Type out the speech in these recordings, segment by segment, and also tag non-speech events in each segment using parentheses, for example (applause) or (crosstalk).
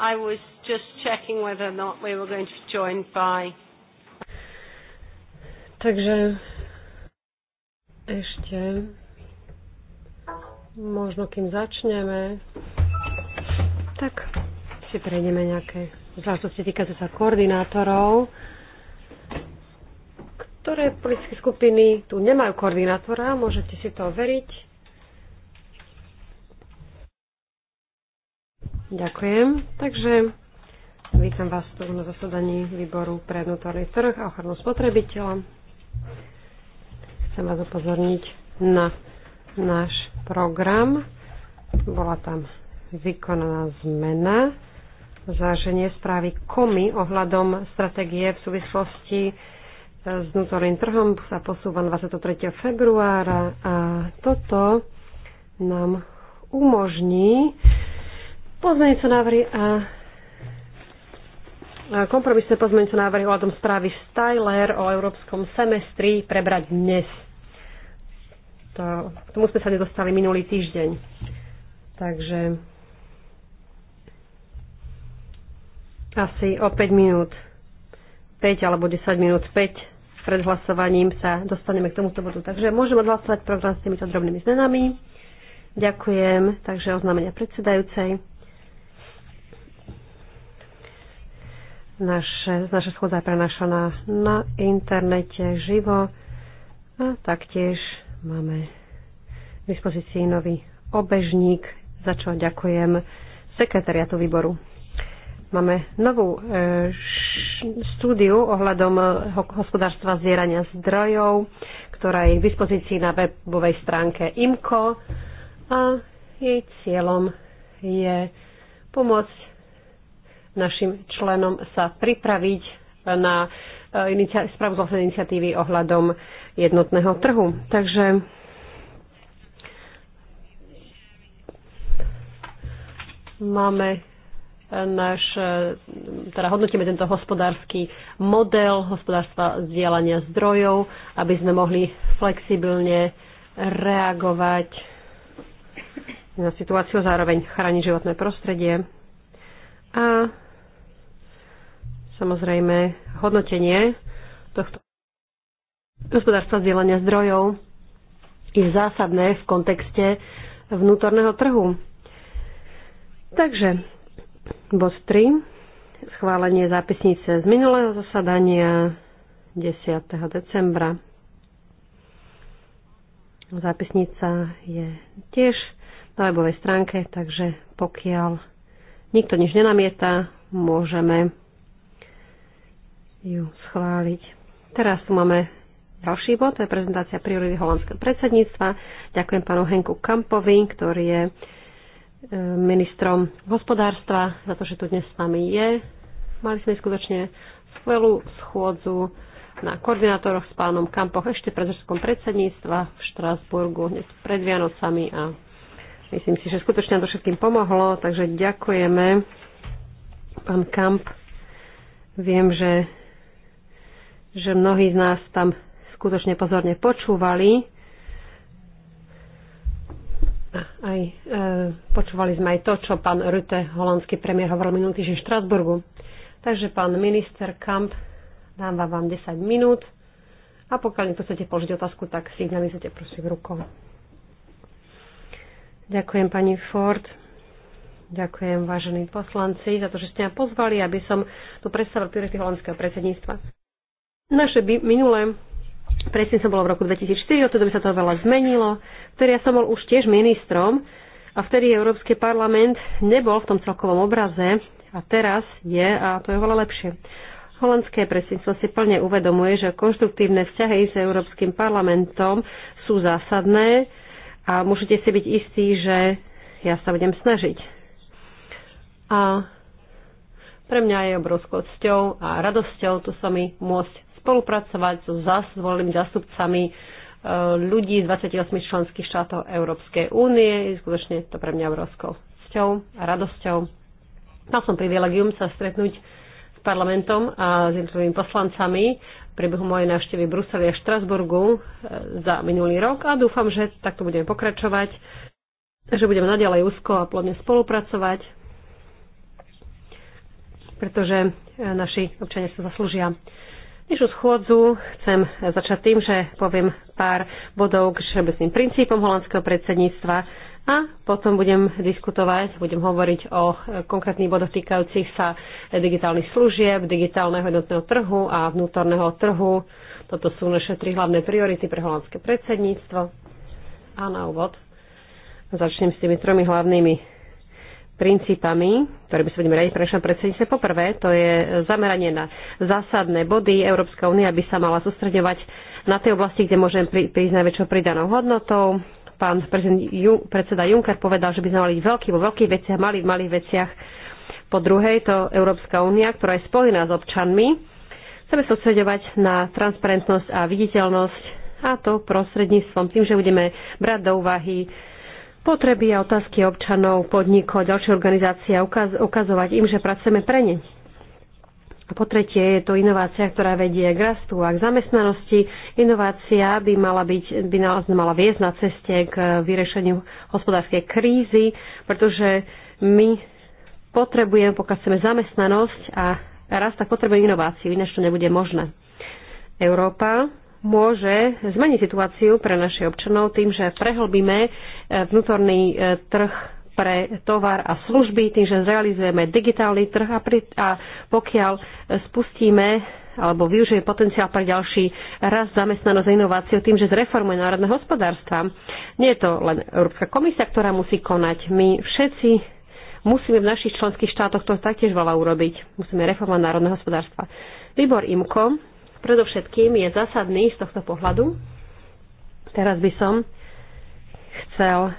I was just checking whether or not we were going to be joined by. Takže ešte možno kým začneme, tak si prejdeme nejaké zvláštnosti týkajúce sa koordinátorov, ktoré politické skupiny tu nemajú koordinátora, môžete si to overiť. Ďakujem. Takže vítam vás tu na zasadaní výboru pre vnútorný trh a ochranu spotrebiteľa. Chcem vás upozorniť na náš program. Bola tam vykonaná zmena zváženie správy komy ohľadom stratégie v súvislosti s vnútorným trhom sa posúva 23. februára a toto nám umožní Pozmeňujúce návrhy a kompromisné pozmeňujúce návrhy o tom správy Styler o európskom semestri prebrať dnes. To, k tomu sme sa nedostali minulý týždeň. Takže asi o 5 minút, 5 alebo 10 minút 5 pred hlasovaním sa dostaneme k tomuto bodu. Takže môžeme odhlasovať program s týmito drobnými zmenami. Ďakujem. Takže oznámenia predsedajúcej. Naše, naša schôdza je prenašaná na internete živo a taktiež máme k dispozícii nový obežník, za čo ďakujem sekretariatu výboru. Máme novú e, stúdiu ohľadom e, hospodárstva zierania zdrojov, ktorá je k dispozícii na webovej stránke IMCO a jej cieľom je pomôcť našim členom sa pripraviť na eh, správu iniciatívy ohľadom jednotného trhu. Takže máme eh, náš, eh, teda hodnotíme tento hospodársky model hospodárstva zdieľania zdrojov, aby sme mohli flexibilne reagovať na situáciu, zároveň chrániť životné prostredie. A samozrejme hodnotenie tohto hospodárstva zdieľania zdrojov je zásadné v kontexte vnútorného trhu. Takže bod 3. Schválenie zápisnice z minulého zasadania 10. decembra. Zápisnica je tiež na webovej stránke, takže pokiaľ nikto nič nenamieta, môžeme ju schváliť. Teraz tu máme ďalší bod, to je prezentácia priority holandského predsedníctva. Ďakujem pánu Henku Kampovi, ktorý je e, ministrom hospodárstva za to, že tu dnes s nami je. Mali sme skutočne skvelú schôdzu na koordinátoroch s pánom Kampoch ešte pred Žerskom predsedníctva v Štrásburgu dnes pred Vianocami a myslím si, že skutočne to všetkým pomohlo, takže ďakujeme. Pán Kamp, viem, že že mnohí z nás tam skutočne pozorne počúvali. Aj, e, počúvali sme aj to, čo pán Rutte holandský premiér, hovoril minulý týždeň v Štrasburgu. Takže pán minister Kamp, dáva vám 10 minút a pokiaľ mi chcete položiť otázku, tak signalizujte prosím rukou. Ďakujem pani Ford. Ďakujem vážení poslanci za to, že ste ma pozvali, aby som tu predstavil priority holandského predsedníctva. Naše by minulé, presne som bola v roku 2004, odtedy by sa to veľa zmenilo, vtedy ja som bol už tiež ministrom a vtedy Európsky parlament nebol v tom celkovom obraze a teraz je a to je veľa lepšie. Holandské predsedníctvo si plne uvedomuje, že konštruktívne vzťahy s Európskym parlamentom sú zásadné a môžete si byť istí, že ja sa budem snažiť. A pre mňa je obrovskou cťou a radosťou tu sa mi môcť spolupracovať so zvolenými zastupcami e, ľudí z 28 členských štátov Európskej únie. Je skutočne to pre mňa obrovskou cťou a radosťou. Mal som privilegium sa stretnúť s parlamentom a s jednotlivými poslancami v priebehu mojej návštevy Bruseli a Štrasburgu e, za minulý rok a dúfam, že takto budeme pokračovať, že budeme naďalej úzko a plodne spolupracovať, pretože e, naši občania sa zaslúžia Dnešnú schôdzu chcem začať tým, že poviem pár bodov k všeobecným princípom holandského predsedníctva a potom budem diskutovať, budem hovoriť o konkrétnych bodoch týkajúcich sa digitálnych služieb, digitálneho jednotného trhu a vnútorného trhu. Toto sú naše tri hlavné priority pre holandské predsedníctvo. A na úvod začnem s tými tromi hlavnými princípami, ktoré by sme budeme radi pre našom predsedníctve. Poprvé, to je zameranie na zásadné body. Európska únia by sa mala sústredovať na tej oblasti, kde môžem prísť najväčšou pridanou hodnotou. Pán predseda Juncker povedal, že by sme mali veľký vo veľkých veciach, mali v malých veciach. Po druhej, to Európska únia, ktorá je spojená s občanmi. Chceme sústredovať na transparentnosť a viditeľnosť a to prostredníctvom tým, že budeme brať do úvahy potreby a otázky občanov, podnikov a ďalšie organizácie a ukaz, ukazovať im, že pracujeme pre ne. A po tretie je to inovácia, ktorá vedie k rastu a k zamestnanosti. Inovácia by mala, byť, by mala viesť na ceste k vyriešeniu hospodárskej krízy, pretože my potrebujeme, pokiaľ chceme zamestnanosť a rast, tak potrebujeme inováciu, ináč to nebude možné. Európa môže zmeniť situáciu pre našich občanov tým, že prehlbíme e, vnútorný e, trh pre tovar a služby, tým, že zrealizujeme digitálny trh a, pri, a pokiaľ spustíme alebo využije potenciál pre ďalší raz zamestnanosť a inováciu tým, že zreformuje národné hospodárstva. Nie je to len Európska komisia, ktorá musí konať. My všetci musíme v našich členských štátoch to taktiež veľa urobiť. Musíme reformovať národné hospodárstva. Výbor IMKO predovšetkým je zásadný z tohto pohľadu. Teraz by som chcel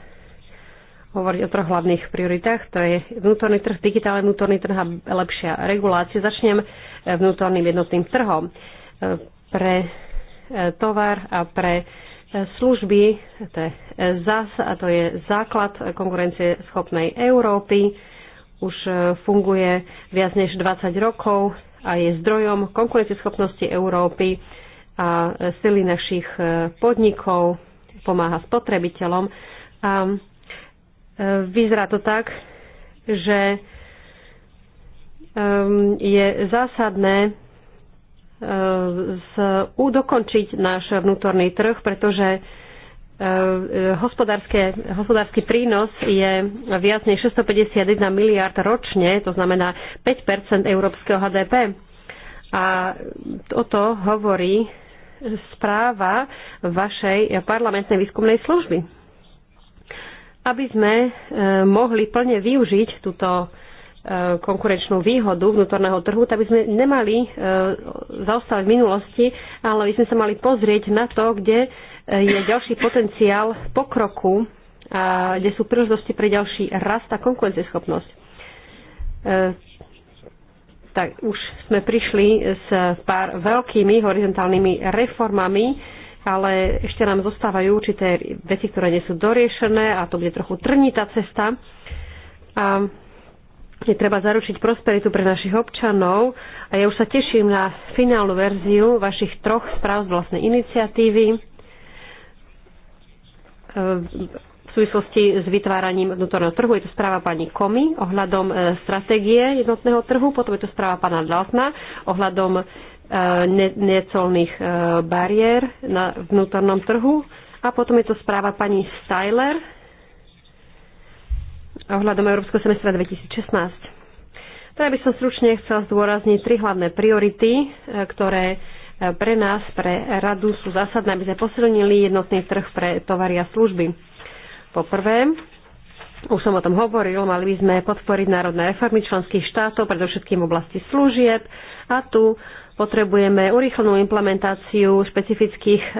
hovoriť o troch hlavných prioritách. To je vnútorný trh, digitálny vnútorný trh a lepšia regulácia. Začnem e, vnútorným jednotným trhom. E, pre e, tovar a pre služby, to je, ZAS, a to je základ konkurencie schopnej Európy, už funguje viac než 20 rokov a je zdrojom konkurencieschopnosti Európy a sily našich e, podnikov, pomáha spotrebiteľom. A e, vyzerá to tak, že e, je zásadné dokončiť náš vnútorný trh, pretože Eh, hospodársky prínos je viac než 651 miliard ročne, to znamená 5 európskeho HDP. A o to hovorí správa vašej parlamentnej výskumnej služby. Aby sme eh, mohli plne využiť túto eh, konkurenčnú výhodu vnútorného trhu, tak by sme nemali zaostávať v minulosti, ale by sme sa mali pozrieť na to, kde je ďalší potenciál pokroku, kde sú príležitosti pre ďalší rast a konkurencieschopnosť. E, tak už sme prišli s pár veľkými horizontálnymi reformami, ale ešte nám zostávajú určité veci, ktoré nie sú doriešené a to bude trochu trnitá cesta. A je treba zaručiť prosperitu pre našich občanov a ja už sa teším na finálnu verziu vašich troch správ z vlastnej iniciatívy v súvislosti s vytváraním vnútorného trhu. Je to správa pani Komi ohľadom e, stratégie jednotného trhu, potom je to správa pana Dalsna ohľadom e, necolných e, bariér na vnútornom trhu a potom je to správa pani Styler ohľadom Európskeho semestra 2016. Teda by som stručne chcela zdôrazniť tri hlavné priority, ktoré pre nás, pre radu sú zásadné, aby sme posilnili jednotný trh pre tovary a služby. Po prvé, už som o tom hovoril, mali by sme podporiť národné reformy členských štátov, predovšetkým v oblasti služieb. A tu Potrebujeme urýchlenú implementáciu špecifických e,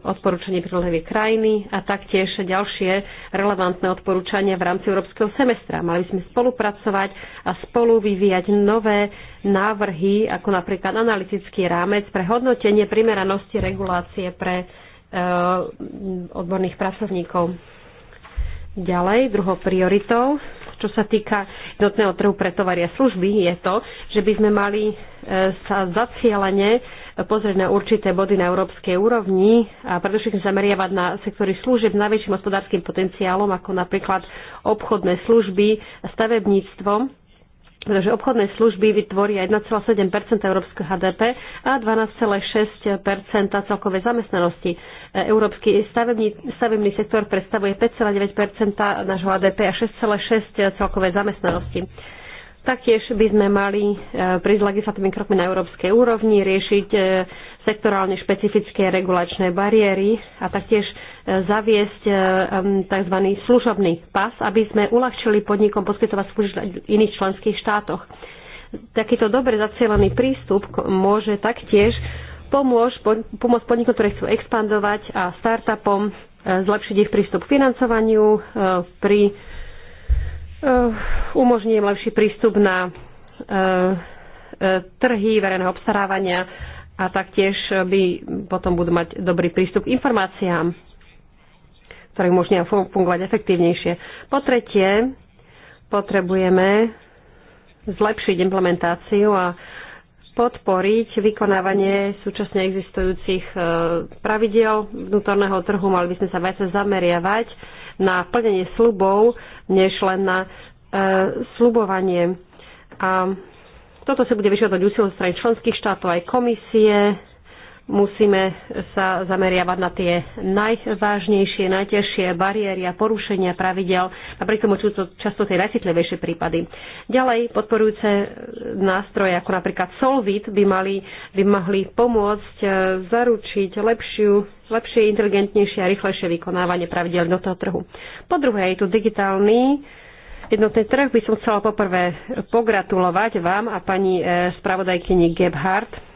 odporúčaní pre krajiny a taktiež ďalšie relevantné odporúčania v rámci európskeho semestra. Mali by sme spolupracovať a spolu vyvíjať nové návrhy, ako napríklad analytický rámec pre hodnotenie primeranosti regulácie pre e, odborných pracovníkov. Ďalej, druhou prioritou čo sa týka jednotného trhu pre tovaria služby, je to, že by sme mali e, sa zacielene pozrieť na určité body na európskej úrovni a predovšetkým zameriavať na sektory služieb s najväčším hospodárskym potenciálom, ako napríklad obchodné služby, stavebníctvo pretože obchodné služby vytvoria 1,7 európskeho HDP a 12,6 celkovej zamestnanosti. Európsky stavebný, stavebný sektor predstavuje 5,9 nášho HDP a 6,6 celkovej zamestnanosti. Taktiež by sme mali e, pri legislatívnym krokmi na európskej úrovni, riešiť e, sektorálne špecifické regulačné bariéry a taktiež e, zaviesť tzv. služobný pas, aby sme uľahčili podnikom poskytovať služby v iných členských štátoch. Takýto dobre zacielený prístup môže taktiež pomôcť pomôcť podnikom, ktoré chcú expandovať a startupom zlepšiť ich prístup k financovaniu pri Eh, umožní im lepší prístup na eh, eh, trhy verejného obstarávania a taktiež by potom budú mať dobrý prístup k informáciám, ktoré umožnia fungovať efektívnejšie. Po tretie, potrebujeme zlepšiť implementáciu a podporiť vykonávanie súčasne existujúcich pravidel vnútorného trhu. Mali by sme sa viac zameriavať na plnenie slubov, než len na e, slubovanie. A toto si bude vyžadovať úsilie strany členských štátov aj komisie, musíme sa zameriavať na tie najvážnejšie, najťažšie bariéry a porušenia pravidel, pri tomu sú to často tie najcitlivejšie prípady. Ďalej podporujúce nástroje, ako napríklad Solvit, by, mali, by mohli pomôcť e, zaručiť lepšiu, lepšie, inteligentnejšie a rýchlejšie vykonávanie pravidel do toho trhu. Po druhé je tu digitálny jednotný trh by som chcela poprvé pogratulovať vám a pani e, spravodajkyni Gebhardt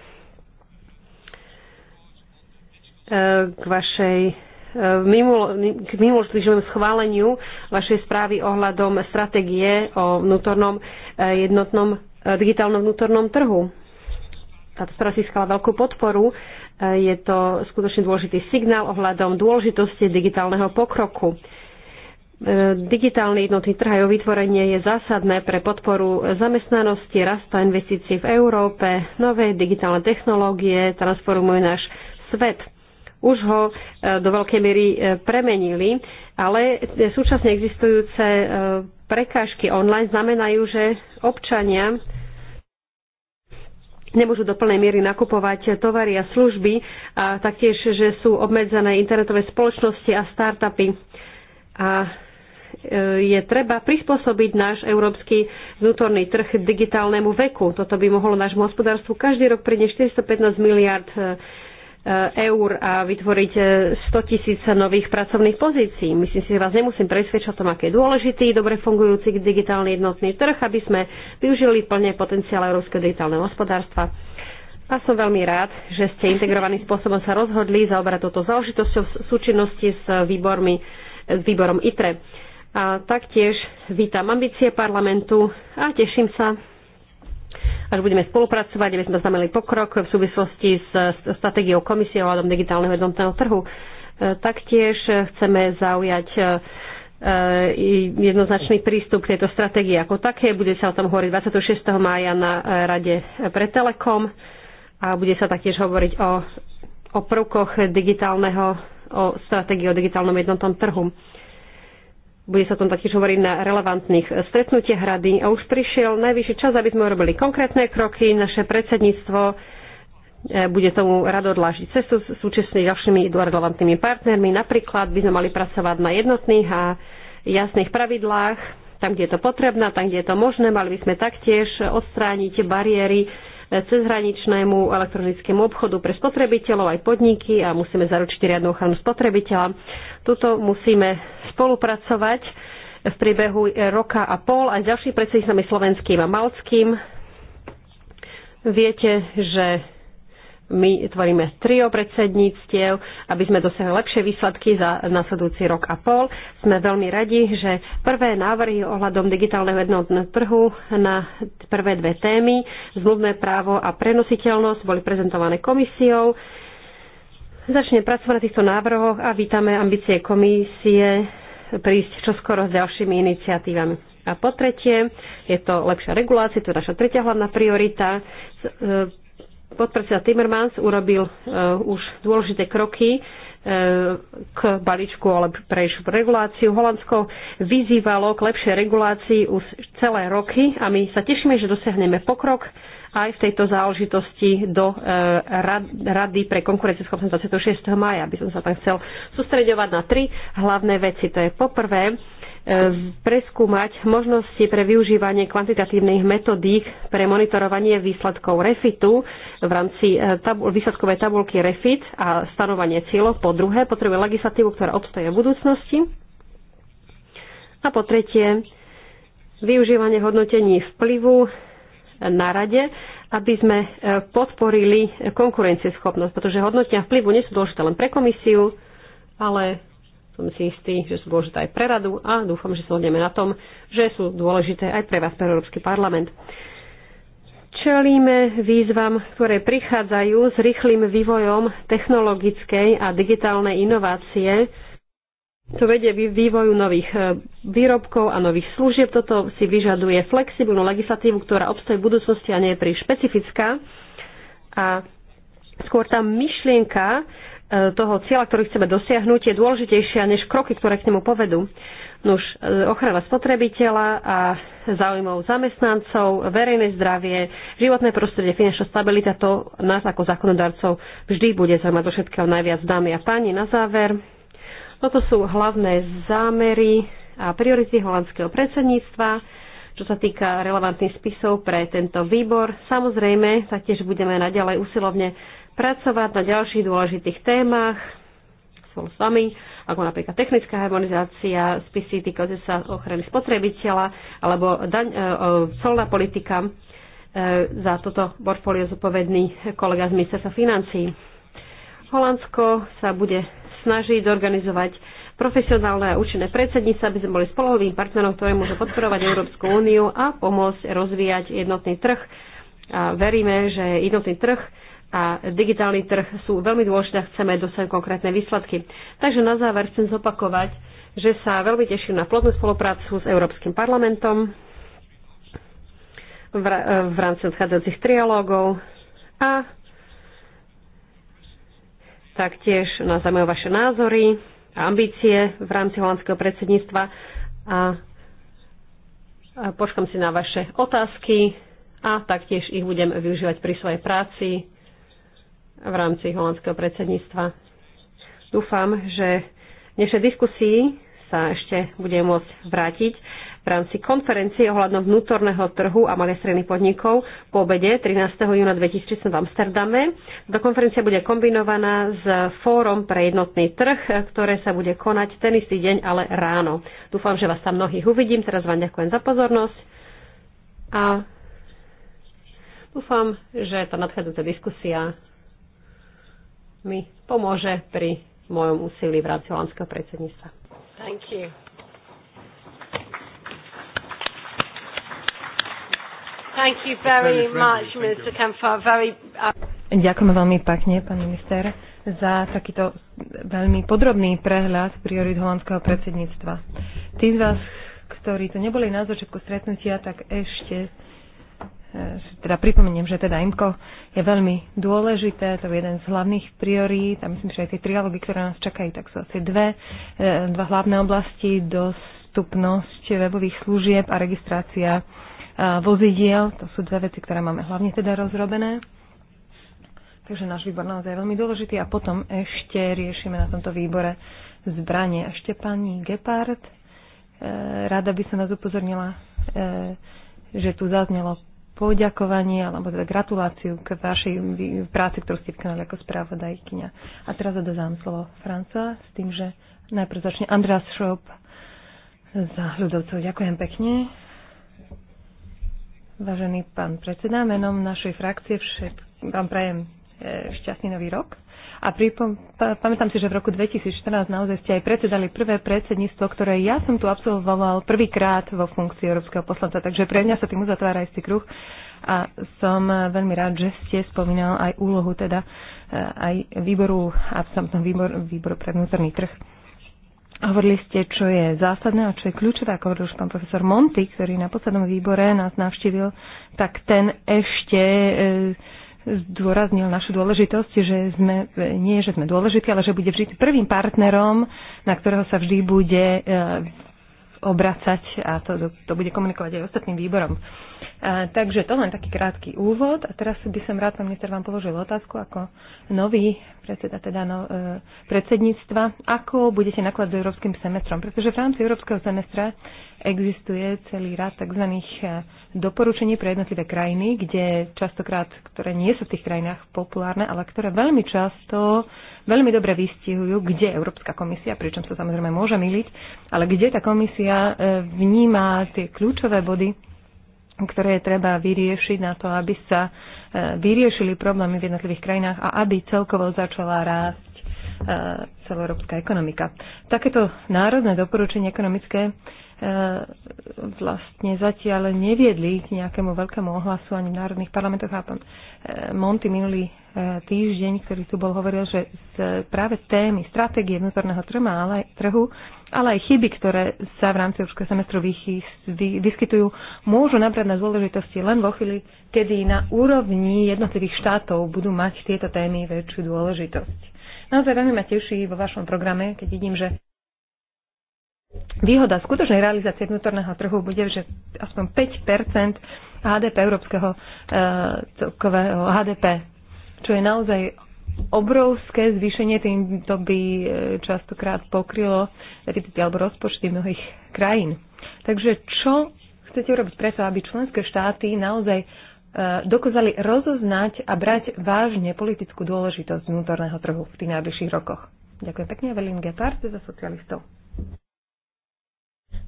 k vašej eh, k minulostlíživom schváleniu vašej správy ohľadom stratégie o vnútornom eh, jednotnom eh, digitálnom vnútornom trhu. Táto správa získala veľkú podporu. Je to skutočne dôležitý signál ohľadom dôležitosti digitálneho pokroku. Digitálny jednotný trh a jeho vytvorenie je zásadné pre podporu zamestnanosti, rasta investícií v Európe. Nové digitálne technológie transformujú náš svet už ho e, do veľkej miery e, premenili, ale súčasne existujúce e, prekážky online znamenajú, že občania nemôžu do plnej miery nakupovať tovary a služby a taktiež, že sú obmedzené internetové spoločnosti a startupy. A je treba prispôsobiť náš európsky vnútorný trh digitálnemu veku. Toto by mohlo nášmu hospodárstvu každý rok priniesť 415 miliard eur a vytvoriť 100 e, tisíc nových pracovných pozícií. Myslím si, že vás nemusím presvedčať o tom, aký je dôležitý, dobre fungujúci digitálny jednotný trh, aby sme využili plne potenciál európskeho digitálneho hospodárstva. A som veľmi rád, že ste integrovaným spôsobom sa rozhodli zaoberať toto záležitosťou v súčinnosti s, výbormi, s výborom ITRE. A taktiež vítam ambície parlamentu a teším sa až budeme spolupracovať, aby sme znamenali pokrok v súvislosti s stratégiou komisie o digitálneho jednotného trhu. E, taktiež chceme zaujať e, e, jednoznačný prístup k tejto stratégii ako také. Bude sa o tom hovoriť 26. mája na Rade pre Telekom a bude sa taktiež hovoriť o, o prvkoch digitálneho, o stratégii o digitálnom jednotnom trhu bude sa o tom taktiež hovoriť na relevantných stretnutiach rady. A už prišiel najvyšší čas, aby sme robili konkrétne kroky. Naše predsedníctvo e, bude tomu rado odlážiť cestu súčasne s ďalšími relevantnými partnermi. Napríklad by sme mali pracovať na jednotných a jasných pravidlách, tam, kde je to potrebné, tam, kde je to možné. Mali by sme taktiež odstrániť bariéry e, cezhraničnému elektronickému obchodu pre spotrebiteľov aj podniky a musíme zaručiť riadnu ochranu spotrebiteľa. Tuto musíme spolupracovať v priebehu roka a pol aj s ďalšími predsedníctvami slovenským a malckým. Viete, že my tvoríme trio predsedníctiev, aby sme dosiahli lepšie výsledky za nasledujúci rok a pol. Sme veľmi radi, že prvé návrhy ohľadom digitálneho jednotného trhu na prvé dve témy, zmluvné právo a prenositeľnosť, boli prezentované komisiou začne pracovať na týchto návrhoch a vítame ambície komisie prísť čoskoro s ďalšími iniciatívami. A po tretie, je to lepšia regulácia, to je naša tretia hlavná priorita. E, podpredseda Timmermans urobil e, už dôležité kroky e, k balíčku o lepšiu reguláciu. Holandsko vyzývalo k lepšej regulácii už celé roky a my sa tešíme, že dosiahneme pokrok aj v tejto záležitosti do e, Rady pre konkurencieschopnosť 26. maja. By som sa tam chcel sústredovať na tri hlavné veci. To je poprvé e, preskúmať možnosti pre využívanie kvantitatívnych metodík pre monitorovanie výsledkov REFITu v rámci e, tabu- výsledkovej tabulky REFIT a stanovanie cieľov. Po druhé, potrebuje legislatívu, ktorá obstoje v budúcnosti. A po tretie, využívanie hodnotení vplyvu na rade, aby sme e, podporili konkurencieschopnosť, pretože hodnotenia vplyvu nie sú dôležité len pre komisiu, ale som si istý, že sú dôležité aj pre radu a dúfam, že sa hodneme na tom, že sú dôležité aj pre vás, pre Európsky parlament. Čelíme výzvam, ktoré prichádzajú s rýchlým vývojom technologickej a digitálnej inovácie, to vedie vývoju nových e, výrobkov a nových služieb. Toto si vyžaduje flexibilnú legislatívu, ktorá obstojí v budúcnosti a nie je príliš špecifická. A skôr tá myšlienka e, toho cieľa, ktorý chceme dosiahnuť, je dôležitejšia než kroky, ktoré k nemu povedú. Nuž, e, ochrana spotrebiteľa a záujmov zamestnancov, verejné zdravie, životné prostredie, finančná stabilita, to nás ako zákonodarcov vždy bude zaujímať do všetkého najviac dámy a páni. Na záver, toto sú hlavné zámery a priority holandského predsedníctva, čo sa týka relevantných spisov pre tento výbor. Samozrejme, taktiež budeme naďalej usilovne pracovať na ďalších dôležitých témach spolu s vami, ako napríklad technická harmonizácia, spisy týkajúce sa ochrany spotrebiteľa alebo daň, e, e, solná politika. E, za toto portfólio zodpovedný kolega z ministerstva financí. Holandsko sa bude snažiť zorganizovať profesionálne a účinné predsedníctvo, aby sme boli spolohovým partnerom, ktoré môže podporovať Európsku úniu a pomôcť rozvíjať jednotný trh. A veríme, že jednotný trh a digitálny trh sú veľmi dôležité a chceme dosať konkrétne výsledky. Takže na záver chcem zopakovať, že sa veľmi teším na plodnú spoluprácu s Európskym parlamentom v rámci odchádzajúcich trialógov a Taktiež nás zaujímajú vaše názory a ambície v rámci holandského predsedníctva a, a počkam si na vaše otázky a taktiež ich budem využívať pri svojej práci v rámci holandského predsedníctva. Dúfam, že v dnešnej diskusii sa ešte budem môcť vrátiť v rámci konferencie ohľadom vnútorného trhu a malých stredných podnikov po obede 13. júna 2016 v Amsterdame. Do konferencia bude kombinovaná s fórom pre jednotný trh, ktoré sa bude konať ten istý deň, ale ráno. Dúfam, že vás tam mnohých uvidím. Teraz vám ďakujem za pozornosť a dúfam, že tá nadchádzajúca diskusia mi pomôže pri mojom úsilí v rámci holandského predsedníctva. Thank you. Thank you very much, Mr. Kempfer. Very, uh... Ďakujem veľmi pekne, pán minister, za takýto veľmi podrobný prehľad priorit holandského predsedníctva. Tí z vás, ktorí to neboli na začiatku stretnutia, tak ešte e, teda pripomeniem, že teda IMCO je veľmi dôležité, to je jeden z hlavných priorít a myslím, že aj tie trialógy, ktoré nás čakajú, tak sú asi dve, e, dva hlavné oblasti, dostupnosť webových služieb a registrácia Eh, vozidiel. To sú dve veci, ktoré máme hlavne teda rozrobené. Takže náš výbor naozaj je veľmi dôležitý a potom ešte riešime na tomto výbore zbranie. Ešte pani Gepard, e, rada by som nás upozornila, e, že tu zaznelo poďakovanie alebo teda gratuláciu k vašej práci, ktorú ste vykonali ako správodajkyňa. A teraz odozám slovo Franca s tým, že najprv začne Andreas Schroep za ľudovcov. Ďakujem pekne. Vážený pán predseda, menom našej frakcie všet, vám prajem e, šťastný nový rok. A pripom, pa, pamätám si, že v roku 2014 naozaj ste aj predsedali prvé predsedníctvo, ktoré ja som tu absolvoval prvýkrát vo funkcii európskeho poslanca, takže pre mňa sa tým uzatvára istý kruh a som e, veľmi rád, že ste spomínal aj úlohu teda e, aj výboru, a v samotnom výboru pre vnútorný trh. Hovorili ste, čo je zásadné a čo je kľúčové, ako hovoril už pán profesor Monty, ktorý na poslednom výbore nás navštívil, tak ten ešte e, zdôraznil našu dôležitosť, že sme, nie že sme dôležití, ale že bude vždy prvým partnerom, na ktorého sa vždy bude e, obracať a to, to bude komunikovať aj ostatným výborom. A, takže to len taký krátky úvod a teraz by som rád, pán minister, vám položil otázku ako nový predseda teda no, e, predsedníctva, ako budete nakladať s európskym semestrom, pretože v rámci európskeho semestra existuje celý rad tzv. E, doporučení pre jednotlivé krajiny, kde častokrát, ktoré nie sú v tých krajinách populárne, ale ktoré veľmi často veľmi dobre vystihujú, kde Európska komisia, pričom sa samozrejme môže myliť, ale kde tá komisia e, vníma tie kľúčové body ktoré je treba vyriešiť na to, aby sa e, vyriešili problémy v jednotlivých krajinách a aby celkovo začala rásť e, celoeurópska ekonomika. Takéto národné doporučenie ekonomické e, vlastne zatiaľ neviedli k nejakému veľkému ohlasu ani v národných parlamentoch. A pán Monty minulý týždeň, ktorý tu bol, hovoril, že z práve témy stratégie vnútorného trhu, ale aj trhu ale aj chyby, ktoré sa v rámci určského semestru vyskytujú, môžu nabrať na dôležitosti len vo chvíli, kedy na úrovni jednotlivých štátov budú mať tieto témy väčšiu dôležitosť. Naozaj veľmi ma teší vo vašom programe, keď vidím, že výhoda skutočnej realizácie vnútorného trhu bude, že aspoň 5 HDP európskeho e, celkového HDP, čo je naozaj obrovské zvýšenie, to by e, častokrát pokrylo deficity alebo rozpočty mnohých krajín. Takže čo chcete urobiť preto, aby členské štáty naozaj e, dokázali rozoznať a brať vážne politickú dôležitosť vnútorného trhu v tých najbližších rokoch? Ďakujem pekne, Evelyn Gepard za socialistov.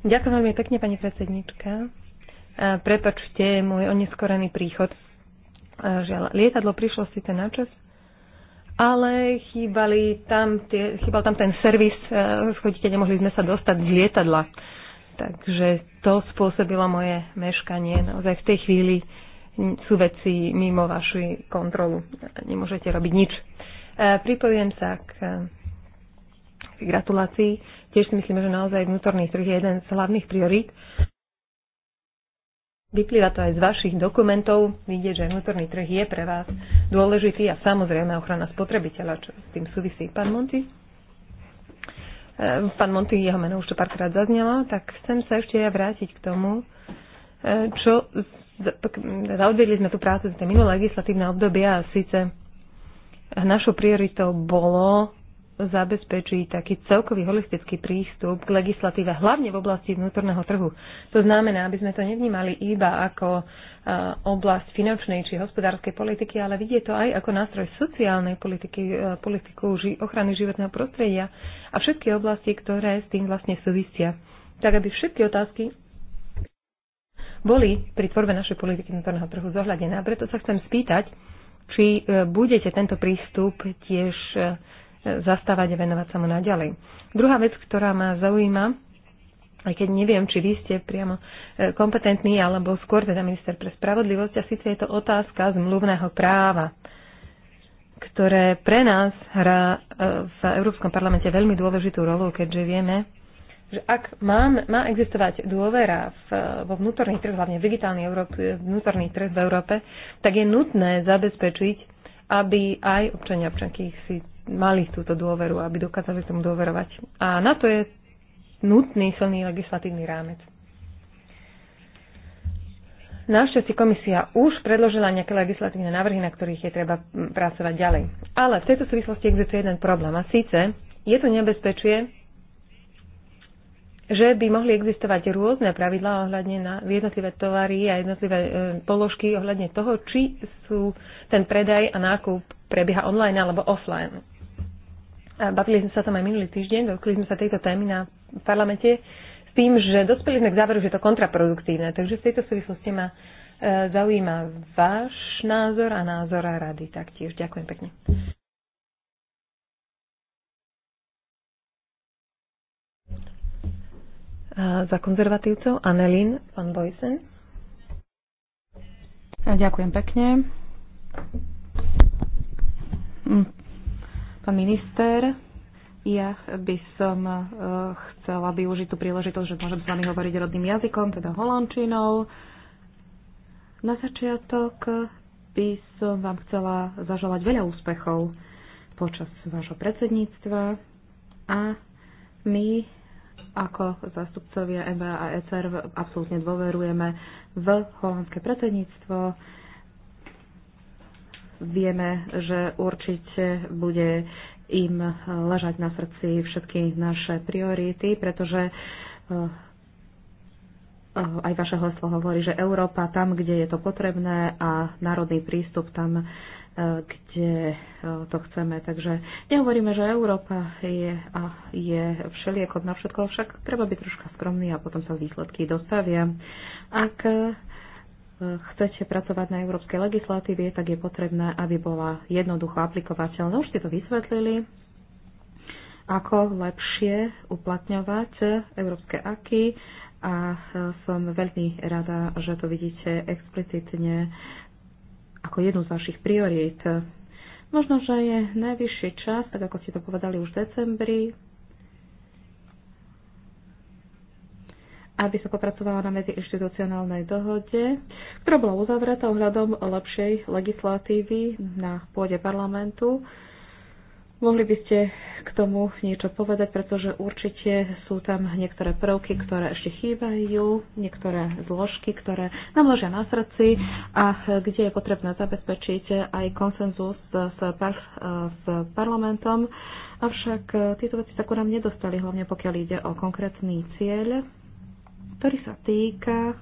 Ďakujem veľmi pekne, pani predsednička. E, prepačte môj oneskorený príchod. Žiaľ, lietadlo prišlo síce na čas, ale chýbali tam tie, chýbal tam ten servis, eh, chodíte, nemohli sme sa dostať z lietadla. Takže to spôsobilo moje meškanie. Naozaj v tej chvíli sú veci mimo vašu kontrolu. Nemôžete robiť nič. Eh, pripojujem sa eh, k gratulácii. Tiež si myslíme, že naozaj vnútorný trh je jeden z hlavných priorít Vyplýva to aj z vašich dokumentov, vidieť, že vnútorný trh je pre vás dôležitý a samozrejme ochrana spotrebiteľa, čo s tým súvisí. Pán Monti? E, pán Monti, jeho meno už to párkrát zaznelo, tak chcem sa ešte ja vrátiť k tomu, e, čo zaudeli sme tú prácu z tej minulé legislatívne obdobia a síce našou prioritou bolo zabezpečí taký celkový holistický prístup k legislatíve, hlavne v oblasti vnútorného trhu. To znamená, aby sme to nevnímali iba ako e, oblasť finančnej či hospodárskej politiky, ale vidie to aj ako nástroj sociálnej politiky, e, politiku ochrany životného prostredia a všetky oblasti, ktoré s tým vlastne súvisia. Tak, aby všetky otázky boli pri tvorbe našej politiky vnútorného trhu zohľadené. A preto sa chcem spýtať, či e, budete tento prístup tiež zastávať a venovať sa mu naďalej. Druhá vec, ktorá ma zaujíma, aj keď neviem, či vy ste priamo e, kompetentní, alebo skôr teda minister pre spravodlivosť, a síce je to otázka zmluvného práva, ktoré pre nás hrá e, v Európskom parlamente veľmi dôležitú rolu, keďže vieme, že ak má, má existovať dôvera v, vo vnútorný trh, hlavne v digitálny Európe, vnútorný trh v Európe, tak je nutné zabezpečiť, aby aj občania občanky si mali túto dôveru, aby dokázali tomu dôverovať. A na to je nutný silný legislatívny rámec. Našťastie komisia už predložila nejaké legislatívne návrhy, na ktorých je treba pracovať ďalej. Ale v tejto súvislosti existuje jeden problém a síce je to nebezpečie, že by mohli existovať rôzne pravidlá ohľadne na jednotlivé tovary a jednotlivé e, položky ohľadne toho, či sú ten predaj a nákup prebieha online alebo offline bavili sme sa tam aj minulý týždeň, dotkli sme sa tejto témy na parlamente s tým, že dospeli sme k záveru, že je to kontraproduktívne. Takže v tejto súvislosti ma e, zaujíma váš názor a názor a rady taktiež. Ďakujem pekne. Za konzervatívcov Anelín, van Bojsen. Ďakujem pekne Pán minister, ja by som eh, chcela využiť tú príležitosť, že môžem s vami hovoriť rodným jazykom, teda holandčinou. Na začiatok by som vám chcela zaželať veľa úspechov počas vášho predsedníctva a my ako zástupcovia EBA a ECR absolútne dôverujeme v holandské predsedníctvo vieme, že určite bude im ležať na srdci všetky naše priority, pretože e, e, aj vaše hlaslo hovorí, že Európa tam, kde je to potrebné a národný prístup tam, e, kde to chceme. Takže nehovoríme, že Európa je, a je všeliekom na všetko, však treba byť troška skromný a potom sa výsledky dostavia. Ak chcete pracovať na európskej legislatíve, tak je potrebné, aby bola jednoducho aplikovateľná. Už ste to vysvetlili, ako lepšie uplatňovať európske aky a som veľmi rada, že to vidíte explicitne ako jednu z vašich priorít. Možno, že je najvyšší čas, tak ako ste to povedali už v decembri, aby sa popracovala na medziinstitucionálnej dohode, ktorá bola uzavretá ohľadom lepšej legislatívy na pôde parlamentu. Mohli by ste k tomu niečo povedať, pretože určite sú tam niektoré prvky, ktoré ešte chýbajú, niektoré zložky, ktoré nám ležia na srdci a kde je potrebné zabezpečiť aj konsenzus s, par- s parlamentom. Avšak e, tieto veci sa ku nám nedostali, hlavne pokiaľ ide o konkrétny cieľ ktorý sa týka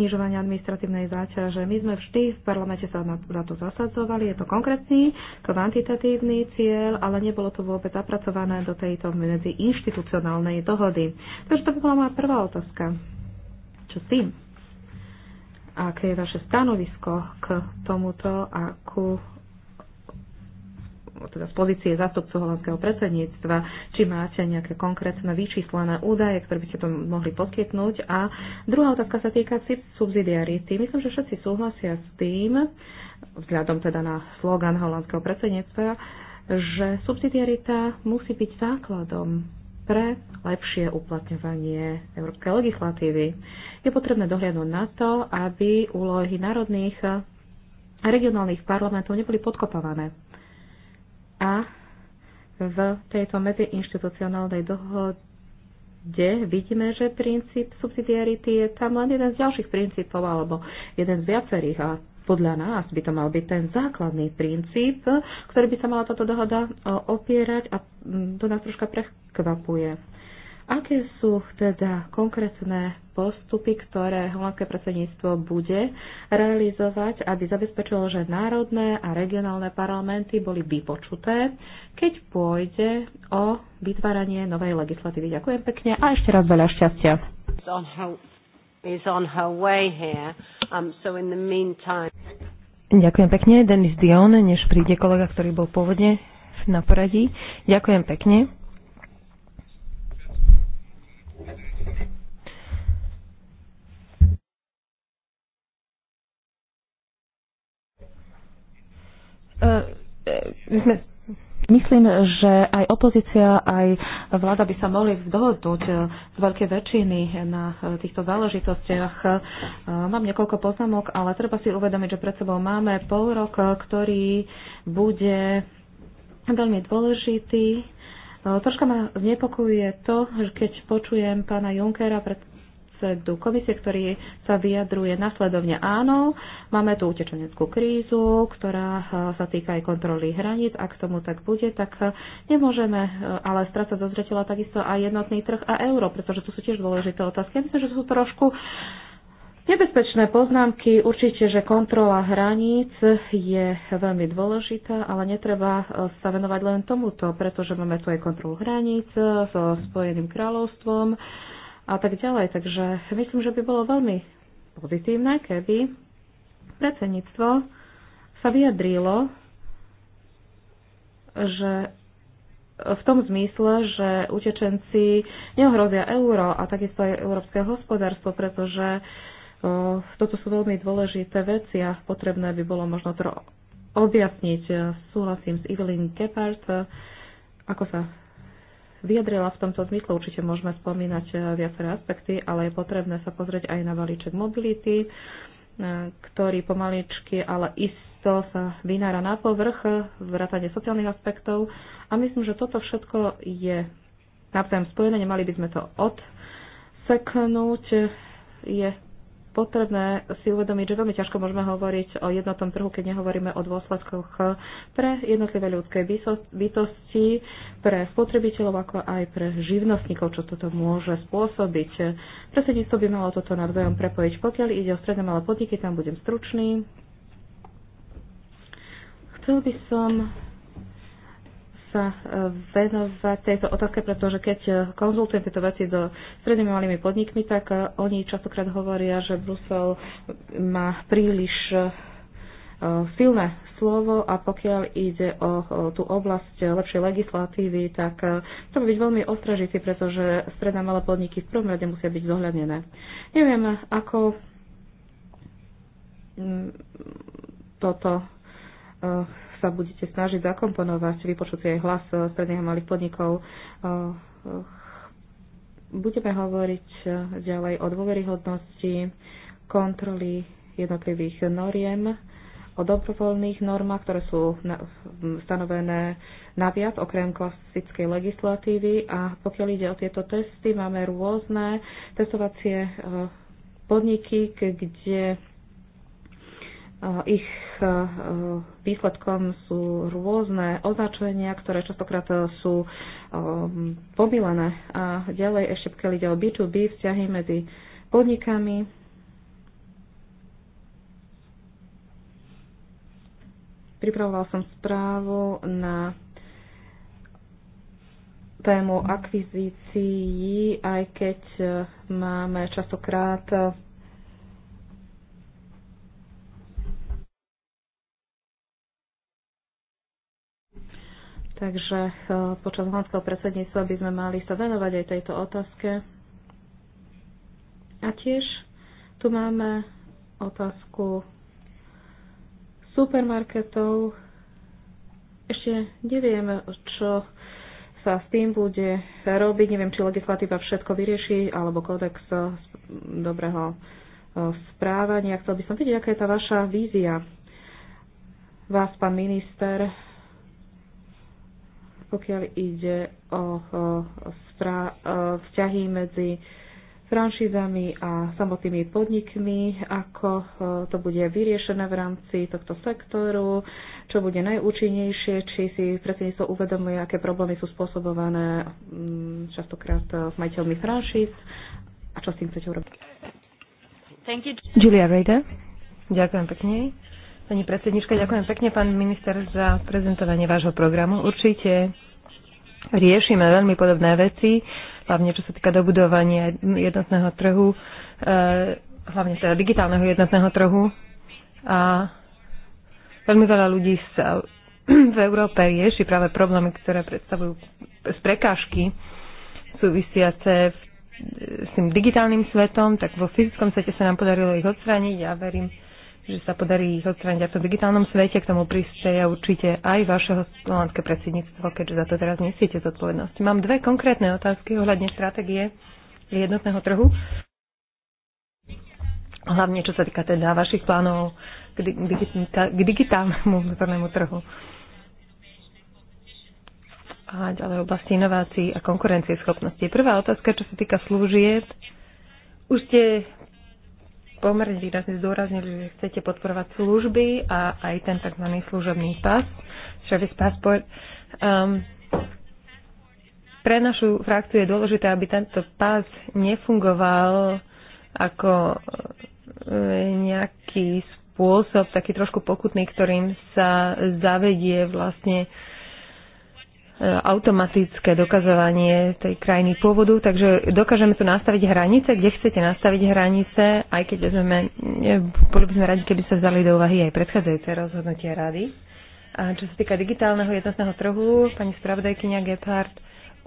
znižovania administratívnej záťaže. My sme vždy v parlamente sa na, to zasadzovali. Je to konkrétny, kvantitatívny cieľ, ale nebolo to vôbec zapracované do tejto inštitucionálnej dohody. Takže to by bola moja prvá otázka. Čo s tým? Aké je vaše stanovisko k tomuto a ku teda z pozície zástupcu holandského predsedníctva, či máte nejaké konkrétne vyčíslené údaje, ktoré by ste to mohli poskytnúť. A druhá otázka sa týka subsidiarity. Myslím, že všetci súhlasia s tým, vzhľadom teda na slogan holandského predsedníctva, že subsidiarita musí byť základom pre lepšie uplatňovanie európskej legislatívy. Je potrebné dohľadnúť na to, aby úlohy národných a regionálnych parlamentov neboli podkopované. A v tejto medziinštitucionálnej dohode vidíme, že princíp subsidiarity je tam len jeden z ďalších princípov alebo jeden z viacerých a podľa nás by to mal byť ten základný princíp, ktorý by sa mala táto dohoda e, opierať a mm, to nás troška prekvapuje. Aké sú teda konkrétne postupy, ktoré holandské predsedníctvo bude realizovať, aby zabezpečilo, že národné a regionálne parlamenty boli vypočuté, keď pôjde o vytváranie novej legislatívy. Ďakujem pekne a ešte raz veľa šťastia. Um, Ďakujem pekne, Denis Dion, než príde kolega, ktorý bol pôvodne na poradí. Ďakujem pekne. E, e, sme Myslím, že aj opozícia, aj vláda by sa mohli dohodnúť e, z veľkej väčšiny na týchto záležitostiach. Mám niekoľko poznámok, ale treba si uvedomiť, že pred sebou máme pol rok, ktorý bude veľmi dôležitý. Troška ma znepokojuje to, že keď počujem pána Junkera, predsedu komisie, ktorý sa vyjadruje nasledovne áno. Máme tu utečeneckú krízu, ktorá eh, sa týka aj kontroly hraníc. Ak tomu tak bude, tak eh, nemôžeme eh, ale strácať zo zreteľa takisto aj jednotný trh a euro, pretože to sú tiež dôležité otázky. Ja myslím, že sú trošku Nebezpečné poznámky, určite, že kontrola hraníc je veľmi dôležitá, ale netreba sa venovať len tomuto, pretože máme tu aj kontrolu hraníc so Spojeným kráľovstvom a tak ďalej. Takže myslím, že by bolo veľmi pozitívne, keby predsedníctvo sa vyjadrilo, že v tom zmysle, že utečenci neohrozia euro a takisto aj európske hospodárstvo, pretože e, toto sú veľmi dôležité veci a potrebné by bolo možno to objasniť. E, súhlasím s Evelyn Gephardt, e, ako sa vyjadrila v tomto zmysle. Určite môžeme spomínať e, viaceré aspekty, ale je potrebné sa pozrieť aj na balíček mobility, e, ktorý pomaličky, ale isto sa vynára na povrch, e, rátane sociálnych aspektov. A myslím, že toto všetko je navzájom spojené, nemali by sme to odseknúť. Je potrebné si uvedomiť, že veľmi ťažko môžeme hovoriť o jednotnom trhu, keď nehovoríme o dôsledkoch pre jednotlivé ľudské bytosti, pre spotrebiteľov, ako aj pre živnostníkov, čo toto môže spôsobiť. Predsedníctvo by malo toto navzájom prepojiť. Pokiaľ ide o stredné malé podniky, tam budem stručný. Chcel by som sa e, venovať tejto otázke, pretože keď e, konzultujem tieto veci so strednými malými podnikmi, tak e, oni častokrát hovoria, že Brusel má príliš silné slovo a pokiaľ ide o tú oblasť lepšej legislatívy, tak to by byť veľmi ostražitý, pretože stredná malé podniky v prvom rade musia byť zohľadnené. Neviem, ako mm, toto sa budete snažiť zakomponovať, vypočuť aj hlas eh, stredných a malých podnikov, eh, eh, budeme hovoriť ďalej o dôveryhodnosti kontroly jednotlivých noriem, o dobrovoľných normách, ktoré sú stanovené naviac okrem klasickej legislatívy a pokiaľ ide o tieto testy, máme rôzne testovacie podniky, kde Eh, ich eh, eh, výsledkom sú rôzne označenia, ktoré častokrát sú pomilené. A ďalej ešte pokiaľ ide o B2B vzťahy medzi podnikami, pripravoval som správu na tému akvizícií, aj keď máme častokrát Takže e, počas holandského predsedníctva by sme mali sa venovať aj tejto otázke. A tiež tu máme otázku supermarketov. Ešte nevieme, čo sa s tým bude robiť. Neviem, či legislatíva všetko vyrieši, alebo kódex e, dobrého e, správania. Chcel by som vidieť, aká je tá vaša vízia. Vás, pán minister, pokiaľ ide o, o spra- vzťahy medzi franšízami a samotnými podnikmi, ako to bude vyriešené v rámci tohto sektoru, čo bude najúčinnejšie, či si predsedníctvo uvedomuje, aké problémy sú spôsobované mm, častokrát e, majiteľmi franšíz a čo s tým chcete urobiť. Julia Rader. Ďakujem pekne. Pani predsednička, ďakujem pekne, pán minister, za prezentovanie vášho programu. Určite riešime veľmi podobné veci, hlavne čo sa týka dobudovania jednotného trhu, eh, hlavne teda digitálneho jednotného trhu. A veľmi veľa ľudí sa (clears throat) v Európe rieši práve problémy, ktoré predstavujú z prekážky súvisiace s tým digitálnym svetom, tak vo fyzickom svete sa nám podarilo ich odstrániť a ja verím, že sa podarí ich odstrániť v tom digitálnom svete. K tomu pristeje určite aj vaše slovenské predsedníctvo, keďže za to teraz nesiete zodpovednosť. Mám dve konkrétne otázky ohľadne stratégie jednotného trhu. Hlavne čo sa týka teda vašich plánov k, k digitálnemu vnútornému trhu a ďalej oblasti inovácií a konkurencieschopnosti. Prvá otázka, čo sa týka služieb. Už ste pomerne výrazne zdôraznili, že chcete podporovať služby a aj ten tzv. služobný pas, service passport. Um, pre našu frakciu je dôležité, aby tento pás nefungoval ako e, nejaký spôsob, taký trošku pokutný, ktorým sa zavedie vlastne uh, automatické dokazovanie tej krajiny pôvodu, takže dokážeme tu nastaviť hranice, kde chcete nastaviť hranice, aj keď sme, boli by sme radi, keby sa vzali do úvahy aj predchádzajúce rozhodnutia rady. A čo sa týka digitálneho jednotného trhu, pani spravodajkynia Gephardt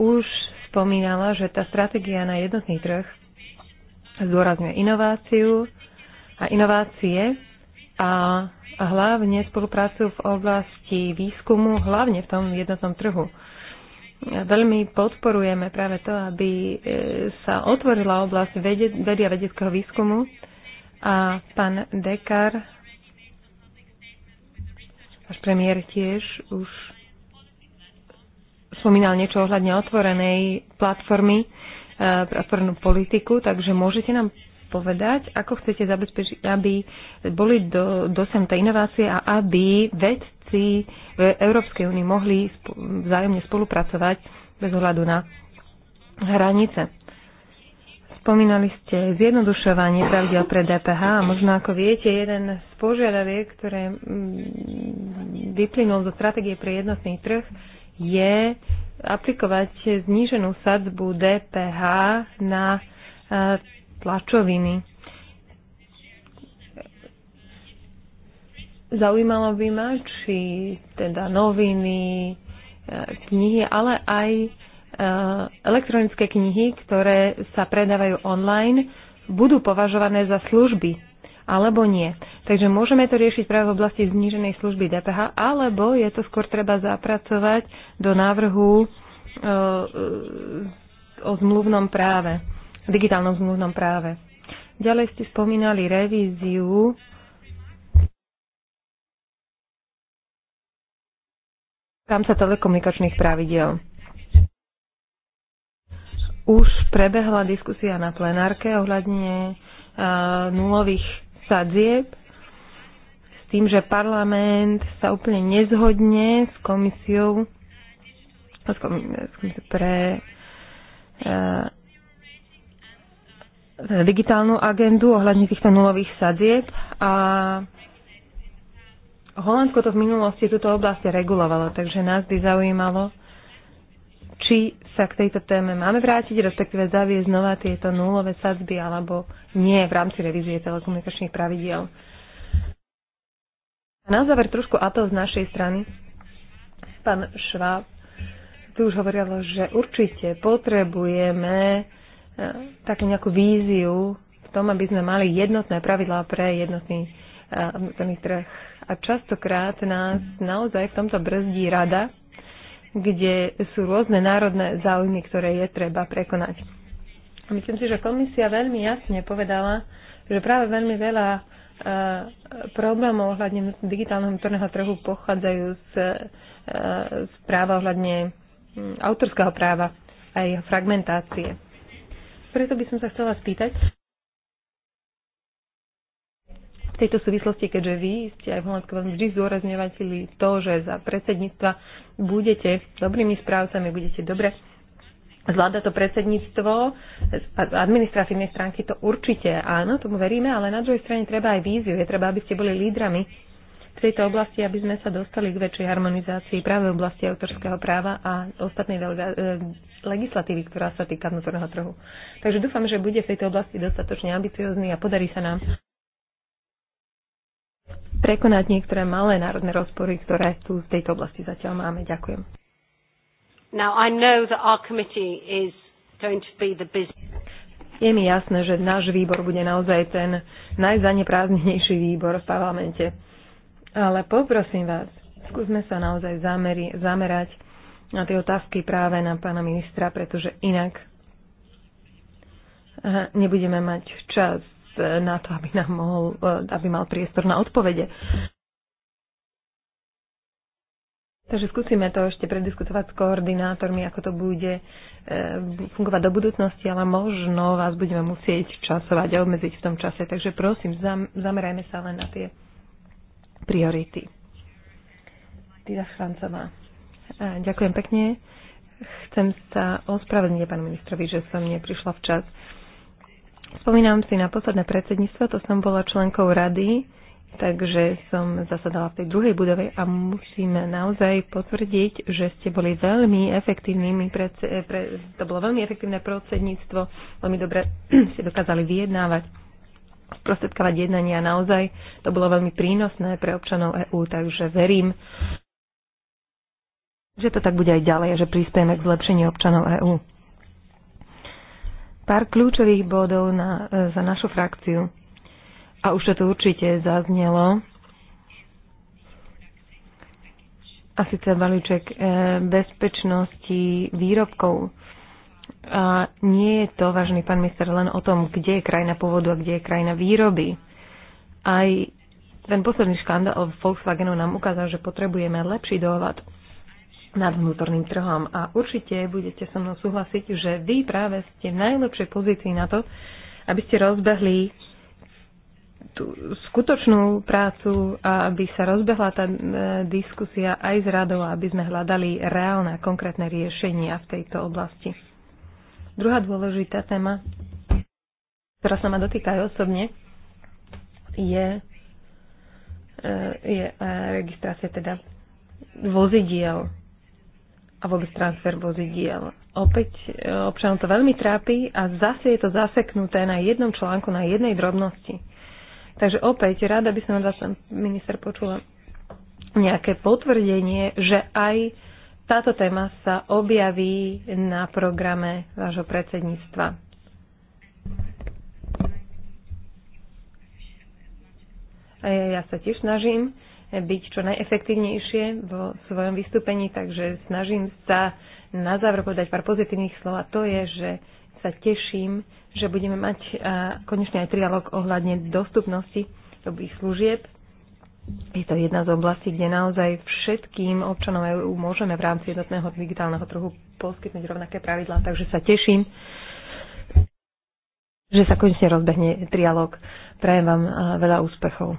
už spomínala, že tá stratégia na jednotný trh zdôrazňuje inováciu a inovácie a hlavne spoluprácu v oblasti výskumu, hlavne v tom jednotnom trhu. Veľmi podporujeme práve to, aby e, sa otvorila oblasť vedia vedeckého výskumu a pán Dekar, až premiér tiež už spomínal niečo ohľadne otvorenej platformy, e, platformnú politiku, takže môžete nám povedať, ako chcete zabezpečiť, aby boli do, dosiahnuté inovácie a aby vedci v Európskej únii mohli vzájomne spolupracovať bez ohľadu na hranice. Spomínali ste zjednodušovanie pravidel pre DPH a možno ako viete, jeden z požiadaviek, ktoré mm, vyplynul zo stratégie pre jednotný trh, je aplikovať zníženú sadzbu DPH na e, tlačoviny. Zaujímalo by ma, či teda noviny, e, knihy, ale aj e, elektronické knihy, ktoré sa predávajú online, budú považované za služby alebo nie. Takže môžeme to riešiť práve v oblasti zníženej služby DPH, alebo je to skôr treba zapracovať do návrhu e, o zmluvnom práve v digitálnom zmluvnom práve. Ďalej ste spomínali revíziu sa telekomunikačných pravidel. Už prebehla diskusia na plenárke ohľadne e, nulových sadzieb s tým, že parlament sa úplne nezhodne s komisiou pre e, digitálnu agendu ohľadne týchto nulových sadzieb a Holandsko to v minulosti túto oblasť regulovalo, takže nás by zaujímalo, či sa k tejto téme máme vrátiť, respektíve zaviesť znova tieto nulové sadzby alebo nie v rámci revízie telekomunikačných pravidiel. A na záver trošku a to z našej strany. Pán Šváb tu už hovorilo, že určite potrebujeme E, takú nejakú víziu v tom, aby sme mali jednotné pravidlá pre jednotný vnútorný e, trh. A častokrát nás naozaj v tomto brzdí rada, kde sú rôzne národné záujmy, ktoré je treba prekonať. A myslím si, že komisia veľmi jasne povedala, že práve veľmi veľa e, problémov ohľadne digitálneho vnútorného trhu pochádzajú z, z práva ohľadne mm, autorského práva a jeho fragmentácie. Preto by som sa chcela spýtať, v tejto súvislosti, keďže vy ste aj v Holandsku veľmi vždy zdôrazňovali to, že za predsedníctva budete dobrými správcami, budete dobre zvláda to predsedníctvo, z administratívnej stránky to určite áno, tomu veríme, ale na druhej strane treba aj víziu, je treba, aby ste boli lídrami tejto oblasti, aby sme sa dostali k väčšej harmonizácii práve v oblasti autorského práva a ostatnej e, legislatívy, ktorá sa týka vnútorného trhu. Takže dúfam, že bude v tejto oblasti dostatočne ambiciózny a podarí sa nám prekonať niektoré malé národné rozpory, ktoré tu v tejto oblasti zatiaľ máme. Ďakujem. Now I know that our committee is going to be the Je mi jasné, že náš výbor bude naozaj ten najzaneprázdnenejší výbor v parlamente. Ale poprosím vás, skúsme sa naozaj zameri, zamerať na tie otázky práve na pána ministra, pretože inak nebudeme mať čas e, na to, aby, nám mohol, e, aby mal priestor na odpovede. Takže skúsime to ešte prediskutovať s koordinátormi, ako to bude e, fungovať do budúcnosti, ale možno vás budeme musieť časovať a obmedziť v tom čase. Takže prosím, zamerajme sa len na tie priority. Šrancová. E, ďakujem pekne. Chcem sa ospravedlniť pánu ministrovi, že som neprišla včas. Spomínam si na posledné predsedníctvo, to som bola členkou rady, takže som zasadala v tej druhej budove a musíme naozaj potvrdiť, že ste boli veľmi efektívnymi, pre, to bolo veľmi efektívne predsedníctvo, veľmi dobre (clears throat) ste dokázali vyjednávať sprostredkávať jednania. Naozaj to bolo veľmi prínosné pre občanov EÚ, takže verím, že to tak bude aj ďalej a že prispieme k zlepšeniu občanov EÚ. Pár kľúčových bodov na, e, za našu frakciu. A už to tu určite zaznelo. A síce balíček e, bezpečnosti výrobkov a nie je to, vážený pán minister, len o tom, kde je krajina pôvodu a kde je krajina výroby. Aj ten posledný škandál o Volkswagenu nám ukázal, že potrebujeme lepší dohľad nad vnútorným trhom. A určite budete so mnou súhlasiť, že vy práve ste v najlepšej pozícii na to, aby ste rozbehli tú skutočnú prácu a aby sa rozbehla tá e, diskusia aj s radou, aby sme hľadali reálne a konkrétne riešenia v tejto oblasti. Druhá dôležitá téma, ktorá sa ma dotýka aj osobne, je, e, je e, registrácia teda vozidiel a vôbec transfer vozidiel. Opäť e, občanom to veľmi trápi a zase je to zaseknuté na jednom článku, na jednej drobnosti. Takže opäť rada by som vás, minister, počula nejaké potvrdenie, že aj táto téma sa objaví na programe vášho predsedníctva. A ja sa tiež snažím byť čo najefektívnejšie vo svojom vystúpení, takže snažím sa na záver povedať pár pozitívnych slov a to je, že sa teším, že budeme mať konečne aj trialog ohľadne dostupnosti dobrých služieb je to jedna z oblastí, kde naozaj všetkým občanom EÚ môžeme v rámci jednotného digitálneho trhu poskytnúť rovnaké pravidlá, takže sa teším, že sa konečne rozbehne trialog. Prajem vám eh, veľa úspechov.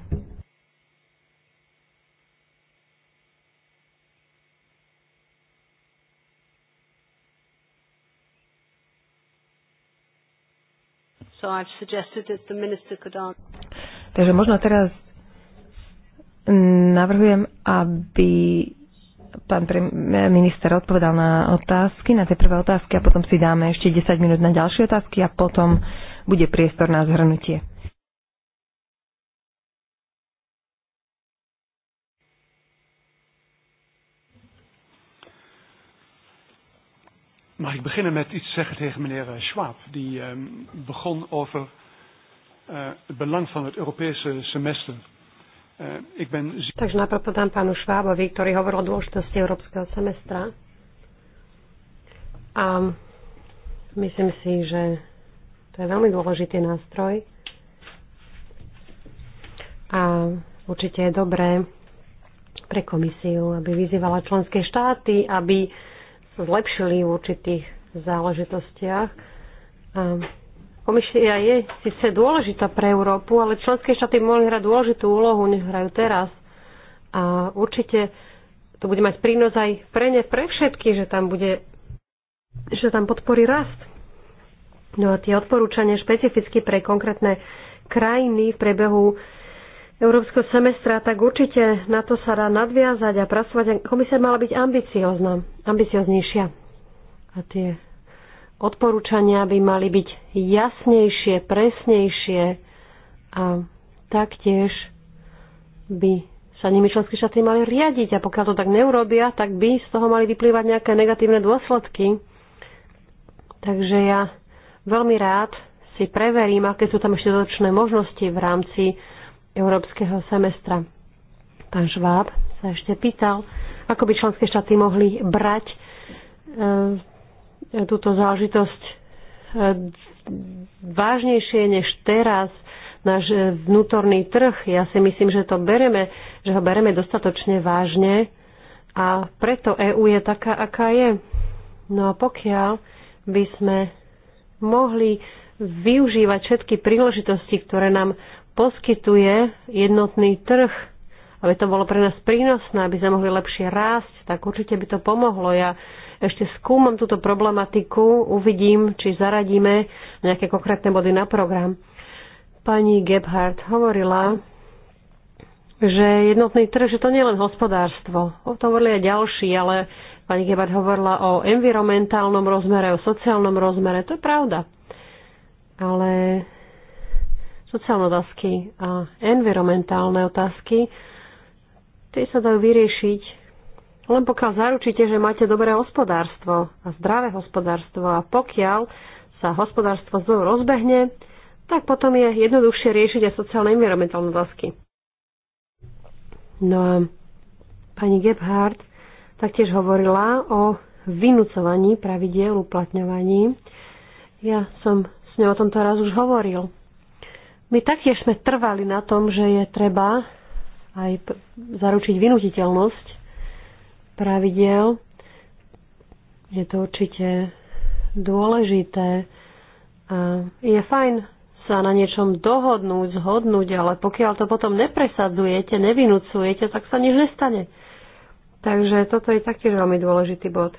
So I've suggested that the minister could answer. Takže možno teraz Navrhujem, aby pán minister odpovedal na otázky, na tie prvé otázky a potom si dáme ešte 10 minút na ďalšie otázky a potom bude priestor na zhrnutie. Mag ik beginnen met iets zeggen tegen meneer eh, Schwab, die um, begon over uh, het belang van het Europese semester. Eh, ben... Takže najprv podám pánu Švábovi, ktorý hovoril o dôležitosti európskeho semestra. A myslím si, že to je veľmi dôležitý nástroj. A určite je dobré pre komisiu, aby vyzývala členské štáty, aby zlepšili v určitých záležitostiach. A Komisia je síce dôležitá pre Európu, ale členské štáty mohli hrať dôležitú úlohu, než hrajú teraz. A určite to bude mať prínos aj pre ne, pre všetky, že tam bude, že tam podporí rast. No a tie odporúčania špecificky pre konkrétne krajiny v priebehu európskeho semestra, tak určite na to sa dá nadviazať a pracovať. Komisia mala byť ambiciozná, ambicioznejšia. A tie odporúčania by mali byť jasnejšie, presnejšie a taktiež by sa nimi členské štáty mali riadiť a pokiaľ to tak neurobia, tak by z toho mali vyplývať nejaké negatívne dôsledky. Takže ja veľmi rád si preverím, aké sú tam ešte dodatočné možnosti v rámci európskeho semestra. Pán Šváb sa ešte pýtal, ako by členské štáty mohli brať e, túto záležitosť e, vážnejšie než teraz náš vnútorný trh. Ja si myslím, že to bereme, že ho bereme dostatočne vážne a preto EÚ je taká, aká je. No a pokiaľ by sme mohli využívať všetky príležitosti, ktoré nám poskytuje jednotný trh, aby to bolo pre nás prínosné, aby sme mohli lepšie rásť, tak určite by to pomohlo. Ja ešte skúmam túto problematiku, uvidím, či zaradíme nejaké konkrétne body na program. Pani Gebhardt hovorila, že jednotný trh, že to nie je len hospodárstvo. O tom hovorili aj ďalší, ale pani Gebhardt hovorila o environmentálnom rozmere, o sociálnom rozmere. To je pravda. Ale sociálne otázky a environmentálne otázky, tie sa dajú vyriešiť len pokiaľ zaručíte, že máte dobré hospodárstvo a zdravé hospodárstvo a pokiaľ sa hospodárstvo znovu rozbehne, tak potom je jednoduchšie riešiť aj sociálne environmentálne otázky. No a pani Gebhardt taktiež hovorila o vynúcovaní pravidiel uplatňovaní. Ja som s ňou o tomto raz už hovoril. My taktiež sme trvali na tom, že je treba aj zaručiť vynutiteľnosť pravidel. Je to určite dôležité a je fajn sa na niečom dohodnúť, zhodnúť, ale pokiaľ to potom nepresadzujete, nevinúcujete, tak sa nič nestane. Takže toto je taktiež veľmi dôležitý bod.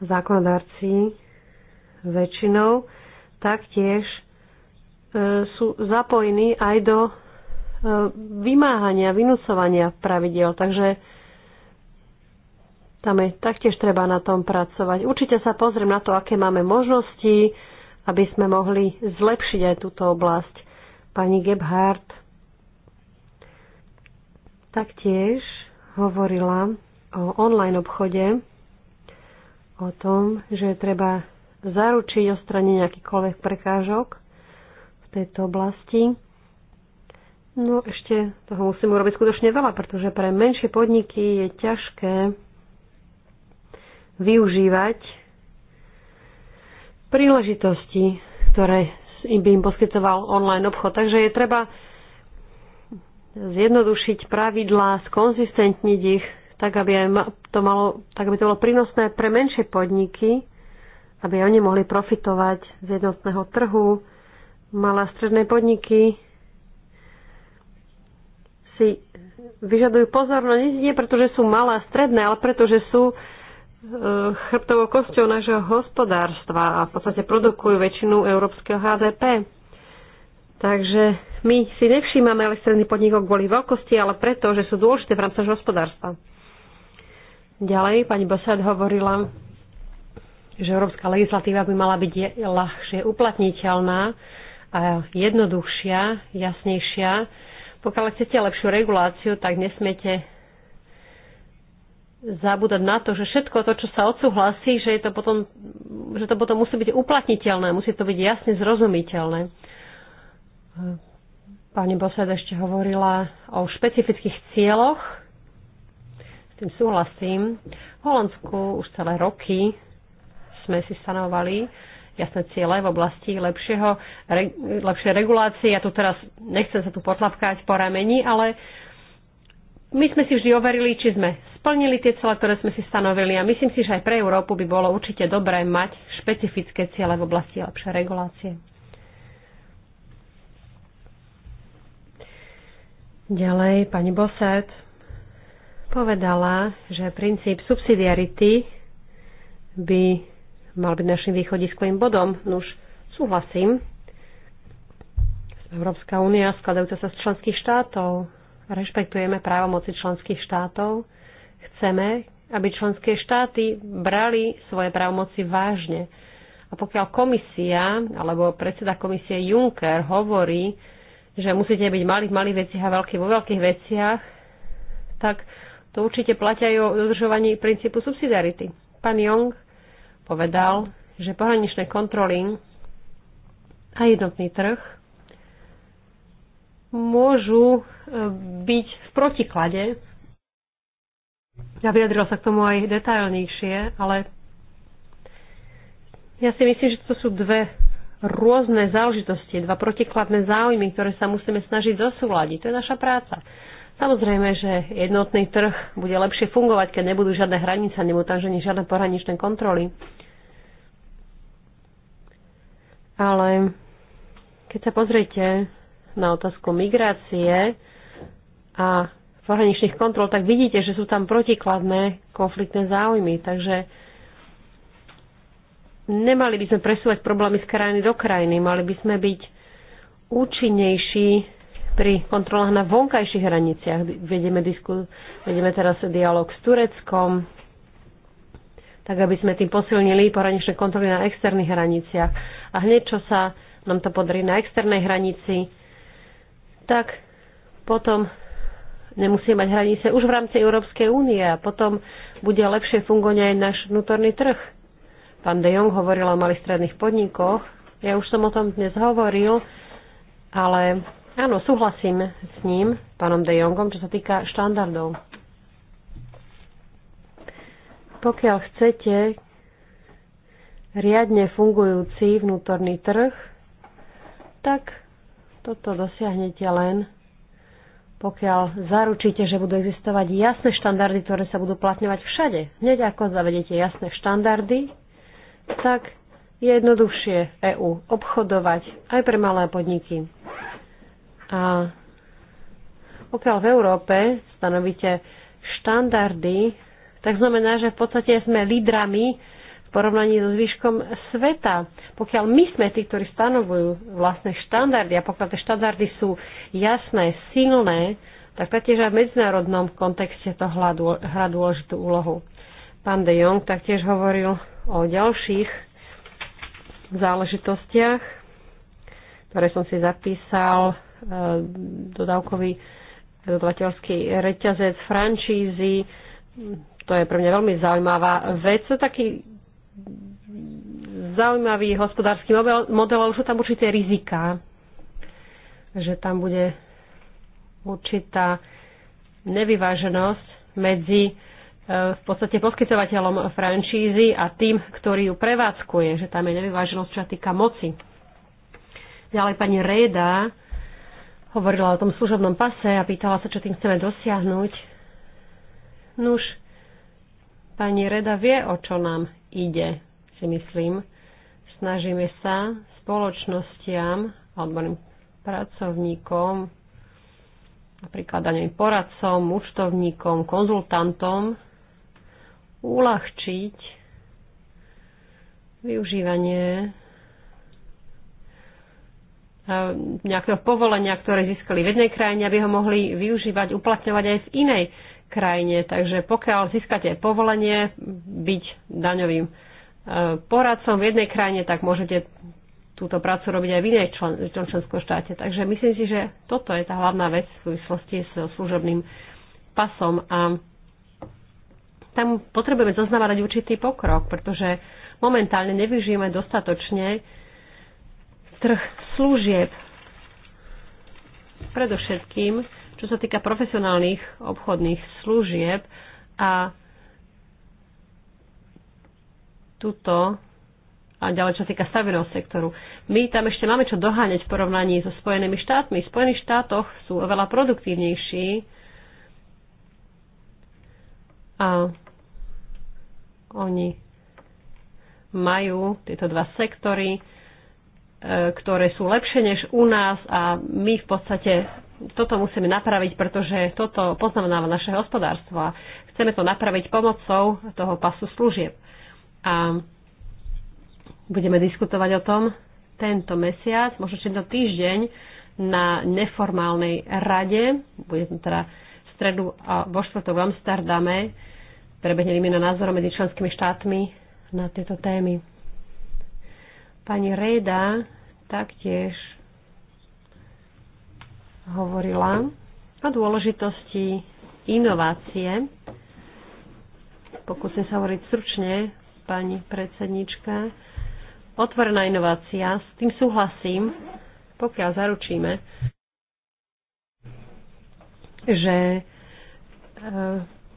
Zákonodárci väčšinou taktiež e, sú zapojení aj do E, vymáhania, vynúcovania pravidel. Takže tam je taktiež treba na tom pracovať. Určite sa pozriem na to, aké máme možnosti, aby sme mohli zlepšiť aj túto oblasť. Pani Gebhardt taktiež hovorila o online obchode, o tom, že treba zaručiť ostranie nejakýchkoľvek prekážok v tejto oblasti. No ešte toho musím urobiť skutočne veľa, pretože pre menšie podniky je ťažké využívať príležitosti, ktoré by im poskytoval online obchod. Takže je treba zjednodušiť pravidlá, skonzistentniť ich, tak aby, aj to malo, tak aby to bolo prínosné pre menšie podniky, aby oni mohli profitovať z jednotného trhu, malé a stredné podniky si vyžadujú pozornosť, nie preto, že sú malé a stredné, ale preto, že sú e, chrbtovou kosťou nášho hospodárstva a v podstate produkujú väčšinu európskeho HDP. Takže my si nevšímame elektrárny podnikov kvôli veľkosti, ale preto, že sú dôležité v rámci hospodárstva. Ďalej, pani Bosad hovorila, že európska legislatíva by mala byť ľahšie uplatniteľná a jednoduchšia, jasnejšia pokiaľ chcete lepšiu reguláciu, tak nesmiete zabúdať na to, že všetko to, čo sa odsúhlasí, že, je to potom, že to potom musí byť uplatniteľné, musí to byť jasne zrozumiteľné. Pani Bosed ešte hovorila o špecifických cieľoch. S tým súhlasím. V Holandsku už celé roky sme si stanovali jasné ciele v oblasti lepšieho, re, lepšej regulácie. Ja tu teraz nechcem sa tu potlapkať po rameni, ale my sme si vždy overili, či sme splnili tie cele, ktoré sme si stanovili a myslím si, že aj pre Európu by bolo určite dobré mať špecifické ciele v oblasti lepšej regulácie. Ďalej pani Boset povedala, že princíp subsidiarity by mal byť našim východiskovým bodom. Nuž, súhlasím. Európska únia, skladajúca sa z členských štátov, rešpektujeme právomoci členských štátov, chceme, aby členské štáty brali svoje právomoci vážne. A pokiaľ komisia alebo predseda komisie Juncker hovorí, že musíte byť mali v malých veciach a veľký vo veľkých veciach, tak to určite platia aj o dodržovaní princípu subsidiarity. Pán Jong povedal, že pohraničné kontroly a jednotný trh môžu e, byť v protiklade. Ja vyjadril sa k tomu aj detailnejšie, ale ja si myslím, že to sú dve rôzne záležitosti, dva protikladné záujmy, ktoré sa musíme snažiť zosúľadiť. To je naša práca. Samozrejme, že jednotný trh bude lepšie fungovať, keď nebudú žiadne hranice, nebudú tam žiadne pohraničné kontroly. Ale keď sa pozriete na otázku migrácie a pohraničných kontrol, tak vidíte, že sú tam protikladné konfliktné záujmy. Takže nemali by sme presúvať problémy z krajiny do krajiny. Mali by sme byť účinnejší pri kontrolách na vonkajších hraniciach. Vedeme, disku, vedeme teraz dialog s Tureckom, tak aby sme tým posilnili pohraničné kontroly na externých hraniciach a hneď čo sa nám to podarí na externej hranici, tak potom nemusí mať hranice už v rámci Európskej únie a potom bude lepšie fungovať aj náš vnútorný trh. Pán De Jong hovoril o malých stredných podnikoch. Ja už som o tom dnes hovoril, ale áno, súhlasím s ním, pánom De Jongom, čo sa týka štandardov. Pokiaľ chcete riadne fungujúci vnútorný trh, tak toto dosiahnete len, pokiaľ zaručíte, že budú existovať jasné štandardy, ktoré sa budú platňovať všade. Hneď ako zavedete jasné štandardy, tak je jednoduchšie EÚ obchodovať aj pre malé podniky. A pokiaľ v Európe stanovíte štandardy, tak znamená, že v podstate sme lídrami v porovnaní so zvyškom sveta. Pokiaľ my sme tí, ktorí stanovujú vlastné štandardy a pokiaľ tie štandardy sú jasné, silné, tak taktiež aj v medzinárodnom kontexte to hrá dôležitú úlohu. Pán De Jong taktiež hovoril o ďalších záležitostiach, ktoré som si zapísal, e, dodávkový dodateľský reťazec, francízy, to je pre mňa veľmi zaujímavá vec. To je taký zaujímavý hospodársky model, ale sú tam určité rizika, že tam bude určitá nevyváženosť medzi e, v podstate poskytovateľom franšízy a tým, ktorý ju prevádzkuje, že tam je nevyváženosť, čo sa týka moci. Ďalej pani Reda hovorila o tom služobnom pase a pýtala sa, čo tým chceme dosiahnuť. Nuž, Pani Reda vie, o čo nám ide, si myslím. Snažíme sa spoločnostiam odborným pracovníkom, napríklad aj poradcom, účtovníkom, konzultantom, uľahčiť využívanie eh, nejakého povolenia, ktoré získali v jednej krajine, aby ho mohli využívať, uplatňovať aj v inej krajine. Takže pokiaľ získate povolenie byť daňovým e, poradcom v jednej krajine, tak môžete túto prácu robiť aj v inej člen, členskom štáte. Takže myslím si, že toto je tá hlavná vec v súvislosti s služobným pasom a tam potrebujeme zaznávať určitý pokrok, pretože momentálne nevyžijeme dostatočne trh služieb. Predovšetkým čo sa týka profesionálnych obchodných služieb a tuto a ďalej, čo sa týka stavebného sektoru. My tam ešte máme čo doháňať v porovnaní so Spojenými štátmi. V Spojených štátoch sú oveľa produktívnejší a oni majú tieto dva sektory, e, ktoré sú lepšie než u nás a my v podstate toto musíme napraviť, pretože toto poznamenáva naše hospodárstvo a chceme to napraviť pomocou toho pasu služieb. A budeme diskutovať o tom tento mesiac, možno tento týždeň na neformálnej rade, bude to teda v stredu a vo štvrtok v Amsterdame, prebehne výmena názorov medzi členskými štátmi na tieto témy. Pani Reda taktiež hovorila o dôležitosti inovácie. Pokúsim sa hovoriť stručne, pani predsednička. Otvorená inovácia, s tým súhlasím, pokiaľ zaručíme, že e,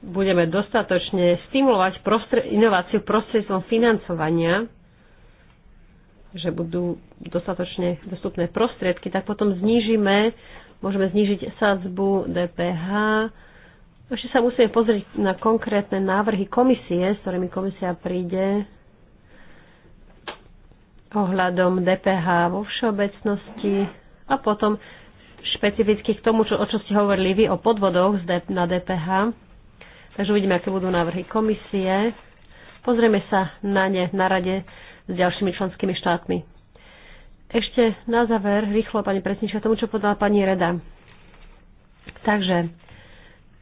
budeme dostatočne stimulovať prostre- inováciu prostredstvom financovania, že budú dostatočne dostupné prostriedky, tak potom znížime môžeme znižiť sadzbu DPH. Ešte sa musíme pozrieť na konkrétne návrhy komisie, s ktorými komisia príde ohľadom DPH vo všeobecnosti a potom špecificky k tomu, čo, o čo ste hovorili vy, o podvodoch na DPH. Takže uvidíme, aké budú návrhy komisie. Pozrieme sa na ne na rade s ďalšími členskými štátmi. Ešte na záver, rýchlo, pani presnička, tomu, čo podala pani Reda. Takže,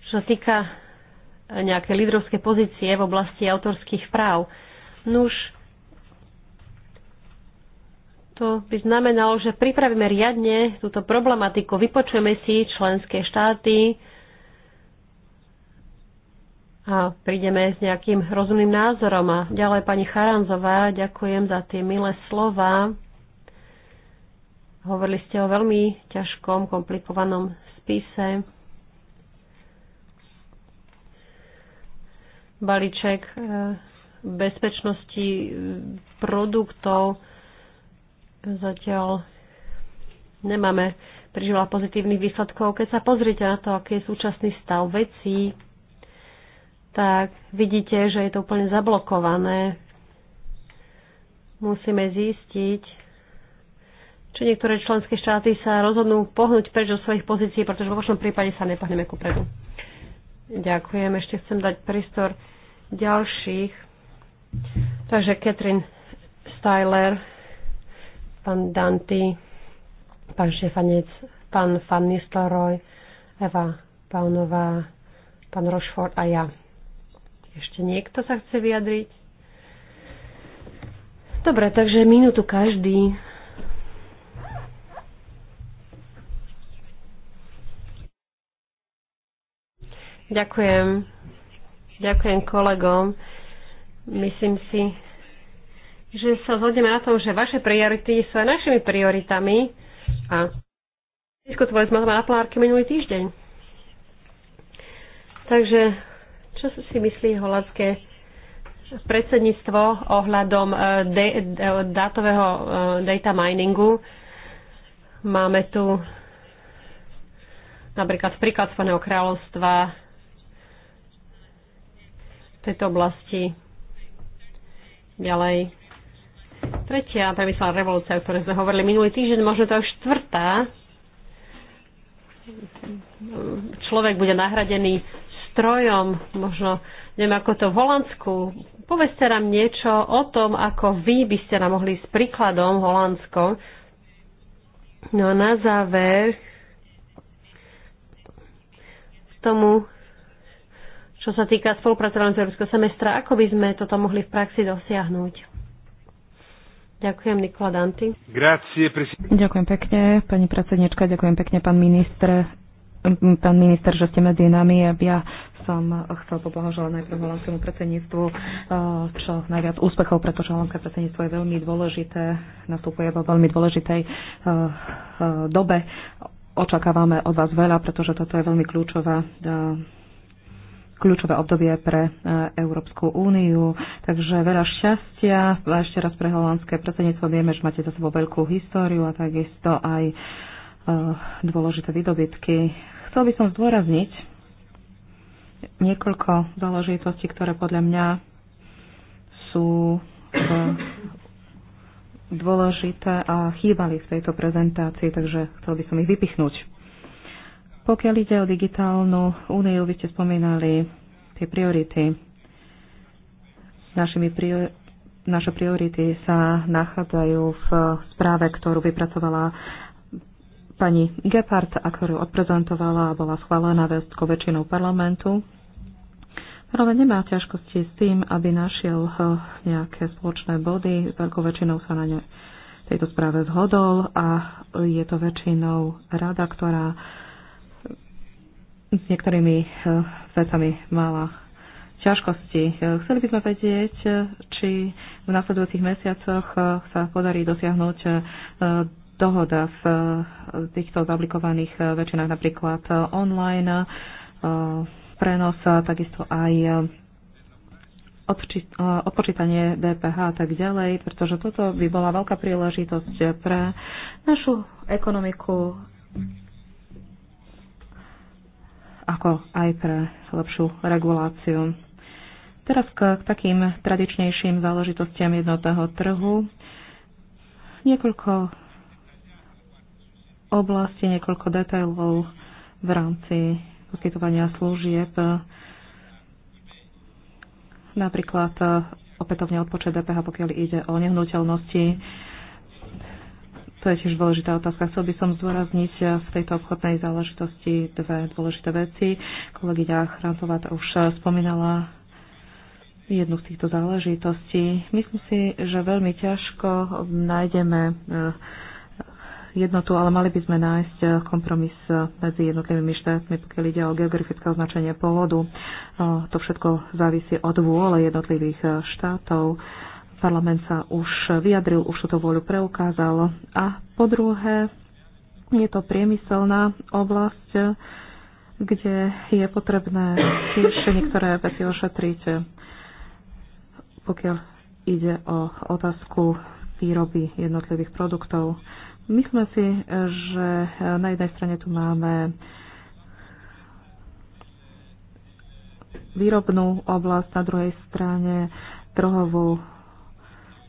čo sa týka e, nejaké lídrovské pozície v oblasti autorských práv, nuž, to by znamenalo, že pripravíme riadne túto problematiku, vypočujeme si členské štáty a prídeme s nejakým rozumným názorom. A ďalej pani Charanzová, ďakujem za tie milé slova. Hovorili ste o veľmi ťažkom, komplikovanom spise. Balíček e, bezpečnosti e, produktov zatiaľ nemáme príliš pozitívnych výsledkov. Keď sa pozrite na to, aký je súčasný stav vecí, tak vidíte, že je to úplne zablokované. Musíme zistiť, že niektoré členské štáty sa rozhodnú pohnúť preč do svojich pozícií, pretože v vašom prípade sa nepohneme predu. Ďakujem. Ešte chcem dať prístor ďalších. Takže Katrin Styler, pán Danty, pán Štefanec, pán Fan Nistelrooy, Eva Paunová, pán Rochefort a ja. Ešte niekto sa chce vyjadriť? Dobre, takže minútu každý. Ďakujem. Ďakujem kolegom. Myslím si, že sa zhodneme na tom, že vaše priority sú aj našimi prioritami a diskutovali sme na plárke minulý týždeň. Takže, čo si myslí holandské predsedníctvo ohľadom e, e, dátového e, data miningu? Máme tu napríklad príklad Spojeného kráľovstva, tejto oblasti. Ďalej. Tretia priemyselná revolúcia, o ktorej sme hovorili minulý týždeň, možno to je už štvrtá. Človek bude nahradený strojom, možno neviem ako to v Holandsku. Poveďte nám niečo o tom, ako vy by ste nám mohli s príkladom Holandsko. No a na záver k tomu čo sa týka spolupráce v rámci Európskeho semestra, ako by sme toto mohli v praxi dosiahnuť? Ďakujem, Nikola Danti. Grazie, ďakujem pekne, pani predsednička, ďakujem pekne, pán minister, pán minister, že ste medzi nami. Ja som chcel poblahoželať najprv holandskému predsedníctvu eh, čo najviac úspechov, pretože holandské predsedníctvo je veľmi dôležité, nastupuje vo veľmi dôležitej eh, eh, dobe. Očakávame od vás veľa, pretože toto je veľmi kľúčová kľúčové obdobie pre e, Európsku úniu. Takže veľa šťastia a ešte raz pre holandské predsedníctvo. Vieme, že máte za sebou veľkú históriu a takisto aj e, dôležité výdobytky. Chcel by som zdôrazniť niekoľko záležitostí, ktoré podľa mňa sú e, dôležité a chýbali v tejto prezentácii, takže chcel by som ich vypichnúť. Pokiaľ ide o digitálnu úniu, vy ste spomínali tie priority. Našimi prior- naše priority sa nachádzajú v správe, ktorú vypracovala pani Gepard a ktorú odprezentovala a bola schválená veľkou väčšinou parlamentu. Ale nemá ťažkosti s tým, aby našiel eh, nejaké spoločné body. veľkou väčšinou sa na ne tejto správe zhodol a je to väčšinou rada, ktorá s niektorými eh, vecami mala ťažkosti. Eh, chceli by sme vedieť, eh, či v následujúcich mesiacoch sa podarí dosiahnuť dohoda v týchto zablikovaných väčšinách, napríklad online prenos, takisto aj odpočítanie DPH a tak ďalej, pretože toto by bola veľká príležitosť pre našu ekonomiku ako aj pre lepšiu reguláciu. Teraz k, k takým tradičnejším záležitostiam jednotného trhu. Niekoľko oblastí, niekoľko detailov v rámci poskytovania služieb. Napríklad opätovne odpočet DPH, pokiaľ ide o nehnuteľnosti, to je tiež dôležitá otázka. Chcel by som zdôrazniť eh, v tejto obchodnej záležitosti dve dôležité veci. Kolegyňa Chrantová to už spomínala jednu z týchto záležitostí. Myslím si, že veľmi ťažko nájdeme eh, jednotu, ale mali by sme nájsť eh, kompromis medzi jednotlivými štátmi, pokiaľ ide o geografické označenie pôvodu. To všetko závisí od vôle jednotlivých štátov parlament sa už vyjadril, už túto vôľu preukázal. A po druhé, je to priemyselná oblasť, kde je potrebné tiež niektoré veci ošetriť, pokiaľ ide o otázku výroby jednotlivých produktov. Myslíme si, že na jednej strane tu máme výrobnú oblasť, na druhej strane trhovú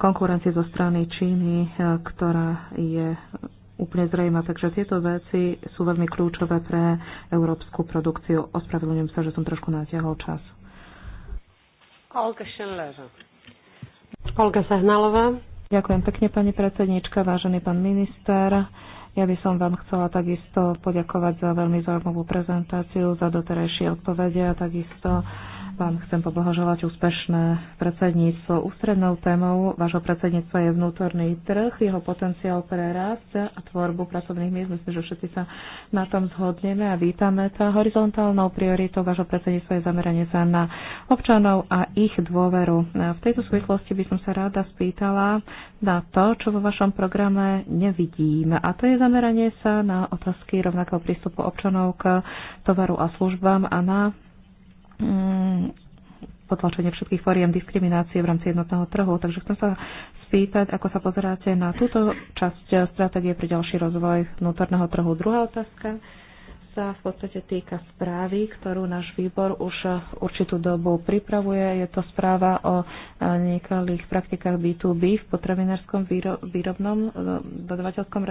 konkurencie zo strany Číny, e, ktorá je úplne zrejma. Takže tieto veci sú veľmi kľúčové pre európsku produkciu. Ospravedlňujem sa, že som trošku natiahol čas. Olga Šenlera. Olga Sahnalová. Ďakujem pekne, pani predsednička, vážený pán minister. Ja by som vám chcela takisto poďakovať za veľmi zaujímavú prezentáciu, za doterajšie odpovede a takisto uh, vám chcem poblahoželať úspešné predsedníctvo. Ústrednou témou vášho predsedníctva je vnútorný trh, jeho potenciál pre rast a tvorbu pracovných miest. Myslím, že všetci sa na tom zhodneme a vítame sa. Horizontálnou prioritou vášho predsedníctva je zameranie sa na občanov a ich dôveru. V tejto súvislosti by som sa ráda spýtala na to, čo vo vašom programe nevidím. A to je zameranie sa na otázky rovnakého prístupu občanov k tovaru a službám a na Mm, potlačenie všetkých foriem diskriminácie v rámci jednotného trhu. Takže chcem sa spýtať, ako sa pozeráte na túto časť stratégie pre ďalší rozvoj vnútorného trhu. Druhá otázka sa v podstate týka správy, ktorú náš výbor už určitú dobu pripravuje. Je to správa o niekoľkých praktikách B2B v potravinárskom výrobnom e, dodavateľskom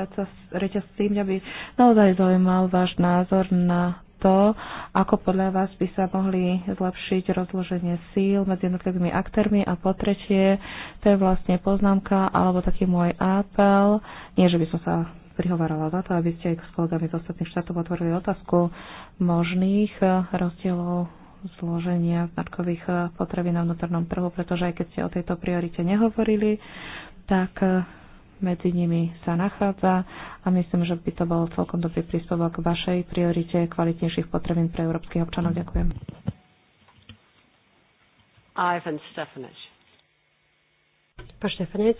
reťazci. Mňa by naozaj zaujímal váš názor na to, ako podľa vás by sa mohli zlepšiť rozloženie síl medzi jednotlivými aktérmi a po tretie, to je vlastne poznámka alebo taký môj apel, nie že by som sa prihovarala za to, aby ste aj s kolegami z ostatných štátov otvorili otázku možných rozdielov zloženia znakových potravín na vnútornom trhu, pretože aj keď ste o tejto priorite nehovorili, tak medzi nimi sa nachádza a myslím, že by to bol celkom dobrý príspevok k vašej priorite kvalitnejších potravín pre európskych občanov. Ďakujem. Ivan Stefanič. Pán Stefanič.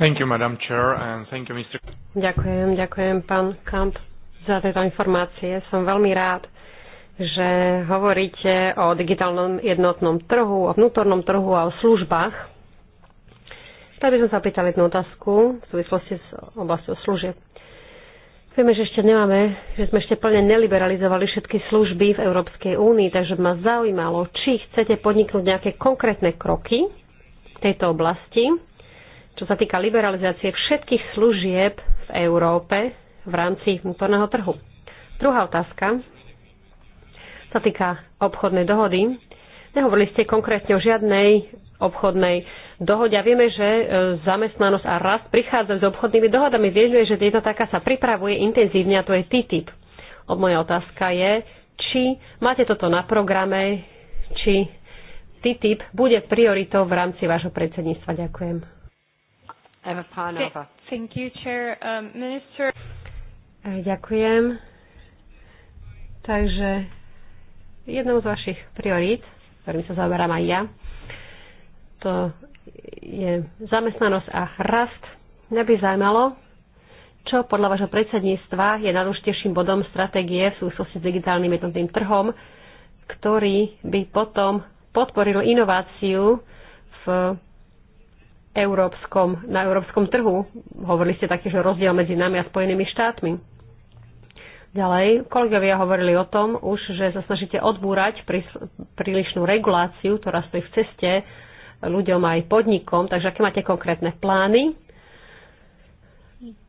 Thank you, Madam Chair, and thank you, Mr. Ďakujem, ďakujem, pán Kamp, za tieto informácie. Som veľmi rád, že hovoríte o digitálnom jednotnom trhu, o vnútornom trhu a o službách tak by som sa pýtala jednu otázku v súvislosti s oblasťou služieb. Vieme, že ešte nemáme, že sme ešte plne neliberalizovali všetky služby v Európskej únii, takže ma zaujímalo, či chcete podniknúť nejaké konkrétne kroky v tejto oblasti, čo sa týka liberalizácie všetkých služieb v Európe v rámci vnútorného trhu. Druhá otázka sa týka obchodnej dohody. Nehovorili ste konkrétne o žiadnej obchodnej dohode a vieme, že e, zamestnanosť a rast prichádza s obchodnými dohodami. Vieme, že tieto taká sa pripravuje intenzívne a to je TTIP. Od moja otázka je, či máte toto na programe, či TTIP bude prioritou v rámci vášho predsedníctva. Ďakujem. Thank you, Chair. Um, Minister... E, ďakujem. Takže jednou z vašich priorít, ktorým sa zaoberám aj ja, to je zamestnanosť a rast. Mňa by zaujímalo, čo podľa vášho predsedníctva je najdôležitejším bodom stratégie v súvislosti s digitálnym jednotným trhom, ktorý by potom podporil inováciu v európskom, na európskom trhu. Hovorili ste taktiež o rozdiel medzi nami a Spojenými štátmi. Ďalej, kolegovia hovorili o tom už, že sa snažíte odbúrať prílišnú reguláciu, ktorá stojí v ceste ľuďom aj podnikom. Takže aké máte konkrétne plány?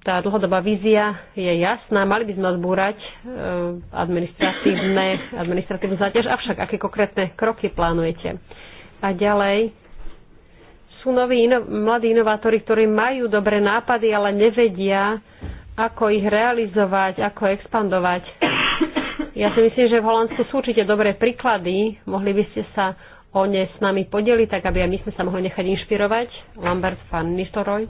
Tá dlhodobá vízia je jasná. Mali by sme odbúrať e, administratívne, administratívnu záťaž, avšak aké konkrétne kroky plánujete? A ďalej, sú noví ino- mladí inovátori, ktorí majú dobré nápady, ale nevedia, ako ich realizovať, ako expandovať. Ja si myslím, že v Holandsku sú určite dobré príklady. Mohli by ste sa o ne s nami podeli, tak aby aj my sme sa mohli nechať inšpirovať. Lambert, pán Nistoroj. Eh,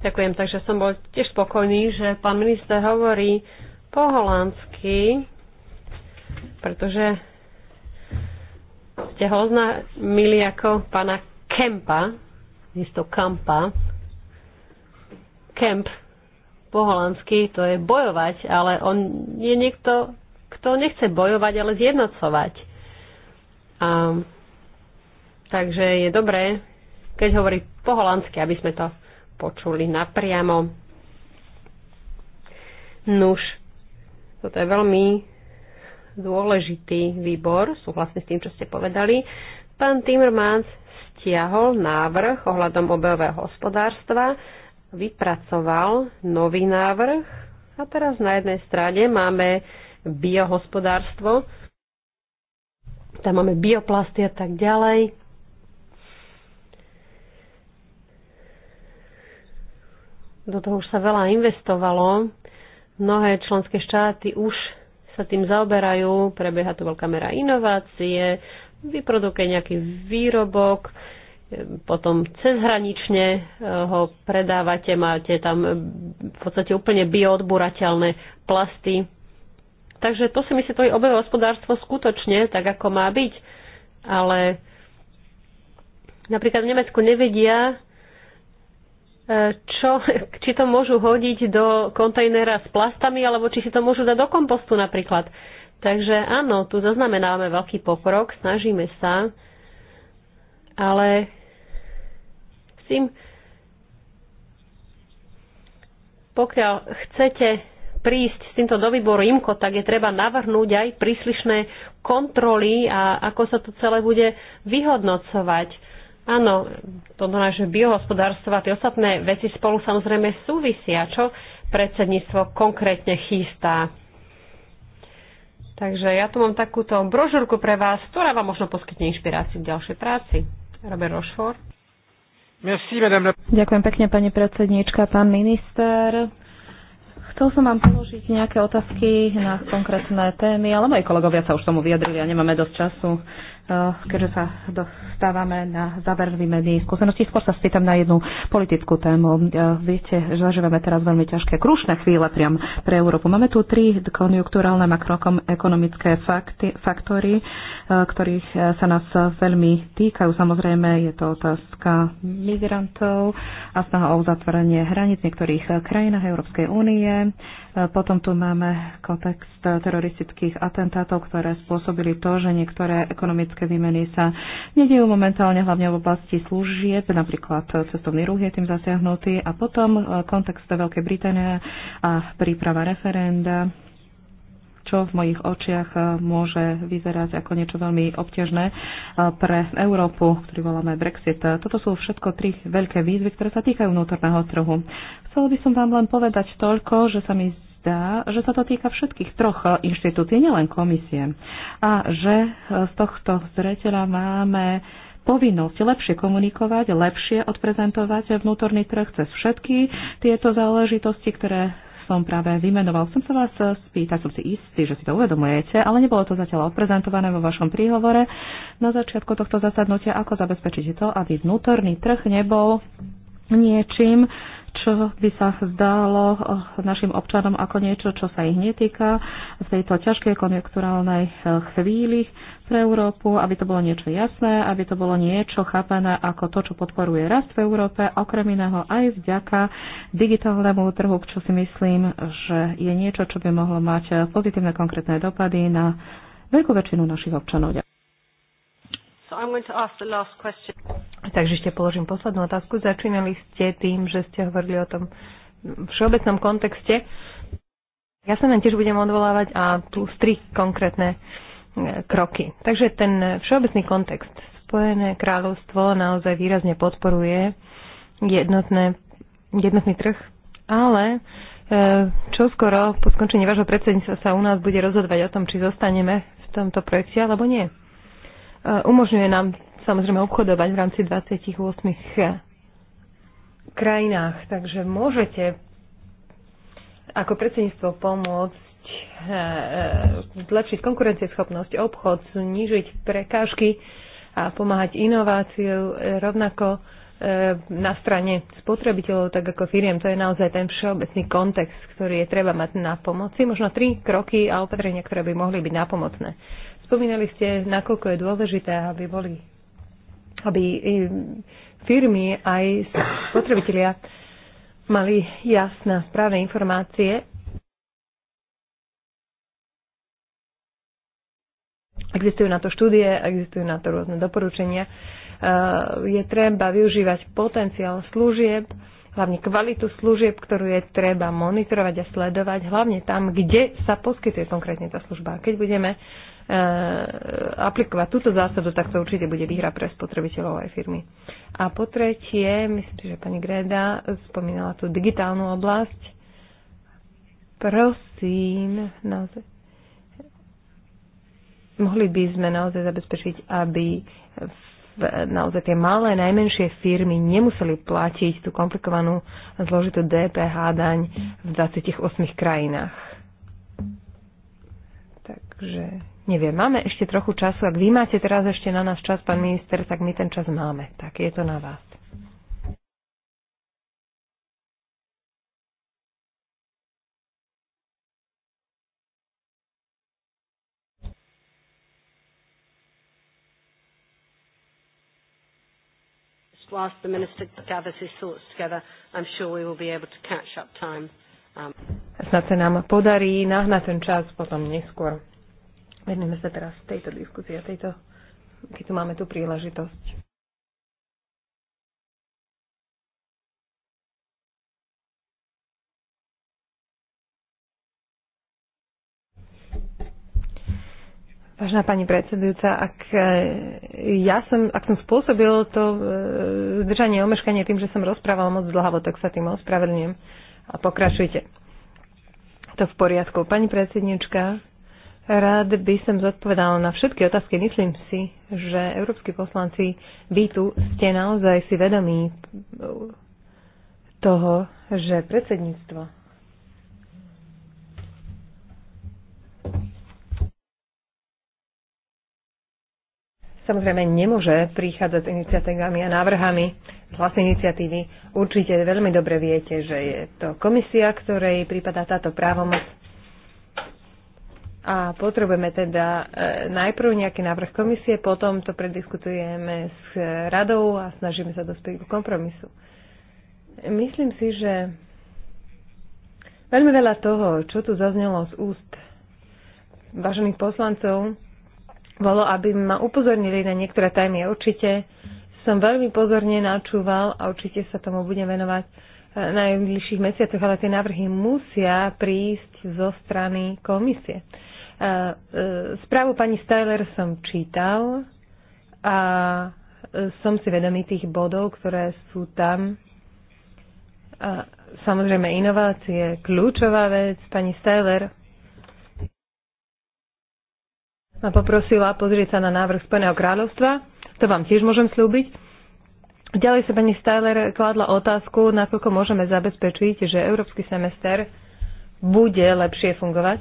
Ďakujem, takže som bol tiež spokojný, že pán minister hovorí po holandsky, pretože ste ho oznámili ako pána Kempa, isto Kampa. Kemp po holandsky to je bojovať, ale on je niekto kto nechce bojovať, ale zjednocovať. A, takže je dobré, keď hovorí po holandsky, aby sme to počuli napriamo. Nuž, toto je veľmi dôležitý výbor, súhlasne s tým, čo ste povedali. Pán Timmermans stiahol návrh ohľadom obehového hospodárstva, vypracoval nový návrh a teraz na jednej strane máme biohospodárstvo. Tam máme bioplasty a tak ďalej. Do toho už sa veľa investovalo. Mnohé členské štáty už sa tým zaoberajú. Prebieha tu veľká mera inovácie, vyprodukuje nejaký výrobok, potom cezhranične eh, ho predávate, máte tam v podstate úplne bioodburateľné plasty. Takže to si myslím, to je obehové hospodárstvo skutočne, tak ako má byť. Ale napríklad v Nemecku nevedia, e, čo, či to môžu hodiť do kontajnera s plastami, alebo či si to môžu dať do kompostu napríklad. Takže áno, tu zaznamenávame veľký pokrok, snažíme sa, ale s tým, pokiaľ chcete prísť s týmto do výboru IMKO, tak je treba navrhnúť aj príslišné kontroly a ako sa to celé bude vyhodnocovať. Áno, toto naše biohospodárstvo a tie ostatné veci spolu samozrejme súvisia. Čo predsedníctvo konkrétne chystá? Takže ja tu mám takúto brožúrku pre vás, ktorá vám možno poskytne inšpiráciu v ďalšej práci. Robert Rochefort. Ďakujem pekne, pani predsedníčka, pán minister. Chcel som vám položiť nejaké otázky na konkrétne témy, ale moji kolegovia sa už tomu vyjadrili a nemáme dosť času. Eh, keďže sa dostávame na záver výmeny skúseností. Skôr sa spýtam na jednu politickú tému. Eh, Viete, že zažívame teraz veľmi ťažké krušné chvíle priam pre Európu. Máme tu tri konjunkturálne makroekonomické faktory, eh, ktorých sa nás veľmi týkajú. Samozrejme, je to otázka migrantov a snaha o uzatvorenie hraníc v niektorých krajinách Európskej únie E, potom tu máme kontext teroristických atentátov, ktoré spôsobili to, že niektoré ekonomické výmeny sa nedejú momentálne, hlavne v oblasti služieb, napríklad cestovný ruch je tým zasiahnutý a potom e, kontext Veľkej Británie a príprava referenda čo v mojich očiach eh, môže vyzerať ako niečo veľmi obťažné eh, pre Európu, ktorý voláme Brexit. Toto sú všetko tri veľké výzvy, ktoré sa týkajú vnútorného trhu. Chcel by som vám len povedať toľko, že sa mi zdá, že sa to týka všetkých troch eh, inštitúcií, nielen komisie. A že z tohto zreteľa máme povinnosť lepšie komunikovať, lepšie odprezentovať vnútorný trh cez všetky tieto záležitosti, ktoré som práve vymenoval. som sa vás eh, spýtať, som si istý, že si to uvedomujete, ale nebolo to zatiaľ odprezentované vo vašom príhovore na začiatku tohto zasadnutia, ako zabezpečíte to, aby vnútorný trh nebol niečím, čo by sa zdalo eh, našim občanom ako niečo, čo sa ich netýka v tejto ťažkej konjunkturálnej eh, chvíli pre Európu, aby to bolo niečo jasné, aby to bolo niečo chápané ako to, čo podporuje rast v Európe, okrem iného aj vďaka digitálnemu trhu, čo si myslím, že je niečo, čo by mohlo mať eh, pozitívne konkrétne dopady na veľkú väčšinu našich občanov. Takže ešte položím poslednú otázku. Začínali ste tým, že ste hovorili o tom všeobecnom kontexte. Ja sa len tiež budem odvolávať a tu tri konkrétne e, kroky. Takže ten všeobecný kontext. Spojené kráľovstvo naozaj výrazne podporuje jednotné, jednotný trh, ale e, čo skoro po skončení vášho predsedníctva sa u nás bude rozhodovať o tom, či zostaneme v tomto projekte alebo nie. E, umožňuje nám samozrejme obchodovať v rámci 28 krajinách. Takže môžete ako predsedníctvo pomôcť e, e, zlepšiť konkurencieschopnosť, obchod, znižiť prekážky a pomáhať inováciu rovnako na strane spotrebiteľov, tak ako firiem. To je naozaj ten všeobecný kontext, ktorý je treba mať na pomoci. Možno tri kroky a opatrenia, ktoré by mohli byť napomocné. Spomínali ste, nakoľko je dôležité, aby boli aby e, firmy aj spotrebitelia mali jasné, správne informácie. Existujú na to štúdie, existujú na to rôzne doporučenia. E, je treba využívať potenciál služieb, hlavne kvalitu služieb, ktorú je treba monitorovať a sledovať, hlavne tam, kde sa poskytuje konkrétne tá služba. Keď budeme Eh, aplikovať túto zásadu, tak to určite bude výhra pre spotrebiteľov aj firmy. A po tretie, myslím si, že pani Greda spomínala tú digitálnu oblasť. Prosím, naozaj. Mohli by sme naozaj zabezpečiť, aby naozaj tie malé, najmenšie firmy nemuseli platiť tú komplikovanú zložitú DPH daň v 28 krajinách. Takže Neviem, máme ešte trochu času. Ak vy máte teraz ešte na nás čas, pán minister, tak my ten čas máme. Tak je to na vás. whilst the minister gathers his thoughts together, I'm sure we will be able to catch up time. Um, Snad sa nám podarí nahnať ten čas potom neskôr. Venujeme sa teraz tejto diskusii a tejto, keď tu máme tú príležitosť. Vážená pani predsedujúca, ak eh, ja som, ak som spôsobil to eh, zdržanie a omeškanie tým, že som rozprával moc dlhavo, tak sa tým ospravedlňujem a pokračujte. To v poriadku. Pani predsednička, Rád by som zodpovedala na všetky otázky. Myslím si, že európsky poslanci vy tu ste naozaj si vedomí toho, že predsedníctvo samozrejme nemôže prichádzať s iniciatívami a návrhami z vlastnej iniciatívy. Určite veľmi dobre viete, že je to komisia, ktorej prípada táto právomoc a potrebujeme teda e, najprv nejaký návrh komisie, potom to prediskutujeme s radou a snažíme sa dospieť k kompromisu. Myslím si, že veľmi veľa toho, čo tu zaznelo z úst vážených poslancov, bolo, aby ma upozornili na niektoré tajmy. Určite som veľmi pozorne načúval a určite sa tomu budem venovať e, najbližších mesiacoch, ale tie návrhy musia prísť zo strany komisie. E, správu pani Styler som čítal a e, som si vedomý tých bodov, ktoré sú tam. A samozrejme, inovácie, kľúčová vec. Pani Steyler ma poprosila pozrieť sa na návrh Spojeného kráľovstva. To vám tiež môžem slúbiť. Ďalej sa pani Steyler kladla otázku, nakoľko môžeme zabezpečiť, že európsky semester bude lepšie fungovať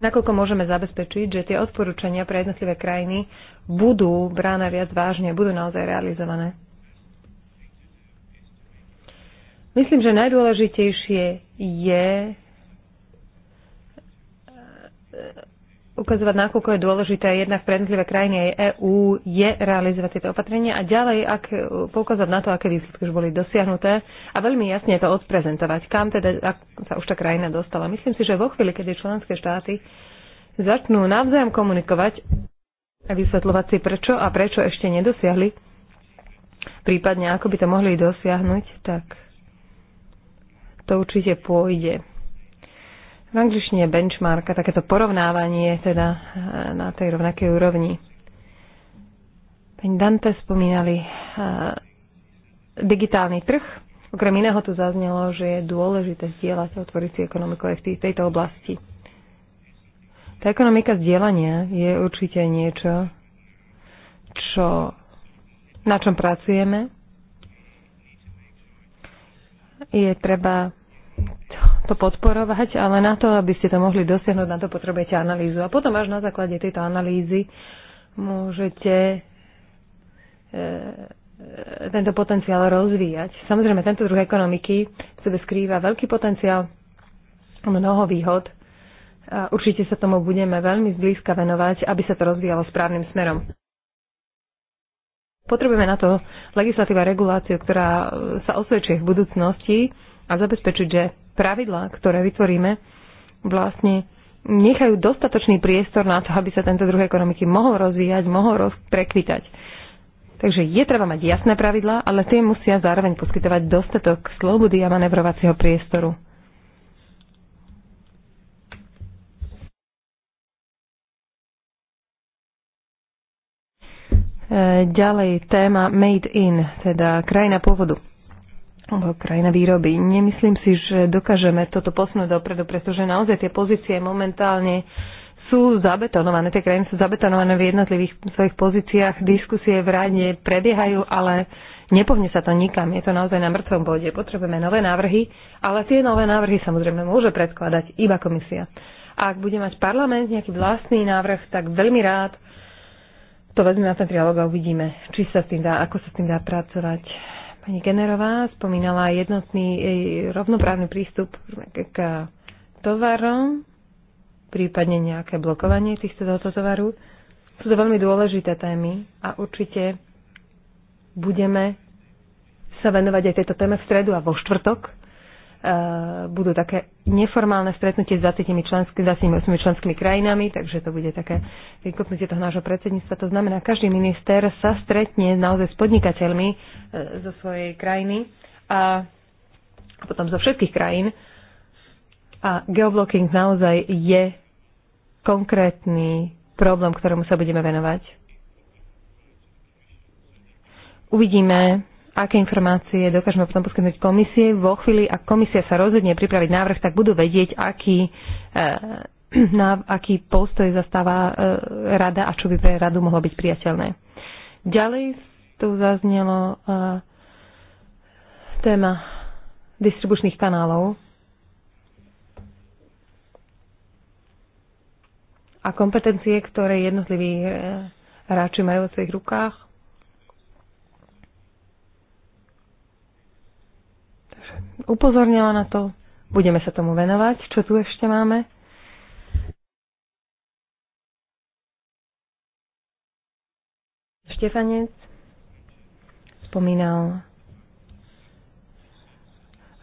nakoľko môžeme zabezpečiť, že tie odporúčania pre jednotlivé krajiny budú brána viac vážne, budú naozaj realizované. Myslím, že najdôležitejšie je ukazovať, nakoľko je dôležité jednak pre jednotlivé krajiny aj EÚ je realizovať tieto opatrenia a ďalej ak, poukázať na to, aké výsledky už boli dosiahnuté a veľmi jasne to odprezentovať, kam teda ak sa už tá krajina dostala. Myslím si, že vo chvíli, kedy členské štáty začnú navzájom komunikovať a vysvetľovať si prečo a prečo ešte nedosiahli, prípadne ako by to mohli dosiahnuť, tak to určite pôjde v no, angličtine benchmark a takéto porovnávanie teda e, na tej rovnakej úrovni. Pani Dante spomínali e, digitálny trh. Okrem iného tu zaznelo, že je dôležité zdieľať a otvoriť si ekonomiku aj v tejto oblasti. Tá ekonomika zdieľania je určite niečo, čo, na čom pracujeme. Je treba to podporovať, ale na to, aby ste to mohli dosiahnuť, na to potrebujete analýzu. A potom až na základe tejto analýzy môžete e, e, tento potenciál rozvíjať. Samozrejme, tento druh ekonomiky v sebe skrýva veľký potenciál, mnoho výhod. A určite sa tomu budeme veľmi zblízka venovať, aby sa to rozvíjalo správnym smerom. Potrebujeme na to legislatíva reguláciu, ktorá sa osvedčuje v budúcnosti a zabezpečiť, že pravidlá, ktoré vytvoríme, vlastne nechajú dostatočný priestor na to, aby sa tento druh ekonomiky mohol rozvíjať, mohol roz- prekvitať. Takže je treba mať jasné pravidlá, ale tie musia zároveň poskytovať dostatok slobody a manevrovacieho priestoru. E, ďalej téma Made in, teda krajina pôvodu krajina výroby. Nemyslím si, že dokážeme toto posunúť dopredu, pretože naozaj tie pozície momentálne sú zabetonované, tie krajiny sú zabetonované v jednotlivých svojich pozíciách, diskusie v rade prebiehajú, ale nepovne sa to nikam, je to naozaj na mŕtvom bode. Potrebujeme nové návrhy, ale tie nové návrhy samozrejme môže predkladať iba komisia. A ak bude mať parlament nejaký vlastný návrh, tak veľmi rád to vezme na ten trialog a uvidíme, či sa s tým dá, ako sa s tým dá pracovať. Pani Generová spomínala jednotný e, rovnoprávny prístup k tovarom, prípadne nejaké blokovanie týchto tohoto tovaru. Sú to veľmi dôležité témy a určite budeme sa venovať aj tejto téme v stredu a vo štvrtok Eh, budú také neformálne stretnutie s 20 členskými, 28 členskými krajinami, takže to bude také vykopnutie toho nášho predsedníctva. To znamená, každý minister sa stretne naozaj s podnikateľmi eh, zo svojej krajiny a potom zo všetkých krajín. A geoblocking naozaj je konkrétny problém, ktorému sa budeme venovať. Uvidíme, aké informácie dokážeme potom poskytnúť komisie. Vo chvíli, ak komisia sa rozhodne pripraviť návrh, tak budú vedieť, aký, eh, (clears throat) na, aký postoj zastáva eh, rada a čo by pre radu mohlo byť priateľné. Ďalej tu zaznelo eh, téma distribučných kanálov a kompetencie, ktoré jednotliví hráči majú v svojich rukách. upozornila na to. Budeme sa tomu venovať, čo tu ešte máme. Štefanec spomínal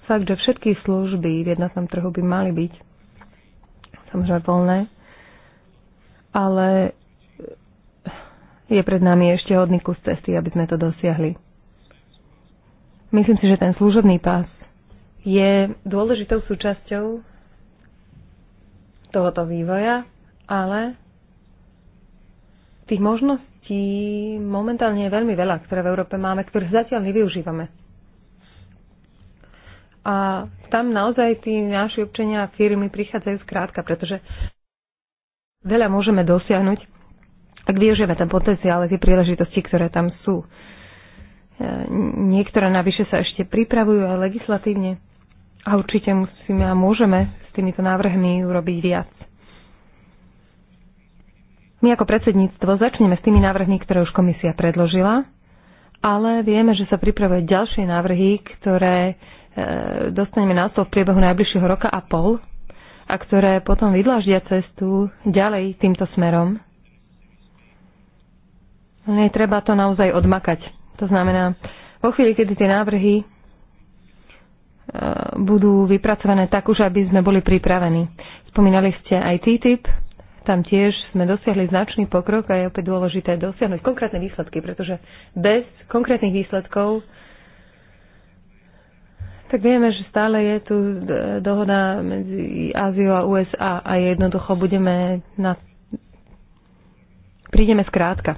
fakt, že všetky služby v jednotnom trhu by mali byť samozrejme voľné, ale je pred nami ešte hodný kus cesty, aby sme to dosiahli. Myslím si, že ten služobný pás je dôležitou súčasťou tohoto vývoja, ale tých možností momentálne je veľmi veľa, ktoré v Európe máme, ktoré zatiaľ nevyužívame. A tam naozaj tí naši občania a firmy prichádzajú zkrátka, pretože veľa môžeme dosiahnuť, ak využijeme ten potenciál a tie príležitosti, ktoré tam sú. E, niektoré navyše sa ešte pripravujú aj legislatívne. A určite musíme a môžeme s týmito návrhmi urobiť viac. My ako predsedníctvo začneme s tými návrhmi, ktoré už komisia predložila, ale vieme, že sa pripravujú ďalšie návrhy, ktoré e, dostaneme na stôl v priebehu najbližšieho roka a pol a ktoré potom vydláždia cestu ďalej týmto smerom. Ale treba to naozaj odmakať. To znamená, vo chvíli, kedy tie návrhy E, budú vypracované tak už, aby sme boli pripravení. Spomínali ste aj TTIP, tam tiež sme dosiahli značný pokrok a je opäť dôležité dosiahnuť konkrétne výsledky, pretože bez konkrétnych výsledkov tak vieme, že stále je tu dohoda medzi Áziou a USA a jednoducho budeme na... prídeme skrátka.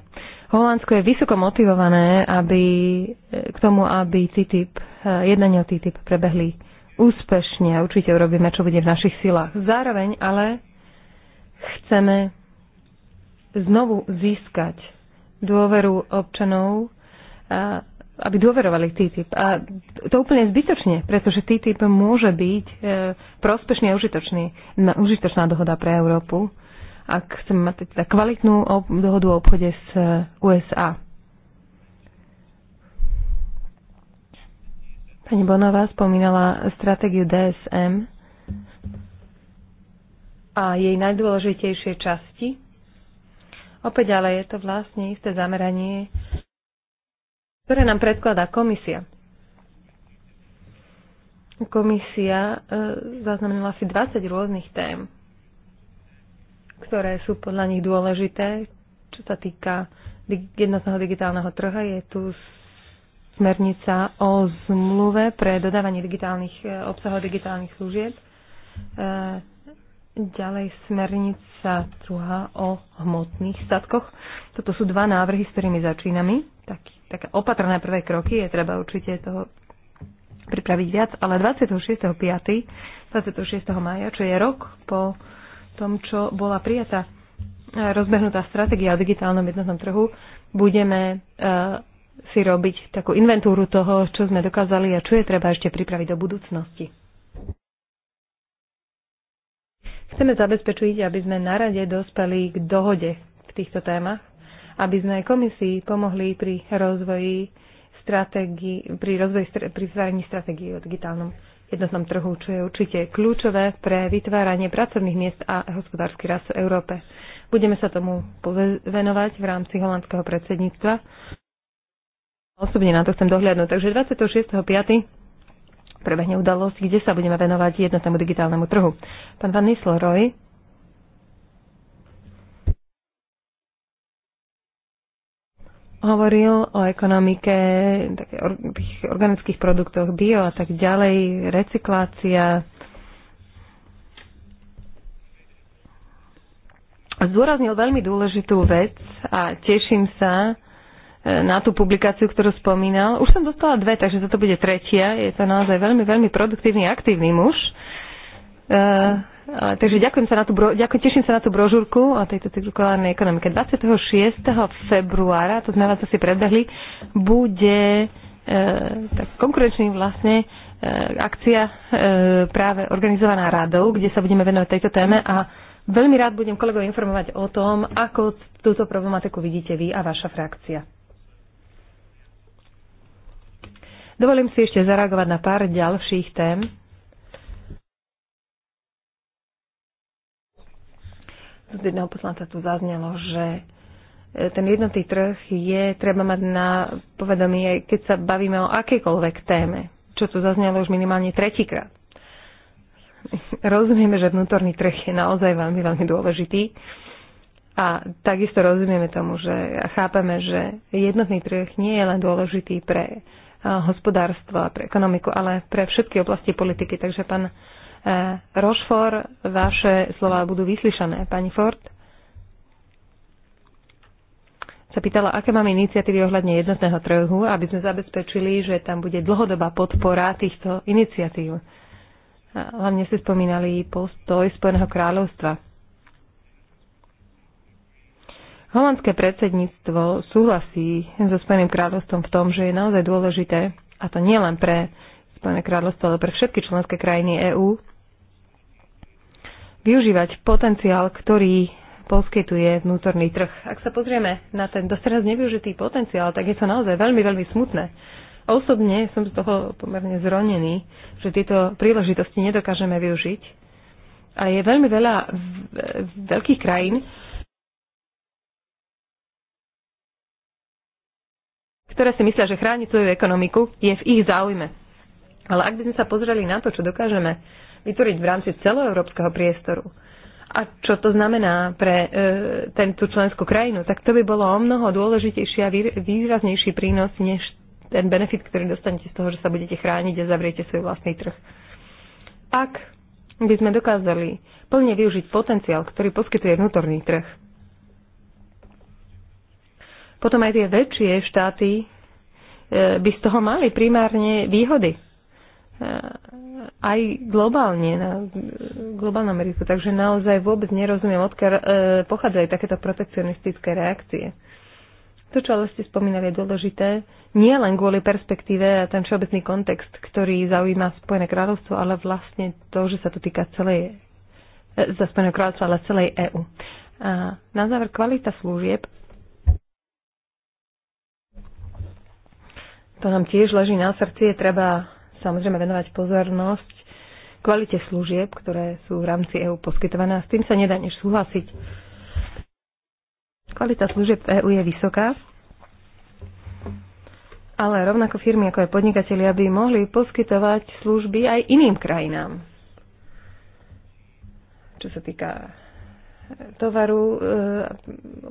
Holandsko je vysoko motivované aby, eh, k tomu, aby TTIP, eh, jednania o TTIP prebehli úspešne a určite urobíme, čo bude v našich silách. Zároveň ale chceme znovu získať dôveru občanov, aby dôverovali TTIP. A to úplne zbytočne, pretože TTIP môže byť eh, prospešný a užitočný, užitočná dohoda pre Európu ak chceme mať teda kvalitnú dohodu o obchode s eh, USA. Pani Bonová spomínala stratégiu DSM a jej najdôležitejšie časti. Opäť ale je to vlastne isté zameranie, ktoré nám predkladá komisia. Komisia e, zaznamenala asi 20 rôznych tém ktoré sú podľa nich dôležité, čo sa týka jednotného digitálneho trha. Je tu smernica o zmluve pre dodávanie digitálnych e, obsahov digitálnych služieb. E, ďalej smernica druhá o hmotných statkoch. Toto sú dva návrhy, s ktorými začíname. Tak, také opatrné prvé kroky, je treba určite toho pripraviť viac, ale 26.5., 26. maja, čo je rok po tom, čo bola prijatá e, rozbehnutá stratégia o digitálnom jednotnom trhu, budeme e, si robiť takú inventúru toho, čo sme dokázali a čo je treba ešte pripraviť do budúcnosti. Chceme zabezpečiť, aby sme na rade dospeli k dohode v týchto témach, aby sme aj komisii pomohli pri rozvoji stratégii, pri, rozvoji, pri stvarení o digitálnom jednotnom trhu, čo je určite kľúčové pre vytváranie pracovných miest a hospodársky rast v Európe. Budeme sa tomu venovať v rámci holandského predsedníctva. Osobne na to chcem dohľadnúť. Takže 26.5. prebehne udalosť, kde sa budeme venovať jednotnému digitálnemu trhu. Pán Van Roy, hovoril o ekonomike tých organických produktoch bio a tak ďalej, recyklácia. Zdôraznil veľmi dôležitú vec a teším sa e, na tú publikáciu, ktorú spomínal. Už som dostala dve, takže toto bude tretia. Je to naozaj veľmi, veľmi produktívny, aktívny muž. E, takže ďakujem sa na tú, ďakujem, teším sa na tú brožúrku o tejto cirkulárnej ekonomike. 26. februára, to sme vás asi predbehli, bude e, tak konkurenčný vlastne e, akcia e, práve organizovaná radou, kde sa budeme venovať tejto téme a veľmi rád budem kolegov informovať o tom, ako túto problematiku vidíte vy a vaša frakcia. Dovolím si ešte zareagovať na pár ďalších tém. z jedného poslanca tu zaznelo, že e, ten jednotný trh je treba mať na povedomí, aj keď sa bavíme o akékoľvek téme, čo tu zaznelo už minimálne tretíkrát. (laughs) Rozumieme, že vnútorný trh je naozaj veľmi, veľmi dôležitý. A takisto rozumieme tomu, že chápeme, že jednotný trh nie je len dôležitý pre hospodárstvo a pre ekonomiku, ale pre všetky oblasti politiky. Takže pán Eh, Rošfor, vaše slova budú vyslyšané. Pani Ford sa pýtala, aké máme iniciatívy ohľadne jednotného trhu, aby sme zabezpečili, že tam bude dlhodobá podpora týchto iniciatív. Hlavne ste spomínali postoj Spojeného kráľovstva. Holandské predsedníctvo súhlasí so Spojeným kráľovstvom v tom, že je naozaj dôležité, a to nie len pre Spojené kráľovstvo, ale pre všetky členské krajiny EÚ, využívať potenciál, ktorý poskytuje vnútorný trh. Ak sa pozrieme na ten doteraz nevyužitý potenciál, tak je to naozaj veľmi, veľmi smutné. Osobne som z toho pomerne zronený, že tieto príležitosti nedokážeme využiť. A je veľmi veľa veľkých krajín, ktoré si myslia, že chrániť svoju ekonomiku je v ich záujme. Ale ak by sme sa pozreli na to, čo dokážeme vytvoriť v rámci celoeurópskeho priestoru. A čo to znamená pre e, tú členskú krajinu, tak to by bolo o mnoho dôležitejší a výraznejší prínos, než ten benefit, ktorý dostanete z toho, že sa budete chrániť a zavriete svoj vlastný trh. Ak by sme dokázali plne využiť potenciál, ktorý poskytuje vnútorný trh, potom aj tie väčšie štáty e, by z toho mali primárne výhody. E, aj globálne, na globálnom riziku. Takže naozaj vôbec nerozumiem, odkiaľ e, pochádzajú takéto protekcionistické reakcie. To, čo ale ste spomínali, je dôležité nie len kvôli perspektíve a ten všeobecný kontext, ktorý zaujíma Spojené kráľovstvo, ale vlastne to, že sa to týka celej, e, za Spojené kráľovstvo, ale celej EÚ. A na záver, kvalita služieb to nám tiež leží na srdci, je treba samozrejme venovať pozornosť kvalite služieb, ktoré sú v rámci EÚ poskytované a s tým sa nedá než súhlasiť. Kvalita služieb v EÚ je vysoká, ale rovnako firmy ako aj podnikatelia by mohli poskytovať služby aj iným krajinám. Čo sa týka e, tovaru, e,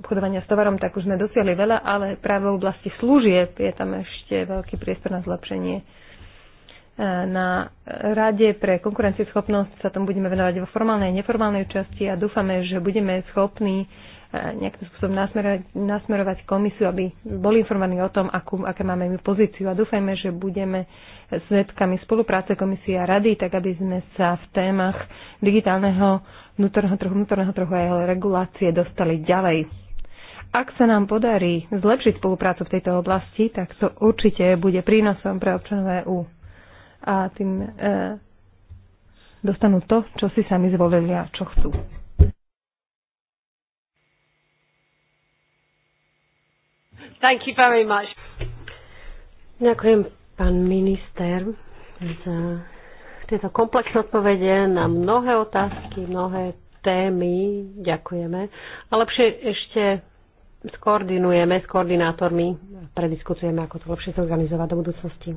obchodovania s tovarom, tak už sme dosiahli veľa, ale práve v oblasti služieb je tam ešte veľký priestor na zlepšenie. Na Rade pre konkurencieschopnosť sa tomu budeme venovať vo formálnej a neformálnej časti a dúfame, že budeme schopní e, nejakým spôsobom nasmerovať, nasmerovať komisiu, aby boli informovaní o tom, akú, aké máme my pozíciu. A dúfajme, že budeme svetkami spolupráce komisie a rady, tak aby sme sa v témach digitálneho vnútorného trhu, vnútorného trhu a jeho regulácie dostali ďalej. Ak sa nám podarí zlepšiť spoluprácu v tejto oblasti, tak to určite bude prínosom pre občanov EU a tým e, dostanú to, čo si sami zvolili a čo chcú. Thank you very much. Ďakujem, pán minister, za tieto komplexné odpovede na mnohé otázky, mnohé témy. Ďakujeme. A lepšie ešte skoordinujeme s koordinátormi, a prediskutujeme, ako to lepšie zorganizovať do budúcnosti.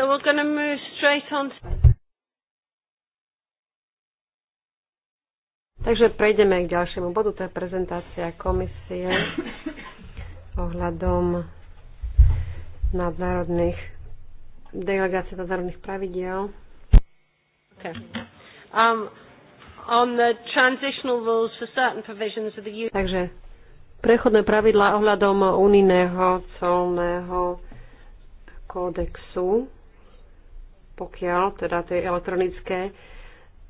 so we're going to move straight on. Takže prejdeme k ďalšiemu bodu, to je prezentácia komisie ohľadom nadnárodných delegácie nadnárodných pravidiel. Okay. Um, on the transitional rules for certain provisions of the EU. Takže prechodné pravidlá ohľadom unijného colného kódexu pokiaľ teda tie elektronické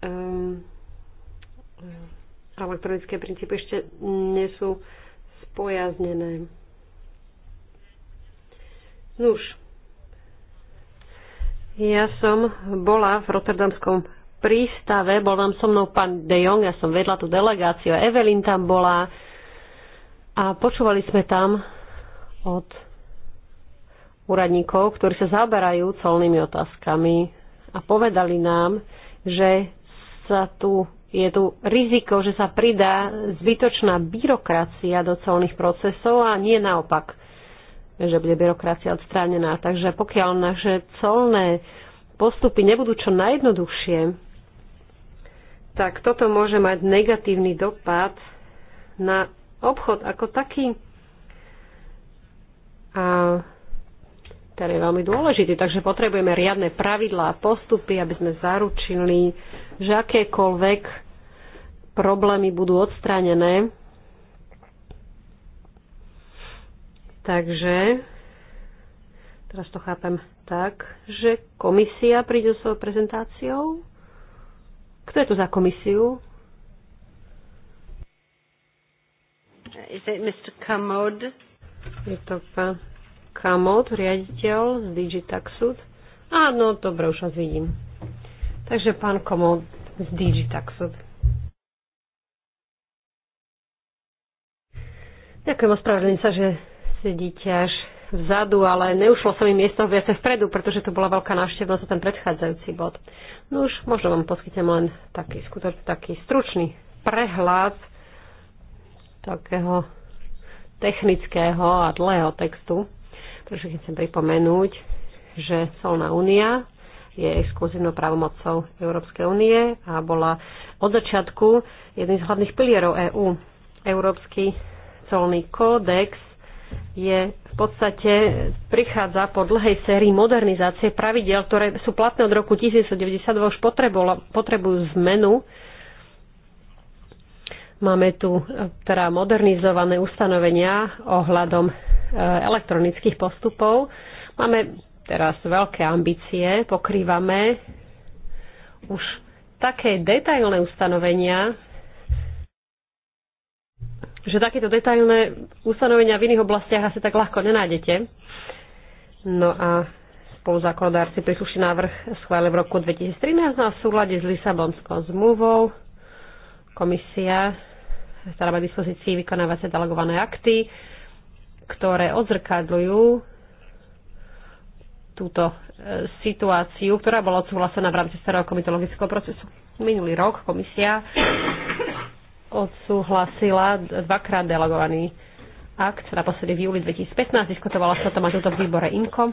um, elektronické princípy ešte nie sú spojaznené. Nuž, ja som bola v Rotterdamskom prístave, bol tam so mnou pán De Jong, ja som vedla tú delegáciu, Evelyn tam bola a počúvali sme tam od úradníkov, ktorí sa zaoberajú colnými otázkami a povedali nám, že sa tu, je tu riziko, že sa pridá zbytočná byrokracia do colných procesov a nie naopak, že bude byrokracia odstránená. Takže pokiaľ naše colné postupy nebudú čo najjednoduchšie, tak toto môže mať negatívny dopad na obchod ako taký. A ktorý je veľmi dôležitý. Takže potrebujeme riadne pravidlá a postupy, aby sme zaručili, že akékoľvek problémy budú odstránené. Takže, teraz to chápem tak, že komisia príde svojou prezentáciou. Kto je tu za komisiu? Is it Mr. Kamod? Je to pán Kamot, riaditeľ z Digitaxud. Áno, dobre, už vás vidím. Takže pán Komod z Digitaxud. Ďakujem, ospravedlím sa, že sedíte až vzadu, ale neušlo sa mi miesto viacej vpredu, pretože to bola veľká návštevnosť a ten predchádzajúci bod. No už možno vám poskytnem len taký, skutor, taký stručný prehľad takého technického a dlhého textu. Takže chcem pripomenúť, že Solná únia je exkluzívnou právomocou Európskej únie a bola od začiatku jedným z hlavných pilierov EÚ. Európsky colný kódex je v podstate prichádza po dlhej sérii modernizácie pravidel, ktoré sú platné od roku 1992, už potrebujú zmenu Máme tu e, teda modernizované ustanovenia ohľadom e, elektronických postupov. Máme teraz veľké ambície, pokrývame už také detailné ustanovenia, že takéto detailné ustanovenia v iných oblastiach asi tak ľahko nenájdete. No a spoluzákonodárci príslušný návrh schválili v roku 2013 na v súlade s Lisabonskou zmluvou komisia stará teda má dispozícii vykonávacie delegované akty, ktoré odzrkadľujú túto e, situáciu, ktorá bola odsúhlasená v rámci starého komitologického procesu. Minulý rok komisia odsúhlasila dvakrát delegovaný akt, naposledy teda v júli 2015, diskutovala sa o tom aj v výbore INKO.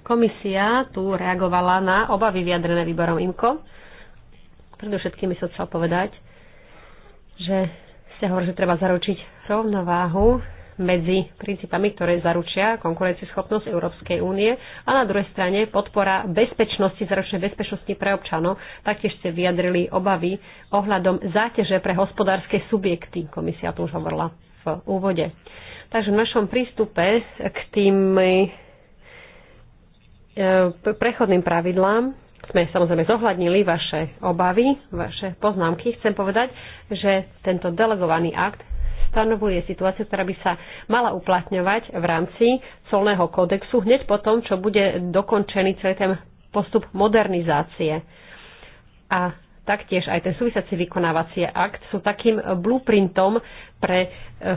Komisia tu reagovala na obavy vyjadrené výborom INKO, Predovšetkým by som chcel povedať, že ste hovorili, že treba zaručiť rovnováhu medzi princípami, ktoré zaručia konkurencieschopnosť Európskej únie a na druhej strane podpora bezpečnosti, zaručnej bezpečnosti pre občanov. Taktiež ste vyjadrili obavy ohľadom záťaže pre hospodárske subjekty. Komisia tu už hovorila v úvode. Takže v našom prístupe k tým e, prechodným pravidlám sme samozrejme zohľadnili vaše obavy, vaše poznámky. Chcem povedať, že tento delegovaný akt stanovuje situáciu, ktorá by sa mala uplatňovať v rámci colného kódexu hneď po tom, čo bude dokončený celý ten postup modernizácie. A taktiež aj ten súvisací vykonávací akt sú takým blueprintom pre e,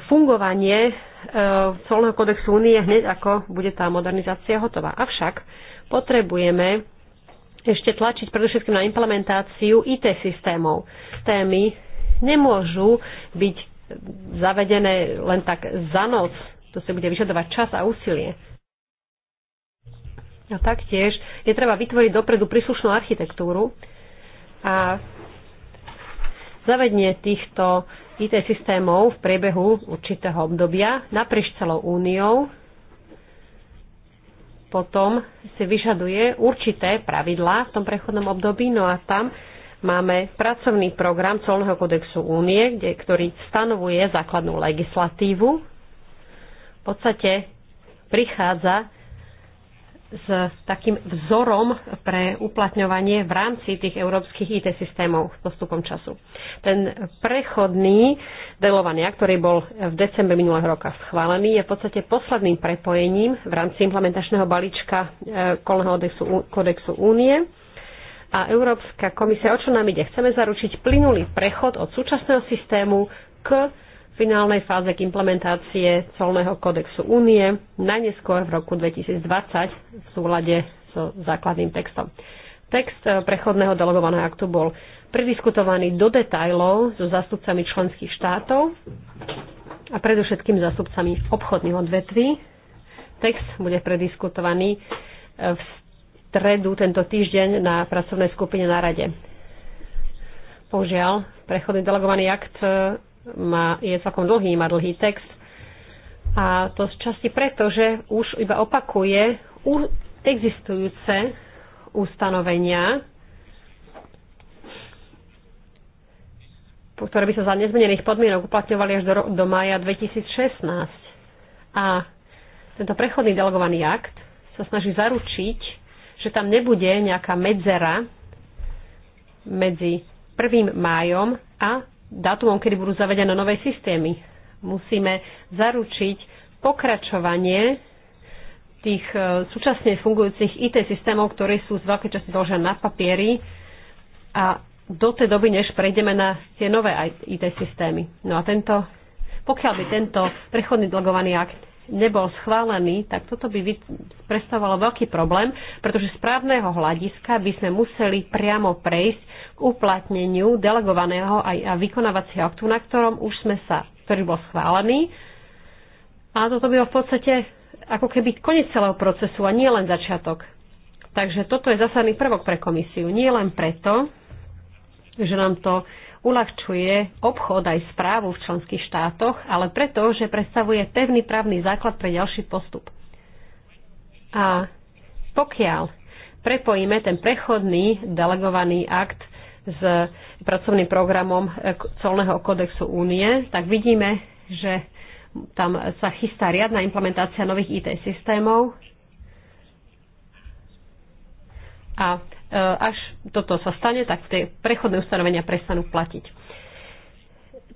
fungovanie e, colného kódexu únie hneď ako bude tá modernizácia hotová. Avšak potrebujeme ešte tlačiť predovšetkým na implementáciu IT systémov. Témy nemôžu byť zavedené len tak za noc. To si bude vyžadovať čas a úsilie. A taktiež je treba vytvoriť dopredu príslušnú architektúru a zavedenie týchto IT systémov v priebehu určitého obdobia naprieč celou úniou potom si vyžaduje určité pravidlá v tom prechodnom období, no a tam máme pracovný program Colného kodexu únie, kde, ktorý stanovuje základnú legislatívu. V podstate prichádza s takým vzorom pre uplatňovanie v rámci tých európskych IT systémov v postupom času. Ten prechodný delovania, ktorý bol v decembri minulého roka schválený, je v podstate posledným prepojením v rámci implementačného balíčka e, kolného kodexu únie a Európska komisia, o čo nám ide? Chceme zaručiť plynulý prechod od súčasného systému k finálnej fáze k implementácie colného kodexu únie, najneskôr v roku 2020 v súlade so základným textom. Text e, prechodného delegovaného aktu bol prediskutovaný do detajlov so zástupcami členských štátov a predovšetkým zástupcami obchodných odvetví. Text bude prediskutovaný e, v stredu tento týždeň na pracovnej skupine na rade. Bohužiaľ, prechodný delegovaný akt e, má, je celkom dlhý, má dlhý text. A to z časti preto, že už iba opakuje existujúce ustanovenia, ktoré by sa za nezmenených podmienok uplatňovali až do, do maja 2016. A tento prechodný delegovaný akt sa snaží zaručiť, že tam nebude nejaká medzera medzi 1. májom a dátumom, kedy budú zavedené nové systémy. Musíme zaručiť pokračovanie tých e, súčasne fungujúcich IT systémov, ktoré sú z veľkej časti zložené na papieri a do tej doby, než prejdeme na tie nové IT systémy. No a tento, pokiaľ by tento prechodný delegovaný akt nebol schválený, tak toto by predstavovalo veľký problém, pretože z právneho hľadiska by sme museli priamo prejsť k uplatneniu delegovaného a vykonávacieho aktu, na ktorom už sme sa, ktorý bol schválený. A toto by bol v podstate ako keby koniec celého procesu a nie len začiatok. Takže toto je zásadný prvok pre komisiu. Nie len preto, že nám to uľahčuje obchod aj správu v členských štátoch, ale preto, že predstavuje pevný právny základ pre ďalší postup. A pokiaľ prepojíme ten prechodný delegovaný akt s pracovným programom colného kodexu únie, tak vidíme, že tam sa chystá riadna implementácia nových IT systémov a E, až toto sa stane, tak tie prechodné ustanovenia prestanú platiť.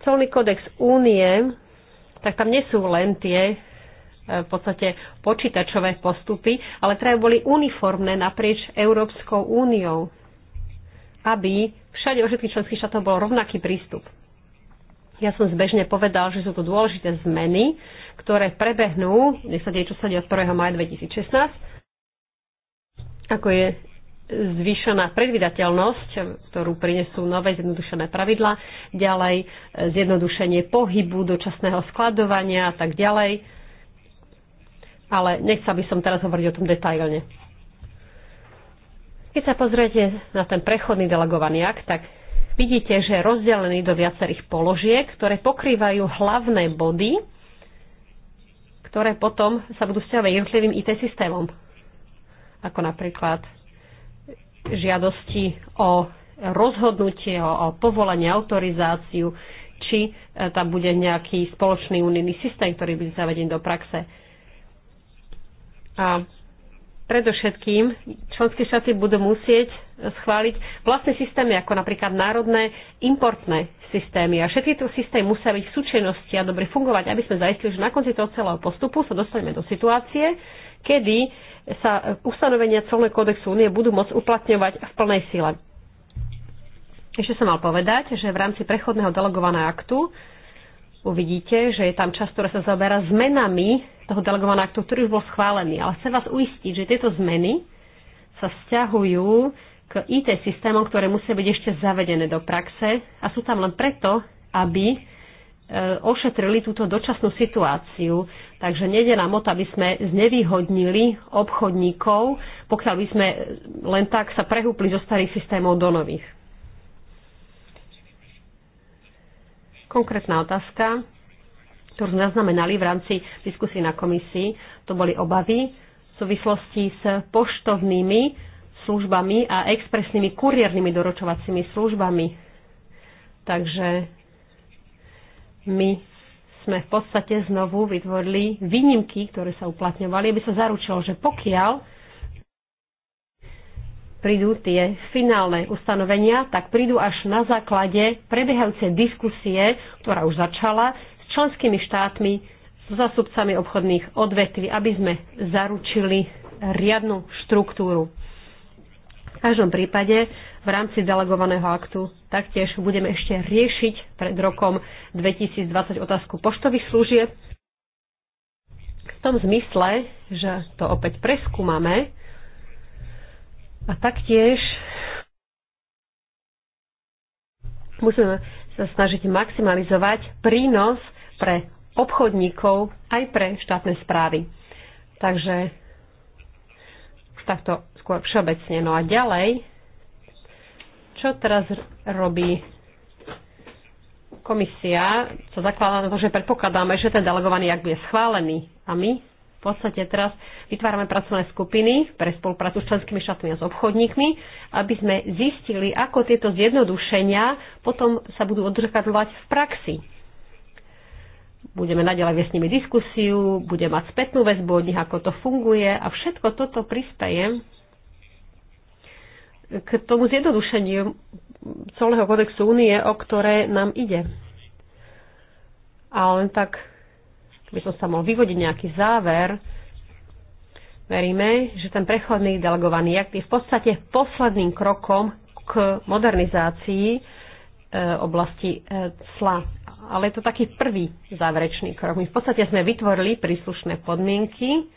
Colný kódex únie, tak tam nie sú len tie e, v podstate počítačové postupy, ale treba boli uniformné naprieč Európskou úniou, aby všade o všetkých členských štátoch bol rovnaký prístup. Ja som zbežne povedal, že sú to dôležité zmeny, ktoré prebehnú, nech sa deje, čo sa deje od 1. maja 2016, ako je zvýšená predvydateľnosť, ktorú prinesú nové zjednodušené pravidla, ďalej e, zjednodušenie pohybu, dočasného skladovania a tak ďalej. Ale nechcel by som teraz hovoriť o tom detailne. Keď sa pozriete na ten prechodný delegovaný akt, tak vidíte, že je rozdelený do viacerých položiek, ktoré pokrývajú hlavné body, ktoré potom sa budú vzťahovať jednotlivým IT systémom. Ako napríklad žiadosti o rozhodnutie, o, o povolenie, autorizáciu, či e, tam bude nejaký spoločný unijný systém, ktorý bude zavedený do praxe. A predovšetkým členské štáty budú musieť schváliť vlastné systémy, ako napríklad národné importné systémy. A všetky tieto systémy musia byť v súčinnosti a dobre fungovať, aby sme zaistili, že na konci toho celého postupu sa dostaneme do situácie, kedy sa ustanovenia celnej kódexu únie budú môcť uplatňovať v plnej sile. Ešte som mal povedať, že v rámci prechodného delegovaného aktu uvidíte, že je tam čas, ktorá sa zaoberá zmenami toho delegovaného aktu, ktorý už bol schválený. Ale chcem vás uistiť, že tieto zmeny sa vzťahujú k IT systémom, ktoré musia byť ešte zavedené do praxe a sú tam len preto, aby e, ošetrili túto dočasnú situáciu. Takže nejde nám o to, aby sme znevýhodnili obchodníkov, pokiaľ by sme len tak sa prehúpli zo starých systémov do nových. Konkrétna otázka, ktorú sme zaznamenali v rámci diskusie na komisii, to boli obavy v súvislosti s poštovnými službami a expresnými kuriérnymi doročovacími službami. Takže my sme v podstate znovu vytvorili výnimky, ktoré sa uplatňovali, aby sa zaručilo, že pokiaľ prídu tie finálne ustanovenia, tak prídu až na základe prebiehajúcej diskusie, ktorá už začala, s členskými štátmi, s zastupcami obchodných odvetví, aby sme zaručili riadnu štruktúru. V každom prípade v rámci delegovaného aktu taktiež budeme ešte riešiť pred rokom 2020 otázku poštových služieb. V tom zmysle, že to opäť preskúmame a taktiež musíme sa snažiť maximalizovať prínos pre obchodníkov aj pre štátne správy. Takže takto skôr všeobecne. No a ďalej čo teraz robí komisia? To zakladá na to, že predpokladáme, že ten delegovaný ak bude schválený. A my v podstate teraz vytvárame pracovné skupiny pre spoluprácu s členskými štátmi a s obchodníkmi, aby sme zistili, ako tieto zjednodušenia potom sa budú odrkadľovať v praxi. Budeme naďalej viesť s nimi diskusiu, budeme mať spätnú väzbu od nich, ako to funguje a všetko toto prispejem k tomu zjednodušeniu celého kodexu únie, o ktoré nám ide. A len tak by som sa mohol vyvodiť nejaký záver. Veríme, že ten prechodný delegovaný akt je v podstate posledným krokom k modernizácii e, oblasti e, cla. Ale je to taký prvý záverečný krok. My v podstate sme vytvorili príslušné podmienky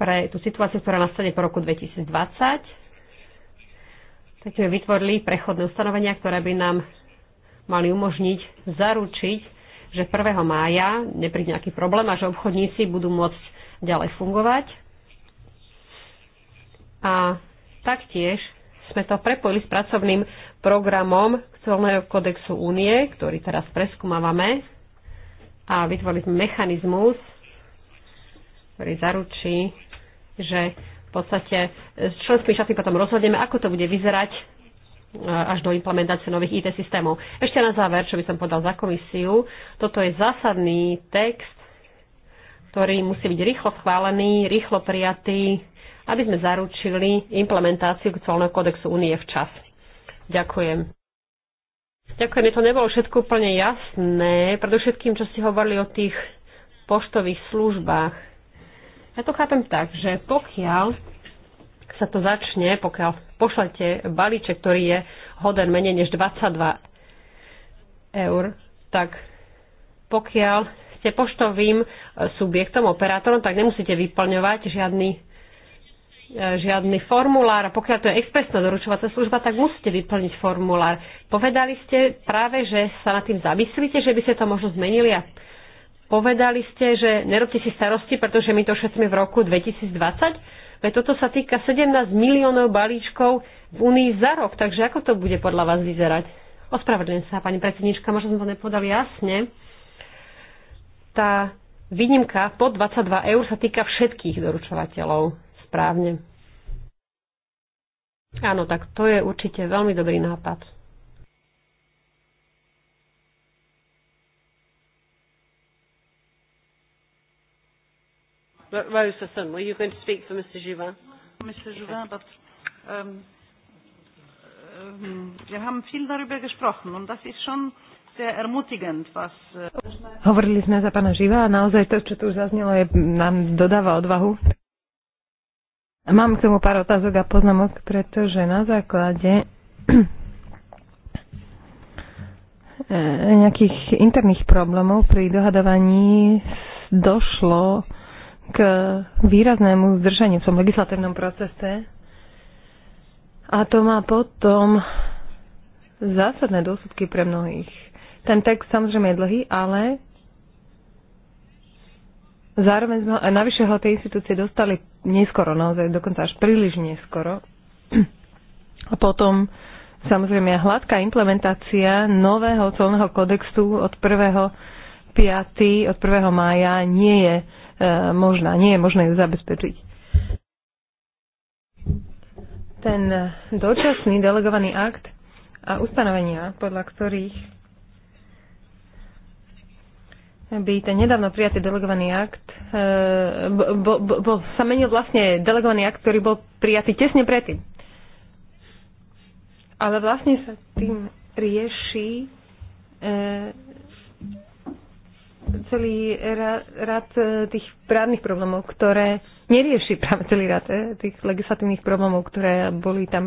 pre tú situáciu, ktorá nastane po roku 2020. Tak sme vytvorili prechodné ustanovenia, ktoré by nám mali umožniť zaručiť, že 1. mája nepríde nejaký problém a že obchodníci budú môcť ďalej fungovať. A taktiež sme to prepojili s pracovným programom celného kodexu únie, ktorý teraz preskúmavame a vytvorili sme mechanizmus, ktorý zaručí, že v podstate s členskými štátmi potom rozhodneme, ako to bude vyzerať eh, až do implementácie nových IT systémov. Ešte na záver, čo by som podal za komisiu, toto je zásadný text, ktorý musí byť rýchlo schválený, rýchlo prijatý, aby sme zaručili implementáciu celného kódexu únie včas. Ďakujem. Ďakujem, to nebolo všetko úplne jasné, predovšetkým, čo ste hovorili o tých poštových službách ja to chápem tak, že pokiaľ sa to začne, pokiaľ pošlete balíček, ktorý je hoden menej než 22 eur, tak pokiaľ ste poštovým e, subjektom, operátorom, tak nemusíte vyplňovať žiadny, e, žiadny formulár. A pokiaľ to je expresná doručovacia služba, tak musíte vyplniť formulár. Povedali ste práve, že sa nad tým zamyslíte, že by ste to možno zmenili a Povedali ste, že nerobte si starosti, pretože my to šetríme v roku 2020. Veď toto sa týka 17 miliónov balíčkov v Unii za rok, takže ako to bude podľa vás vyzerať? Ospravedlňujem sa, pani predsednička, možno som to nepodal jasne. Tá výnimka pod 22 eur sa týka všetkých doručovateľov. Správne. Áno, tak to je určite veľmi dobrý nápad. Rose Hassan, were you going to speak for Mr. Juvin? Mr. Juvin, but, um, um, wir haben viel darüber gesprochen und das ist schon sehr ermutigend, was... Äh, Hovorili sme za pána Živa a naozaj to, čo tu už zaznelo, je, nám dodáva odvahu. Mám k tomu pár otázok a poznámok, pretože na základe (clears throat) e, nejakých interných problémov pri dohadovaní došlo k výraznému zdržaniu v tom legislatívnom procese a to má potom zásadné dôsledky pre mnohých. Ten text samozrejme je dlhý, ale zároveň sme, navyše ho tej institúcie dostali neskoro, naozaj dokonca až príliš neskoro. A potom samozrejme hladká implementácia nového colného kodexu od 1. 5. od 1. mája nie je E, možná, nie je možné ju zabezpečiť. Ten dočasný delegovaný akt a ustanovenia, podľa ktorých by ten nedávno prijatý delegovaný akt e, bo, bo, bo, sa menil vlastne delegovaný akt, ktorý bol prijatý tesne predtým. Ale vlastne sa tým rieši e, celý rad e, tých právnych problémov, ktoré nerieši práve celý rad e, tých legislatívnych problémov, ktoré boli tam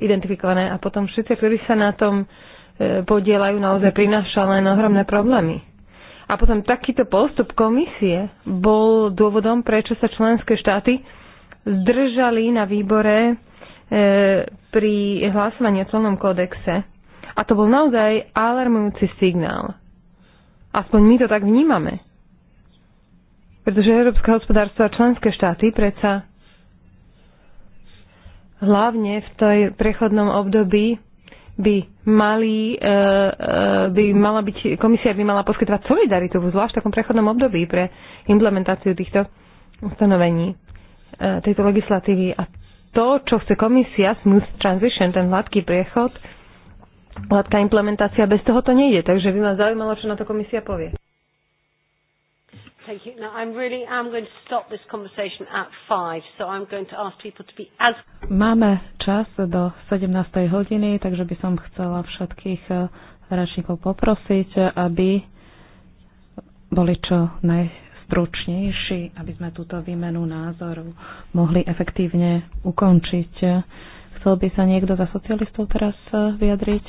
identifikované a potom všetci, ktorí sa na tom e, podielajú, naozaj prináša len ohromné problémy. A potom takýto postup komisie bol dôvodom, prečo sa členské štáty zdržali na výbore e, pri hlasovaní o celnom kódexe. A to bol naozaj alarmujúci signál. Aspoň my to tak vnímame. Pretože európske hospodárstvo a členské štáty predsa hlavne v tej prechodnom období by, mali, e, e, by mala byť, komisia by mala poskytovať solidaritu, zvlášť v takom prechodnom období pre implementáciu týchto ustanovení e, tejto legislatívy. A to, čo chce komisia, smooth transition, ten hladký priechod, hladká implementácia. Bez toho to nejde, takže by ma zaujímalo, čo na to komisia povie. Thank you. Now, I'm really going to stop this conversation at five, so I'm going to ask people to be as... Máme čas do 17. hodiny, takže by som chcela všetkých eh, rečníkov poprosiť, eh, aby boli čo najstručnejší, aby sme túto výmenu názorov mohli efektívne ukončiť. Chcel by sa niekto za socialistov teraz e, vyjadriť?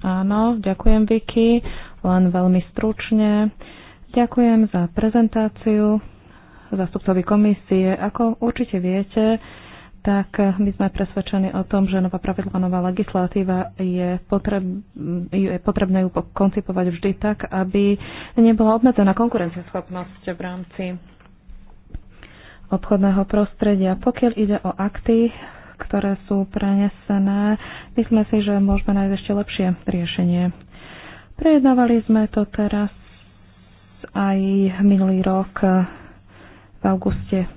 Áno, ďakujem Vicky, len veľmi stručne. Ďakujem za prezentáciu zastupcovi komisie. Ako určite viete, tak my sme presvedčení o tom, že nová pravidla, nová legislatíva je, potreb, je potrebné ju koncipovať vždy tak, aby nebola obmedzená konkurencieschopnosť v rámci obchodného prostredia. Pokiaľ ide o akty, ktoré sú prenesené, myslím si, že môžeme nájsť ešte lepšie riešenie. Prejednávali sme to teraz aj minulý rok v auguste,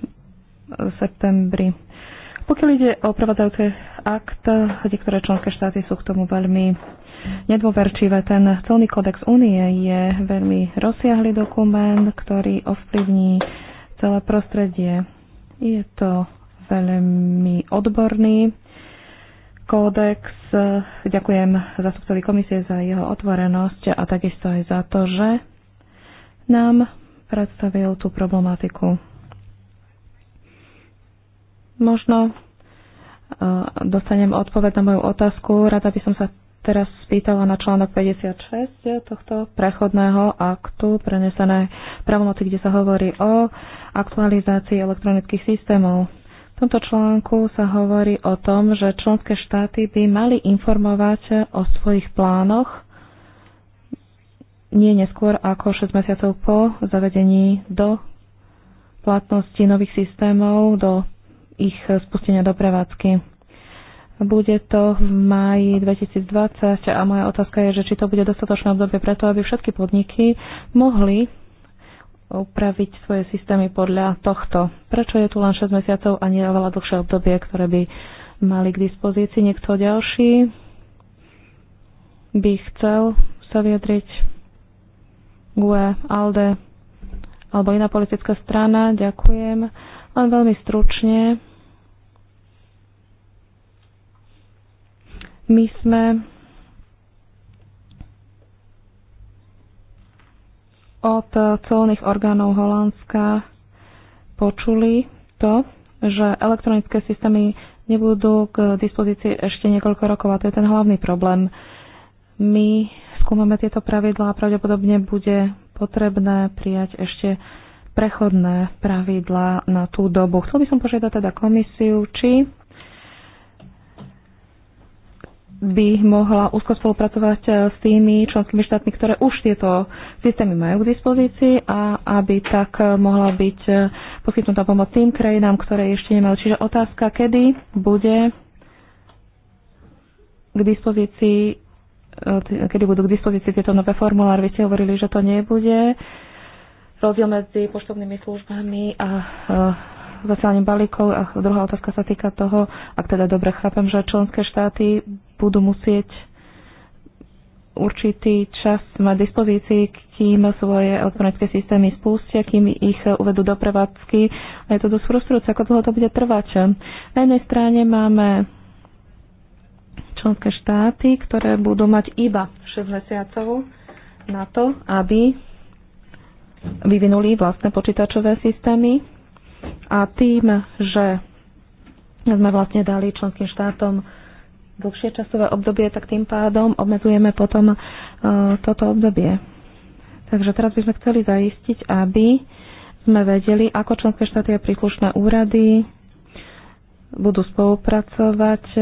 v septembri. Pokiaľ ide o prevádzajúci akt, niektoré členské štáty sú k tomu veľmi nedôverčivé. Ten celný kodex únie je veľmi rozsiahly dokument, ktorý ovplyvní celé prostredie. Je to veľmi odborný kódex. Ďakujem zastupcovi komisie za jeho otvorenosť a takisto aj za to, že nám predstavil tú problematiku. Možno e, dostanem odpoveď na moju otázku. Rada by som sa teraz spýtala na článok 56 tohto prechodného aktu prenesené pravomoci, kde sa hovorí o aktualizácii elektronických systémov. V tomto článku sa hovorí o tom, že členské štáty by mali informovať o svojich plánoch nie neskôr ako 6 mesiacov po zavedení do platnosti nových systémov, do ich spustenia do prevádzky. Bude to v máji 2020 a moja otázka je, že či to bude dostatočné obdobie preto, aby všetky podniky mohli upraviť svoje systémy podľa tohto. Prečo je tu len 6 mesiacov a nie oveľa dlhšie obdobie, ktoré by mali k dispozícii? Niekto ďalší by chcel sa vyjadriť? GUE, ALDE alebo iná politická strana? Ďakujem. Len veľmi stručne. My sme od colných orgánov Holandska počuli to, že elektronické systémy nebudú k dispozícii ešte niekoľko rokov a to je ten hlavný problém. My skúmame tieto pravidlá a pravdepodobne bude potrebné prijať ešte prechodné pravidlá na tú dobu. Chcel by som požiadať teda komisiu, či by mohla úzko spolupracovať eh, s tými členskými štátmi, ktoré už tieto systémy majú k dispozícii a aby tak eh, mohla byť eh, poskytnutá pomoc tým krajinám, ktoré ešte nemajú. Čiže otázka, kedy bude k dispozícii, kedy budú k dispozícii tieto nové formuláry. Vy ste hovorili, že to nebude rozdiel medzi poštovnými službami a sociálnym balíkom a druhá otázka sa týka toho, ak teda dobre chápem, že členské štáty budú musieť určitý čas mať dispozícii, kým svoje elektronické systémy spustia, kým ich uvedú do prevádzky. A je to dosť frustrujúce, ako dlho to bude trvať. Na jednej strane máme členské štáty, ktoré budú mať iba 6 mesiacov na to, aby vyvinuli vlastné počítačové systémy a tým, že sme vlastne dali členským štátom dlhšie časové obdobie, tak tým pádom obmedzujeme potom uh, toto obdobie. Takže teraz by sme chceli zaistiť, aby sme vedeli, ako členské štáty a príslušné úrady budú spolupracovať e,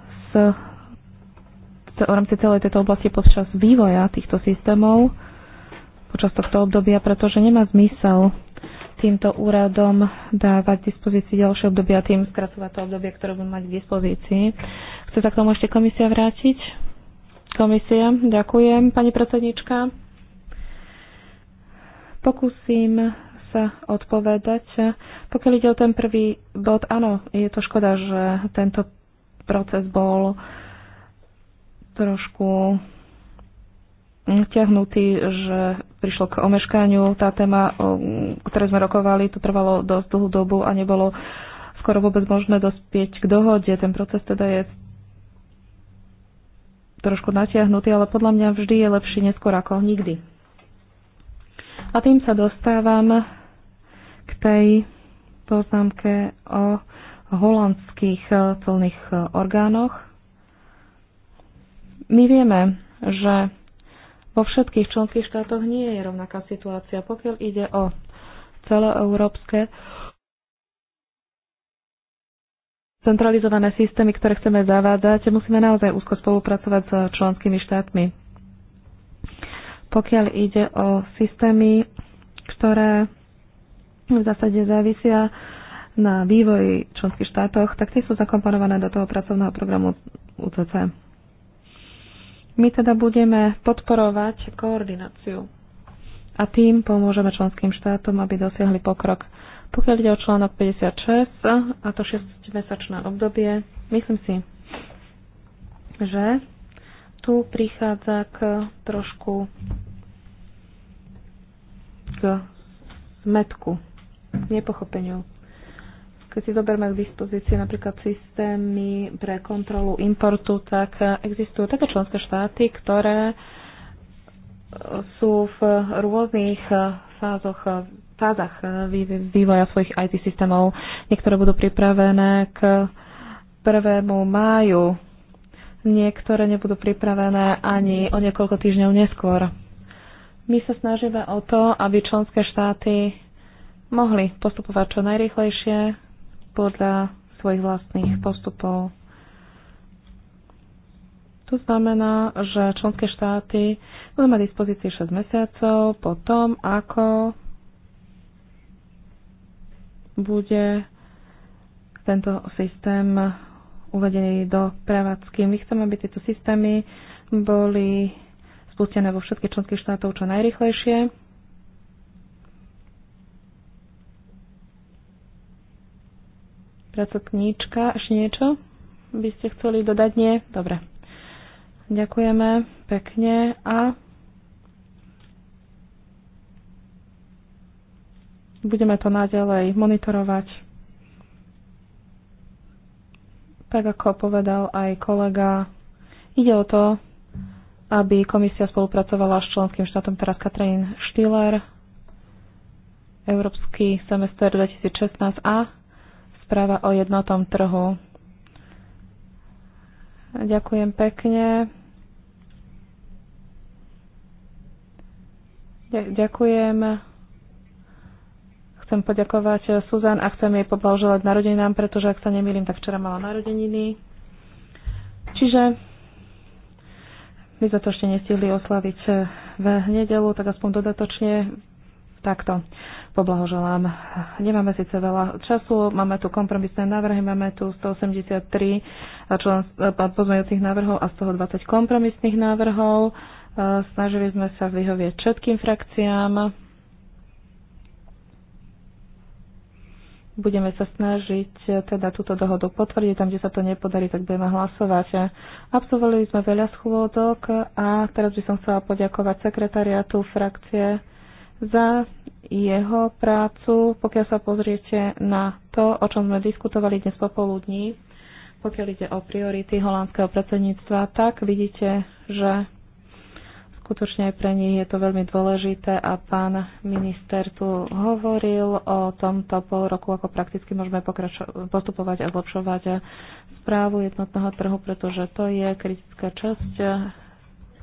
s, v rámci celej tejto oblasti počas vývoja týchto systémov, počas tohto obdobia, pretože nemá zmysel týmto úradom dávať dispozícii ďalšie obdobie a tým skracovať to obdobie, ktoré budú mať k dispozícii. Chce sa k tomu ešte komisia vrátiť? Komisia, ďakujem, pani predsednička. Pokúsim sa odpovedať. Pokiaľ ide o ten prvý bod, áno, je to škoda, že tento proces bol trošku ťahnutý, že prišlo k omeškaniu. Tá téma, o ktorej sme rokovali, to trvalo dosť dlhú dobu a nebolo skoro vôbec možné dospieť k dohode. Ten proces teda je trošku natiahnutý, ale podľa mňa vždy je lepšie neskôr ako nikdy. A tým sa dostávam k tej poznámke o holandských e, celných e, orgánoch. My vieme, že vo všetkých členských štátoch nie je rovnaká situácia. Pokiaľ ide o celoeurópske centralizované systémy, ktoré chceme zavádzať, musíme naozaj úzko spolupracovať s členskými štátmi. Pokiaľ ide o systémy, ktoré v zásade závisia na vývoji členských štátoch, tak tie sú zakomponované do toho pracovného programu UCC. My teda budeme podporovať koordináciu a tým pomôžeme členským štátom, aby dosiahli pokrok. Pokiaľ ide o článok 56 a to 6-mesačné obdobie, myslím si, že tu prichádza k trošku k zmetku, nepochopeniu. Keď si zoberme k dispozícii napríklad systémy pre kontrolu importu, tak existujú také členské štáty, ktoré sú v rôznych fázoch, fázach vývoja svojich IT systémov. Niektoré budú pripravené k 1. máju, niektoré nebudú pripravené ani o niekoľko týždňov neskôr. My sa snažíme o to, aby členské štáty mohli postupovať čo najrýchlejšie podľa svojich vlastných postupov. To znamená, že členské štáty budú mať dispozícii 6 mesiacov po tom, ako bude tento systém uvedený do prevádzky. My chceme, aby tieto systémy boli spustené vo všetkých členských štátov čo najrychlejšie pracovníčka. Ešte niečo by ste chceli dodať? Nie? Dobre. Ďakujeme pekne a budeme to naďalej monitorovať. Tak ako povedal aj kolega, ide o to, aby komisia spolupracovala s členským štátom teraz Katrin Štýler, Európsky semester 2016 a správa o jednotom trhu. Ďakujem pekne. Ďakujem. Chcem poďakovať Suzan a chcem jej poblahoželať narodeninám, pretože ak sa nemýlim, tak včera mala narodeniny. Čiže my sme to ešte nestihli oslaviť v nedelu, tak aspoň dodatočne takto poblahoželám. Nemáme síce veľa času, máme tu kompromisné návrhy, máme tu 183 eh, eh, pozmejúcich návrhov a z toho 20 kompromisných návrhov. Eh, snažili sme sa vyhovieť všetkým frakciám. Budeme sa snažiť teda túto dohodu potvrdiť. Tam, kde sa to nepodarí, tak budeme hlasovať. Absolvovali sme veľa schôdok a teraz by som chcela poďakovať sekretariatu frakcie za jeho prácu, pokiaľ sa pozriete na to, o čom sme diskutovali dnes popoludní, pokiaľ ide o priority holandského predsedníctva, tak vidíte, že skutočne aj pre nich je to veľmi dôležité a pán minister tu hovoril o tomto pol roku, ako prakticky môžeme postupovať a zlepšovať správu jednotného trhu, pretože to je kritická časť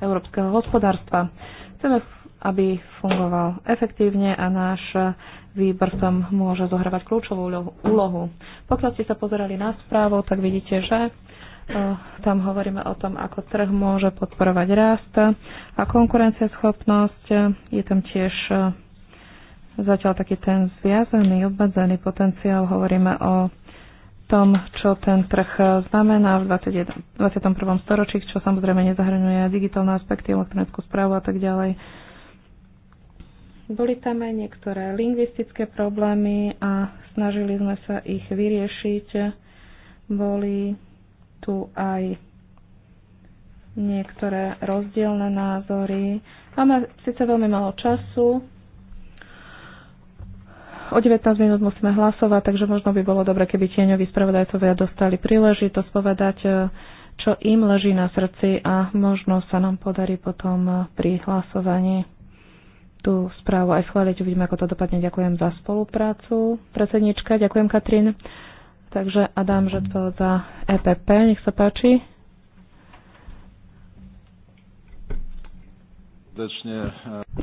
európskeho hospodárstva. Chceme aby fungoval efektívne a náš výbor v tom môže zohrávať kľúčovú úlohu. Pokiaľ ste sa pozerali na správu, tak vidíte, že eh, tam hovoríme o tom, ako trh môže podporovať rast a konkurencieschopnosť. Je tam tiež eh, zatiaľ taký ten zviazaný, obmedzený potenciál. Hovoríme o tom, čo ten trh znamená v 21. storočí, čo samozrejme nezahrňuje digitálne aspekty, elektronickú správu a tak ďalej. Boli tam aj niektoré lingvistické problémy a snažili sme sa ich vyriešiť. Boli tu aj niektoré rozdielne názory. Máme síce veľmi málo času. O 19 minút musíme hlasovať, takže možno by bolo dobre, keby tieňoví spravodajcovia dostali príležitosť povedať, eh, čo im leží na srdci a možno sa nám podarí potom pri hlasovaní tú správu aj schváliť. Uvidíme, ako to dopadne. Ďakujem za spoluprácu. Predsednička, ďakujem Katrin. Takže Adam že to za EPP, nech sa páči. E,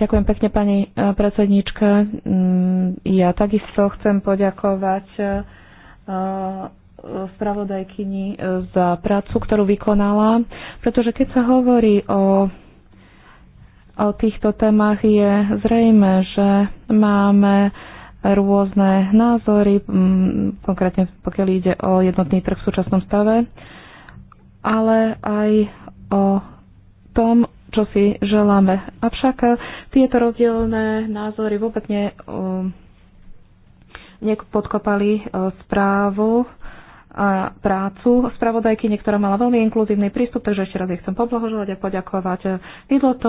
ďakujem pekne, pani e, predsednička. Mm, ja takisto chcem poďakovať e, spravodajkyni za prácu, ktorú vykonala, pretože keď sa hovorí o o týchto témach je zrejme, že máme rôzne názory, konkrétne pokiaľ ide o jednotný trh v súčasnom stave, ale aj o tom, čo si želáme. Avšak tieto rozdielne názory vôbec ne, um, nepodkopali uh, správu a prácu spravodajky, niektorá mala veľmi inkluzívny prístup, takže ešte raz ich chcem poblahožovať a poďakovať. Vydlo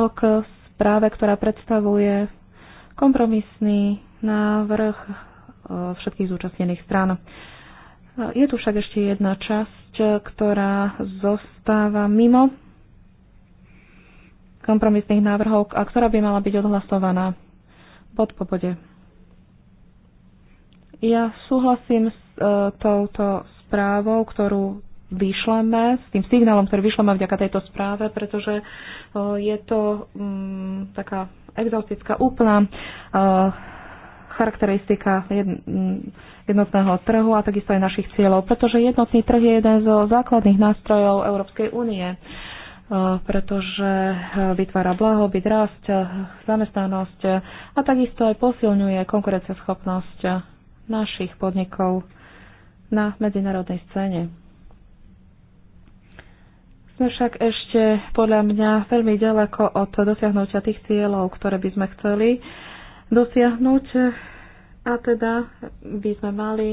správe, ktorá predstavuje kompromisný návrh e, všetkých zúčastnených strán. E, je tu však ešte jedna časť, e, ktorá zostáva mimo kompromisných návrhov a ktorá by mala byť odhlasovaná pod po bode. Ja súhlasím s touto správou, ktorú vyšleme, s tým signálom, ktorý vyšleme vďaka tejto správe, pretože e, je to um, taká exotická úplná uh, charakteristika mm, jednotného trhu a takisto aj našich cieľov, pretože jednotný trh je jeden zo základných nástrojov Európskej únie, e, pretože vytvára blahobyt, rast, zamestnanosť a takisto aj posilňuje konkurencieschopnosť našich podnikov na medzinárodnej scéne. Sme však ešte podľa mňa veľmi ďaleko od dosiahnutia tých cieľov, ktoré by sme chceli dosiahnuť a teda by sme mali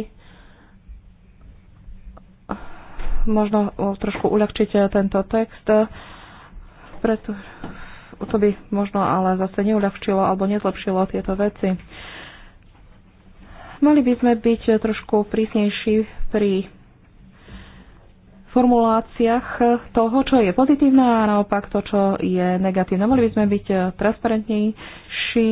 možno trošku uľahčiť tento text, preto to by možno ale zase neuľahčilo alebo nezlepšilo tieto veci. Mali by sme byť trošku prísnejší pri formuláciách toho, čo je pozitívne a naopak to, čo je negatívne. Mohli by sme byť transparentnejší,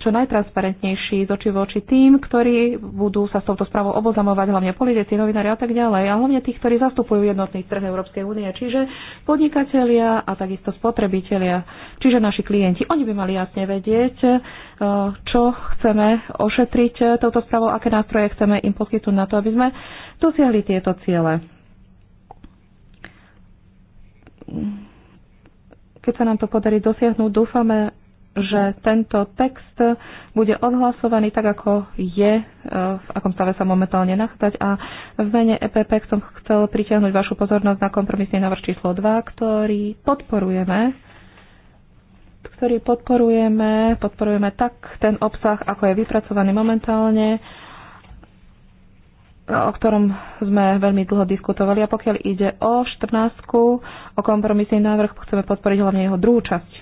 čo najtransparentnejší z očí voči tým, ktorí budú sa s touto správou obozamovať, hlavne politici, novinári a tak ďalej, a hlavne tých, ktorí zastupujú jednotný trh Európskej únie, čiže podnikatelia a takisto spotrebitelia, čiže naši klienti. Oni by mali jasne vedieť, eh, čo chceme ošetriť eh, touto správou, aké nástroje chceme im poskytnúť na to, aby sme dosiahli tieto ciele keď sa nám to podarí dosiahnuť, dúfame, že tento text bude odhlasovaný tak, ako je, e, v akom stave sa momentálne nachádzať. A v mene EPP som chcel pritiahnuť vašu pozornosť na kompromisný návrh číslo 2, ktorý podporujeme ktorý podporujeme, podporujeme tak ten obsah, ako je vypracovaný momentálne o ktorom sme veľmi dlho diskutovali. A pokiaľ ide o 14, o kompromisný návrh, chceme podporiť hlavne jeho druhú časť.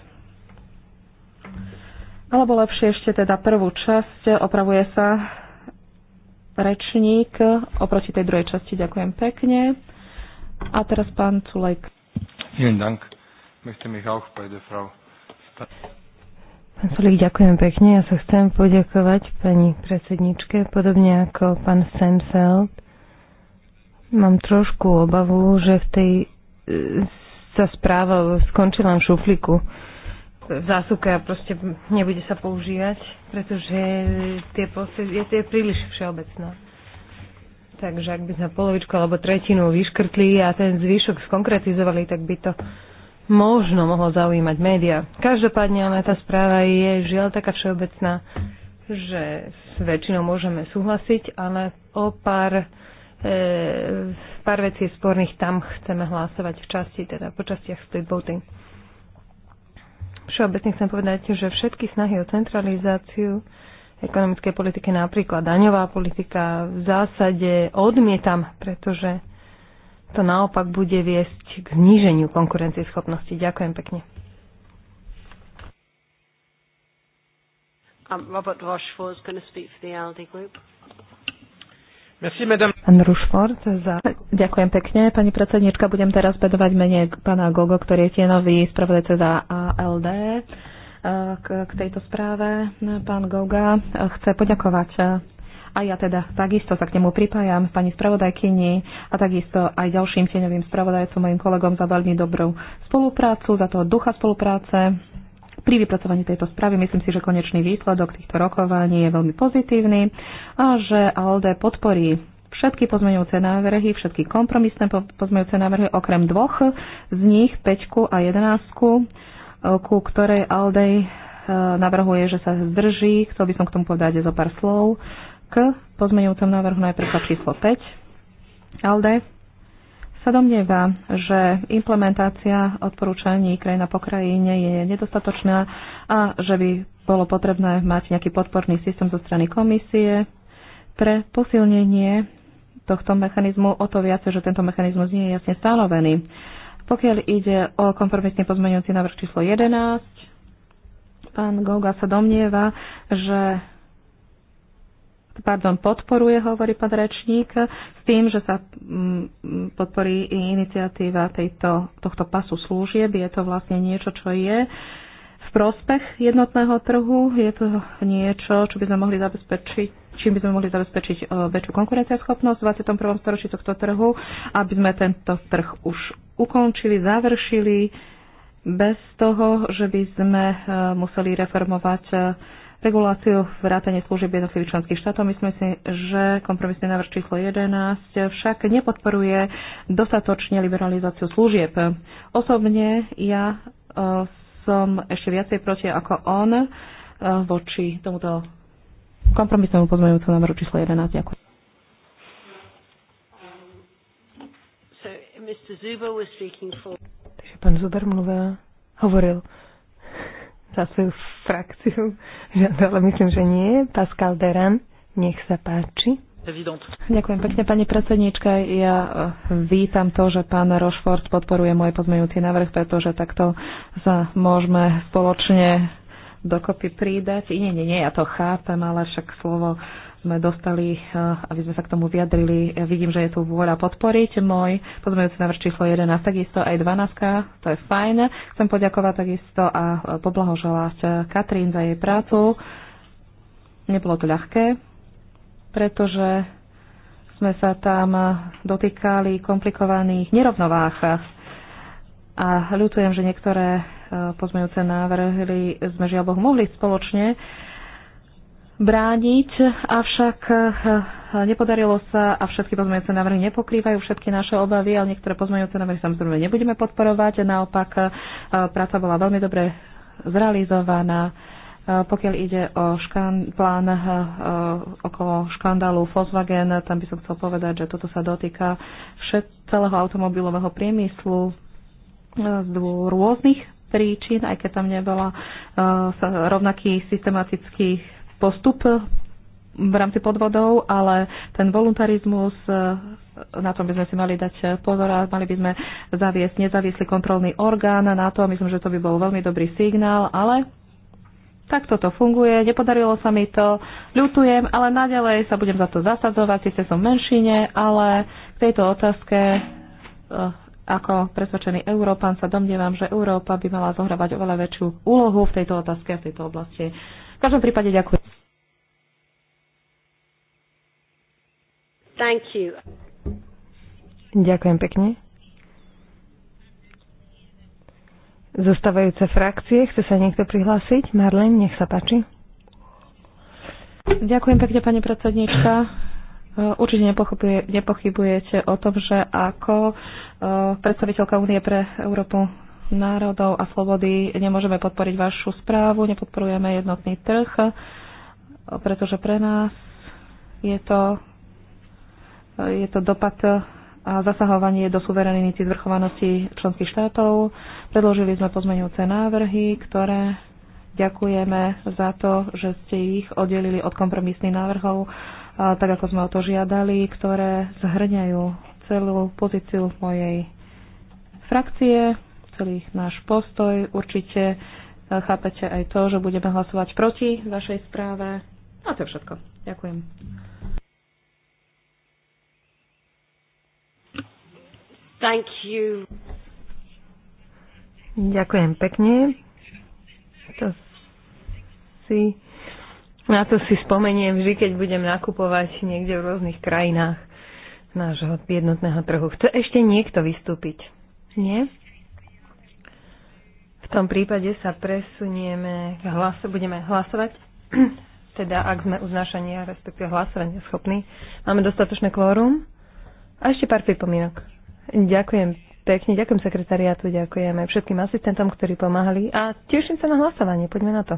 Alebo lepšie ešte teda prvú časť. Opravuje sa rečník oproti tej druhej časti. Ďakujem pekne. A teraz pán Culek. Vielen Dank. Möchte mich auch bei der Frau Pán Sulík, ďakujem pekne. Ja sa chcem poďakovať pani predsedničke, podobne ako pán Senfeld. Mám trošku obavu, že v tej e, sa správa skončila v šufliku v zásuke a proste nebude sa používať, pretože tie je, je príliš všeobecná. Takže ak by sme polovičku alebo tretinu vyškrtli a ten zvyšok skonkretizovali, tak by to možno mohlo zaujímať média. Každopádne ale tá správa je žiaľ taká všeobecná, že s väčšinou môžeme súhlasiť, ale o pár, e, pár vecí sporných tam chceme hlasovať v časti, teda po častiach split voting. Všeobecne chcem povedať, že všetky snahy o centralizáciu ekonomickej politiky, napríklad daňová politika, v zásade odmietam, pretože to naopak bude viesť k zníženiu konkurencieschopnosti. Ďakujem pekne. Um, Robert Rochefort is going to speak for the LD group. Merci, madame. Pán Rušford, za... ďakujem pekne. Pani predsednička, budem teraz bedovať mene pána Gogo, ktorý je tie nový spravodajca za ALD eh, k, k tejto správe. Pán Goga eh, chce poďakovať eh, a ja teda takisto sa k nemu pripájam pani spravodajkyni a takisto aj ďalším tieňovým spravodajcom, mojim kolegom za veľmi dobrú spoluprácu, za toho ducha spolupráce. Pri vypracovaní tejto správy myslím si, že konečný výsledok týchto rokovaní je veľmi pozitívny a že ALDE podporí všetky pozmeňujúce návrhy, všetky kompromisné pozmeňujúce návrhy, okrem dvoch z nich, 5 a 11, ku ktorej ALDE eh, navrhuje, že sa zdrží. Chcel by som k tomu povedať zo pár slov k pozmeňujúcom návrhu najprv číslo 5. ALDE sa domnieva, že implementácia odporúčaní krajina po krajine je nedostatočná a že by bolo potrebné mať nejaký podporný systém zo strany komisie pre posilnenie tohto mechanizmu, o to viac, že tento mechanizmus nie je jasne stanovený. Pokiaľ ide o kompromisný pozmeňujúci návrh číslo 11, pán Goga sa domnieva, že pardon, podporuje, hovorí pán rečník, s tým, že sa mm, podporí iniciatíva tejto, tohto pasu služieb. Je to vlastne niečo, čo je v prospech jednotného trhu. Je to niečo, čo by sme mohli zabezpečiť čím by sme mohli zabezpečiť e, väčšiu konkurenciaschopnosť v 21. storočí tohto trhu, aby sme tento trh už ukončili, završili bez toho, že by sme e, museli reformovať e, reguláciu vrátane služieb jednotlivých členských štátov. Myslím si, že kompromisný návrh číslo 11 však nepodporuje dostatočne liberalizáciu služieb. Osobne ja e, som ešte viacej proti ako on e, voči tomuto kompromisnému pozmeňujúcemu návrhu číslo 11. Ďakujem. Takže pán Zuber mluvil, hovoril za svoju frakciu ale myslím, že nie. Pascal Deran, nech sa páči. Evident. Ďakujem pekne, pani predsedníčka. Ja eh, vítam to, že pán Rošford podporuje môj pozmenujúci návrh, pretože takto sa môžeme spoločne dokopy pridať. nie, nie, nie, ja to chápem, ale však slovo sme dostali, eh, aby sme sa k tomu vyjadrili. Ja eh, vidím, že je tu vôľa podporiť môj pozmeňujúci návrh číslo 11, takisto aj 12, to je fajn. Chcem poďakovať takisto a eh, poblahoželať Katrín za jej prácu. Nebolo to ľahké, pretože sme sa tam dotýkali komplikovaných nerovnováh a ľutujem, že niektoré pozmeňujúce návrhy sme žiaľ Bohu mohli spoločne brániť, avšak eh, eh, nepodarilo sa a všetky pozmeňujúce návrhy nepokrývajú všetky naše obavy, ale niektoré pozmeňujúce návrhy samozrejme nebudeme podporovať. Naopak eh, práca bola veľmi dobre zrealizovaná. Pokiaľ ide o škan- plán okolo škandálu Volkswagen, tam by som chcel povedať, že toto sa dotýka všet- celého automobilového priemyslu z rôznych príčin, aj keď tam nebola rovnaký systematický postup eh, v rámci podvodov, ale ten voluntarizmus, eh, na tom by sme si mali dať eh, pozor a mali by sme zaviesť nezávislý kontrolný orgán na to. Myslím, že to by bol veľmi dobrý signál, ale tak toto funguje, nepodarilo sa mi to, ľutujem, ale naďalej sa budem za to zasadzovať, síce som v menšine, ale k tejto otázke ako presvedčený Európan sa domnievam, že Európa by mala zohrávať oveľa väčšiu úlohu v tejto otázke a v tejto oblasti. V každom prípade ďakujem. Thank you. Ďakujem pekne. Zostávajúce frakcie, chce sa niekto prihlásiť? Marlen, nech sa páči. Ďakujem pekne, pani predsednička. Určite nepochybujete o tom, že ako eh, predstaviteľka Únie pre Európu národov a slobody. Nemôžeme podporiť vašu správu, nepodporujeme jednotný trh, pretože pre nás je to, je to dopad a zasahovanie do suverenity zvrchovanosti členských štátov. Predložili sme pozmeňujúce návrhy, ktoré ďakujeme za to, že ste ich oddelili od kompromisných návrhov, tak ako sme o to žiadali, ktoré zhrňajú celú pozíciu mojej frakcie celý náš postoj. Určite e, chápete aj to, že budeme hlasovať proti vašej správe. A to je všetko. Ďakujem. Thank you. Ďakujem pekne. To si, na to si spomeniem vždy, keď budem nakupovať niekde v rôznych krajinách nášho jednotného trhu. Chce ešte niekto vystúpiť? Nie? tom prípade sa presunieme k hlasu, budeme hlasovať, (clears throat) teda ak sme uznášania, respektíve hlasovania schopní. Máme dostatočné kvórum. A ešte pár pripomínok. Ďakujem pekne, ďakujem sekretariátu, ďakujeme všetkým asistentom, ktorí pomáhali a teším sa na hlasovanie. Poďme na to.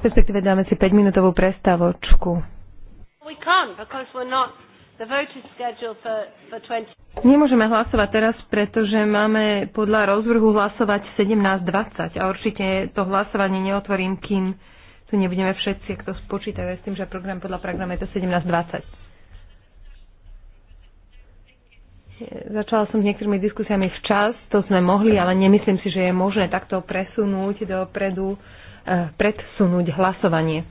Respektíve dáme si 5-minútovú prestávočku. Nemôžeme hlasovať teraz, pretože máme podľa rozvrhu hlasovať 17.20 a určite to hlasovanie neotvorím, kým tu nebudeme všetci, kto spočítajú s tým, že program podľa programu je to 17.20. Začala som s niektorými diskusiami včas, to sme mohli, ale nemyslím si, že je možné takto presunúť dopredu, eh, predsunúť hlasovanie.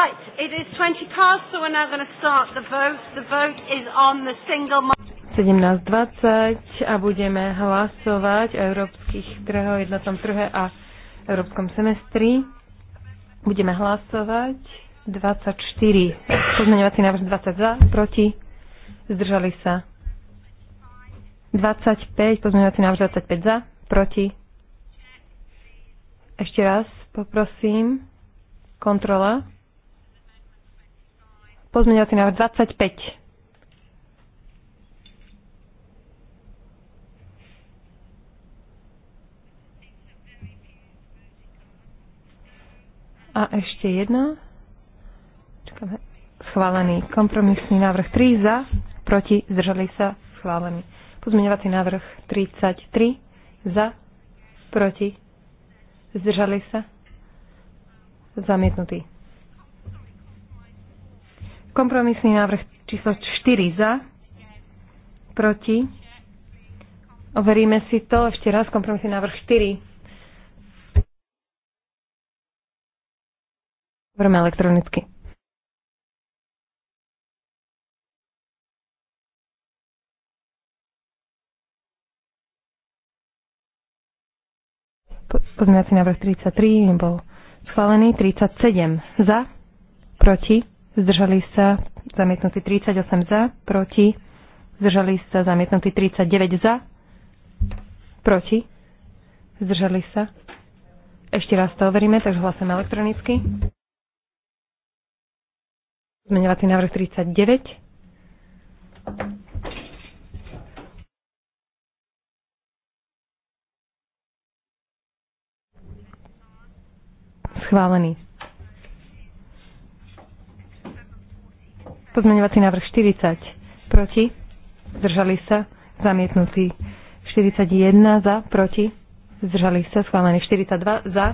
Right, it is 20 past, so we're now going to start the vote. The vote is on the single market. 17.20 a budeme hlasovať o európskych trhoch, jednotnom trhe a európskom semestri. Budeme hlasovať 24. Pozmeňovací návrh 20 za, proti, zdržali sa. 25, pozmeňovací návrh 25 za, proti. Ešte raz poprosím. Kontrola. Pozmeňovací návrh 25. A ešte jedna. Čakáme. Schválený. Kompromisný návrh 3 za, proti, zdržali sa, schválený. Pozmeňovací návrh 33 za, proti, zdržali sa, zamietnutý. Kompromisný návrh číslo 4 za, proti. Overíme si to ešte raz. Kompromisný návrh 4. Overme elektronicky. Pozmeňovací návrh 33 bol schválený. 37 za, proti zdržali sa, zamietnutí 38 za, proti, zdržali sa, zamietnutí 39 za, proti, zdržali sa. Ešte raz to overíme, takže hlasujeme elektronicky. Zmenovací návrh 39. Schválený. Pozmeňovací návrh 40. Proti. Zdržali sa. Zamietnutý. 41 za. Proti. Zdržali sa. Schválený. 42 za.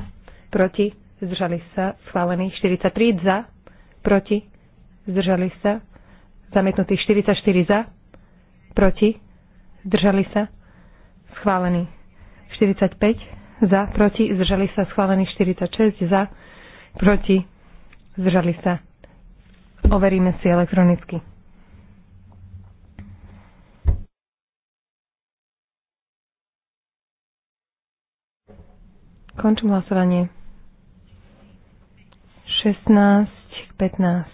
Proti. Zdržali sa. Schválený. 43 za. Proti. Zdržali sa. Zamietnutý. 44 za. Proti. Zdržali sa. Schválený. 45 za. Proti. Zdržali sa. Schválený. 46 za. Proti. Zdržali sa Overíme si elektronicky. Končím hlasovanie. 16, 15.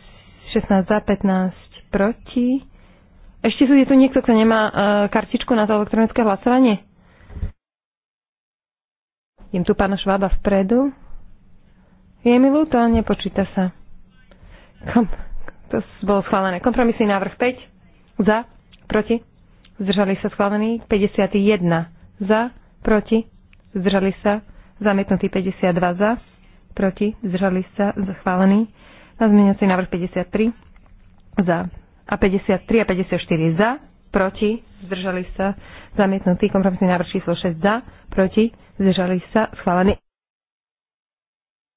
16 za 15 proti. Ešte sú je tu niekto, kto nemá uh, kartičku na to elektronické hlasovanie? Jem tu pána Švába vpredu. Je mi ľúto, nepočíta sa. Kom. To bolo schválené. Kompromisný návrh 5. Za. Proti. Zdržali sa schválení. 51. Za. Proti. Zdržali sa. Zamietnutý 52 za. Proti. Zdržali sa. Schválený. Nazmeniaci návrh 53. Za. A 53 a 54 za. Proti. Zdržali sa. Zamietnutý kompromisný návrh číslo 6 za. Proti. Zdržali sa. Schválený.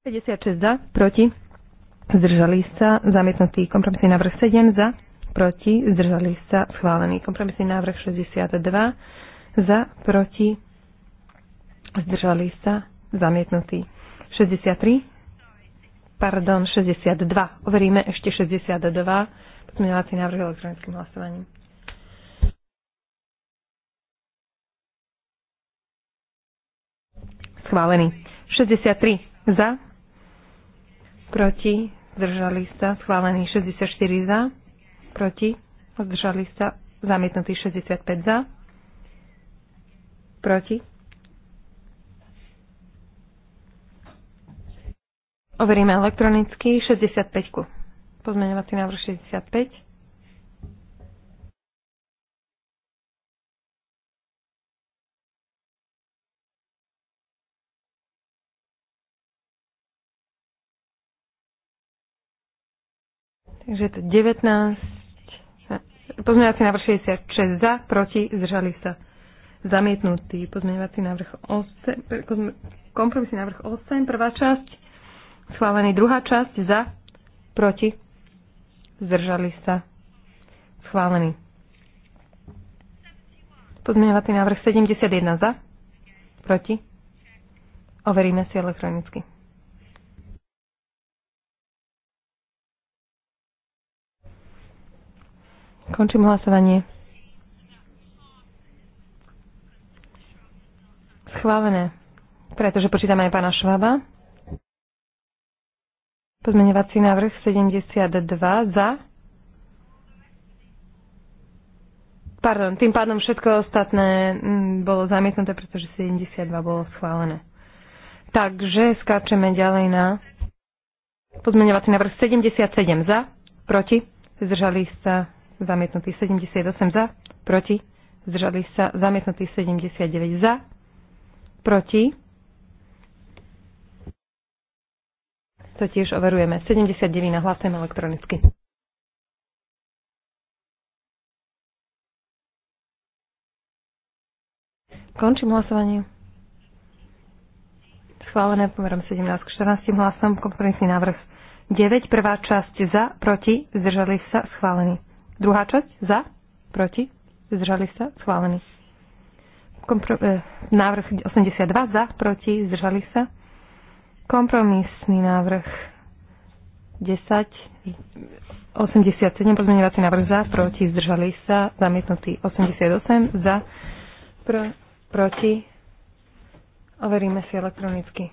56 za. Proti zdržali sa, zamietnutý kompromisný návrh 7 za, proti, zdržali sa, schválený kompromisný návrh 62 za, proti, zdržali sa, zamietnutý 63, pardon, 62. Overíme ešte 62, pozmeňovací návrh elektronickým hlasovaním. Schválený. 63 za, proti, zdržali sa, schválený 64 za, proti, zdržali sa, zamietnutý 65 za, proti. Overíme elektronicky 65. Pozmeňovací návrh 65. Takže je to 19. Pozmeňovací návrh 66 za, proti, zdržali sa. Zamietnutý pozmeňovací návrh 8, eh, kompromisný návrh 8, prvá časť, schválený druhá časť, za, proti, zdržali sa. Schválený. Pozmeňovací návrh 71 za, proti. Overíme si elektronicky. Končím hlasovanie. Schválené. Pretože počítame aj pána Švaba. Pozmeňovací návrh 72 za. Pardon, tým pádom všetko ostatné mm, bolo zamietnuté, pretože 72 bolo schválené. Takže skáčeme ďalej na pozmeňovací návrh 77 za, proti, zdržali sa zamietnutý 78 za, proti, zdržali sa, zamietnutý 79 za, proti. To tiež overujeme. 79 hlasujem elektronicky. Končím hlasovanie. Schválené pomerom 17 k 14 hlasom. Kompromisný návrh 9. Prvá časť za, proti, zdržali sa, schválený. Druhá časť za, proti, zdržali sa, schválený. Kompro- eh, návrh 82 za, proti, zdržali sa. Kompromisný návrh 10, 87 pozmeňovací návrh za, proti, zdržali sa, zamietnutý 88 za, pro, proti, overíme si elektronicky.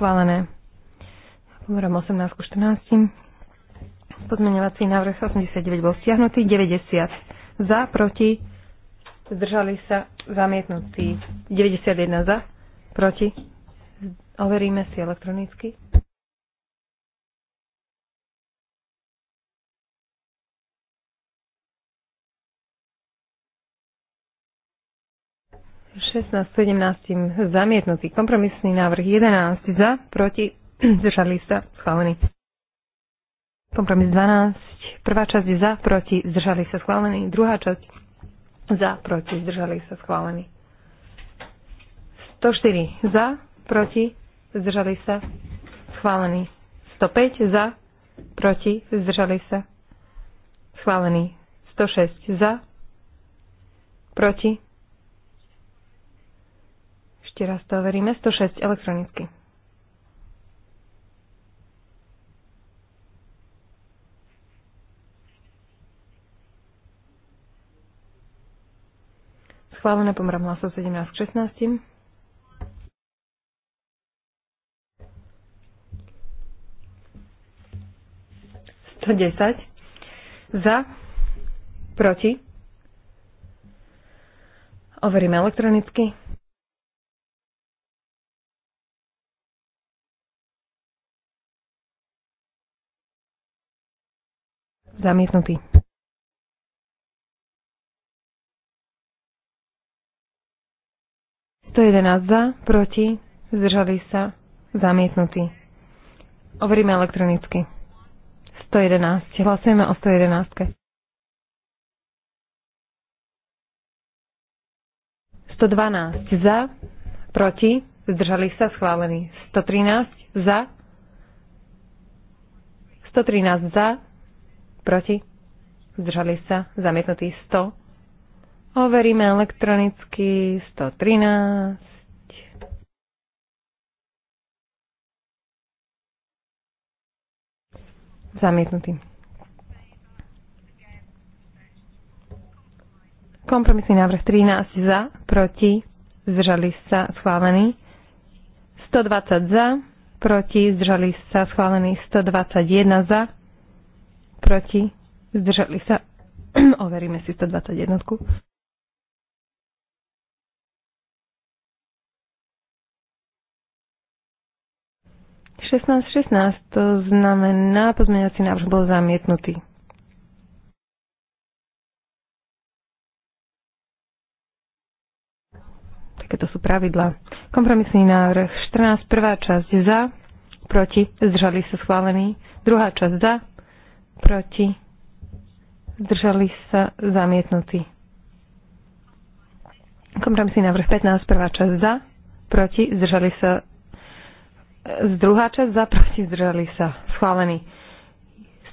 schválené. Hovorím 18 ku 14. Podmenovací návrh 89 bol stiahnutý, 90 za, proti, zdržali sa zamietnutí. 91 za, proti. Overíme si elektronicky. 16, 17 zamietnutý. Kompromisný návrh 11 za, proti, (clears throat) zdržali sa, schválený. Kompromis 12, prvá časť je za, proti, zdržali sa, schválený. Druhá časť za, proti, zdržali sa, schválený. 104 za, proti, zdržali sa, schválený. 105 za, proti, zdržali sa, schválený. 106 za, proti, ešte raz to overíme. 106 elektronicky. Schválené pomerom hlasov 17 k 16. To 10. Za. Proti. Overíme elektronicky. Zamietnutý. To je za, proti, zdržali sa, zamietnutý. Overíme elektronicky. 111. Hlasujeme o 111. 112 za, proti, zdržali sa, schválený. 113 za, 113 za, Proti? Zdržali sa? Zamietnutý 100. Overíme elektronicky 113. Zamietnutý. Kompromisný návrh 13 za, proti, zdržali sa, schválený. 120 za, proti, zdržali sa, schválený. 121 za, proti, zdržali sa. (clears throat) Overíme si 121. Šestnáct, šestnáct, to znamená, pozmeňovací návrh bol zamietnutý. Takéto sú pravidla. Kompromisný návrh 14, prvá časť za, proti, zdržali sa schválený, druhá časť za, proti, zdržali sa zamietnutí. Kompromisný návrh 15, prvá časť za, proti, zdržali sa z druhá časť za, proti, zdržali sa. Schválený.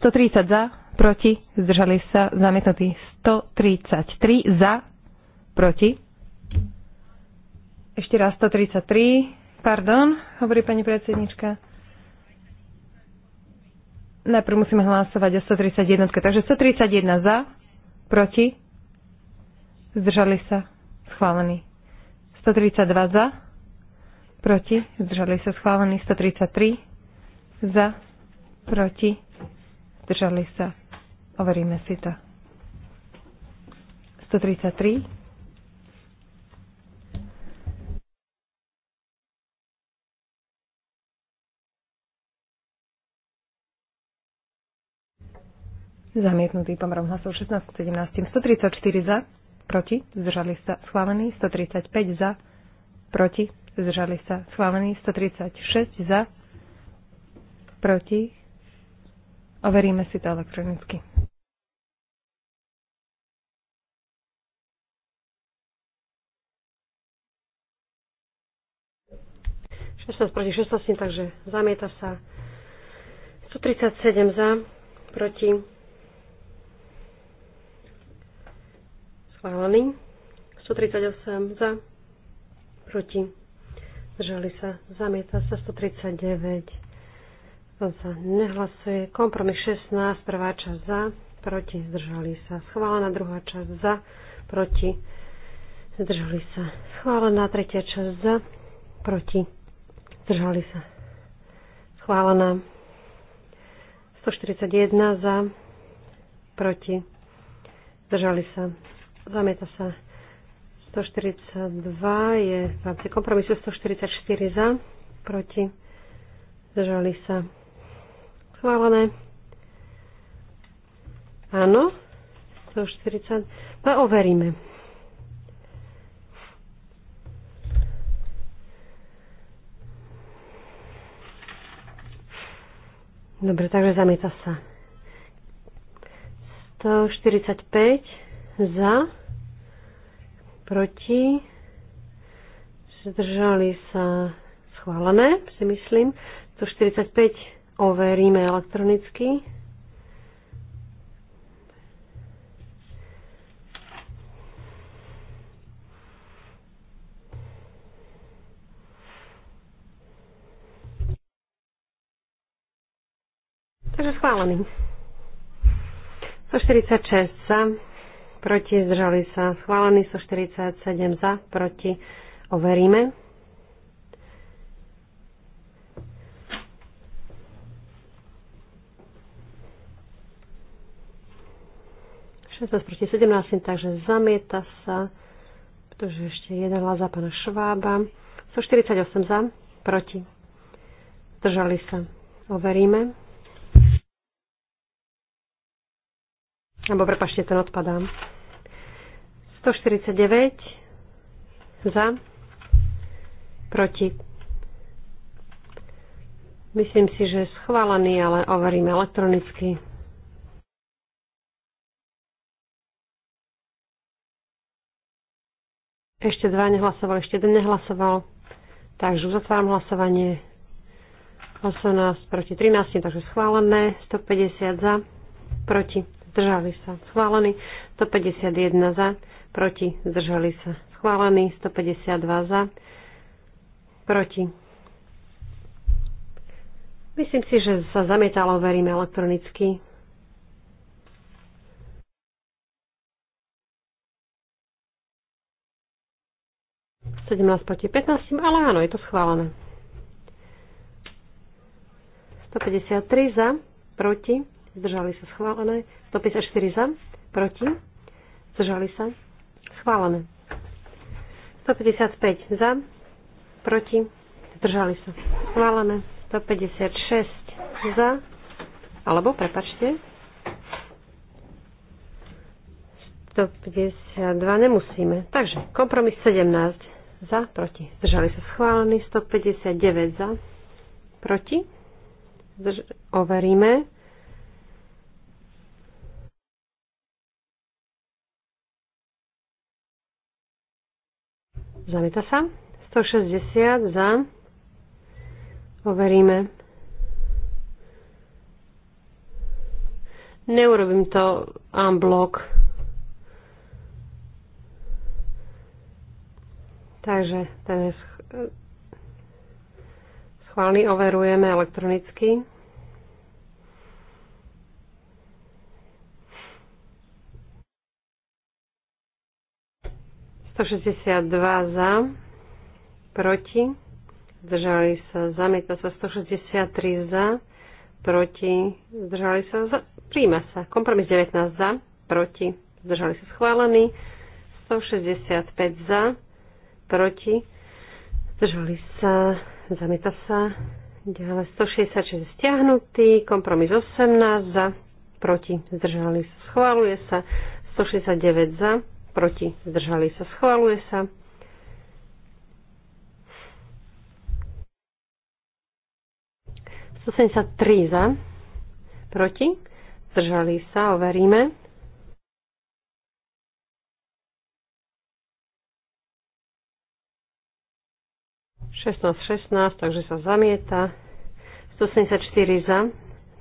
130 za, proti, zdržali sa, zamietnutí. 133 za, proti. Ešte raz 133, pardon, hovorí pani predsednička. Najprv musíme hlasovať o 131. Takže 131 za, proti, zdržali sa, schválený. 132 za, proti, zdržali sa, schválený. 133 za, proti, zdržali sa. Overíme si to. 133 Zamietnutý pomerom hlasov 16 17. 134 za, proti, zdržali sa schválený, 135 za, proti, zdržali sa schválený, 136 za, proti. Overíme si to elektronicky. Šestnásť proti 16, takže zamieta sa. 137 za, proti schválený. 138 za, proti, zdržali sa, zamieta sa 139 za, nehlasuje. Kompromis 16, prvá časť za, proti, zdržali sa, schválená druhá časť za, proti, zdržali sa, schválená tretia časť za, proti, zdržali sa, schválená 141 za, proti, zdržali sa, Zamieta sa. 142 je v rámci kompromisu 144 za, proti. Zdržali sa. Schválené. Áno. 140. No, overíme. Dobre, takže zamieta sa. 145 za, proti, zdržali sa schválené, si myslím. 145 overíme elektronicky. Takže schválený. 146 sa proti, zdržali sa schválení 147 za, proti, overíme. Šestnásť proti 17, takže zamieta sa, pretože ešte jeden hlas za pána Švába. 148 za, proti. Zdržali sa. Overíme. Alebo prepašte, ten odpadám. 149 za, proti. Myslím si, že je schválený, ale overíme elektronicky. Ešte dva nehlasoval, ešte jeden nehlasoval. Takže uzatváram hlasovanie. 18 proti 13, takže schválené. 150 za, proti zdržali sa, schválený. 151 za, proti, zdržali sa, schválený. 152 za, proti. Myslím si, že sa zamietalo, veríme elektronicky. Sedemnásť proti 15, ale áno, je to schválené. 153 za, proti, zdržali sa schválené. 154 za, proti, zdržali sa schválené. 155 za, proti, zdržali sa schválené. 156 za, alebo prepačte, 152 nemusíme. Takže kompromis 17 za, proti. Zdržali sa schválení 159 za, proti. Zdrž- overíme. Zamieta sa. 160 za. Overíme. Neurobím to unblock. Takže ten je schválny, overujeme elektronicky. 162 za, proti, zdržali sa, zamieta sa 163 za, proti, zdržali sa, za, príjma sa, kompromis 19 za, proti, zdržali sa schválený, 165 za, proti, zdržali sa, zamieta sa, ďalej 166 stiahnutý, kompromis 18 za, proti, zdržali sa, schváluje sa, 169 za, proti, zdržali sa, schváluje sa. tri za, proti, zdržali sa, overíme. Šestnáct, šestnáct, takže sa zamieta. 174 za,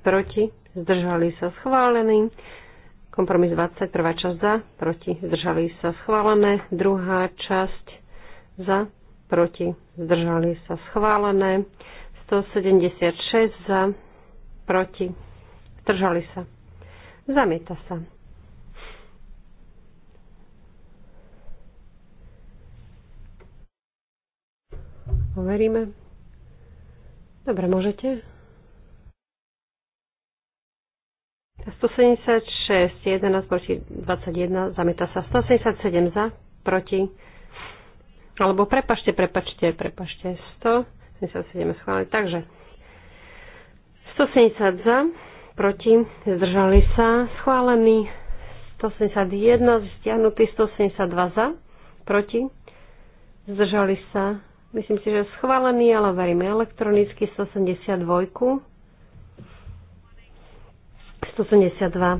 proti, zdržali sa schválený. Kompromis 20, prvá časť za, proti, zdržali sa schválené, druhá časť za, proti, zdržali sa schválené, 176 za, proti, zdržali sa, zamieta sa. Overíme. Dobre, môžete? 176, 11 proti 21, zamieta sa. 177 za, proti. Alebo prepačte, prepačte, prepačte. 177 schváli. Takže 170 za, proti, zdržali sa, schválený. 171, stiahnutý 172 za, proti, zdržali sa. Myslím si, že schválený, ale veríme elektronicky 172. 172.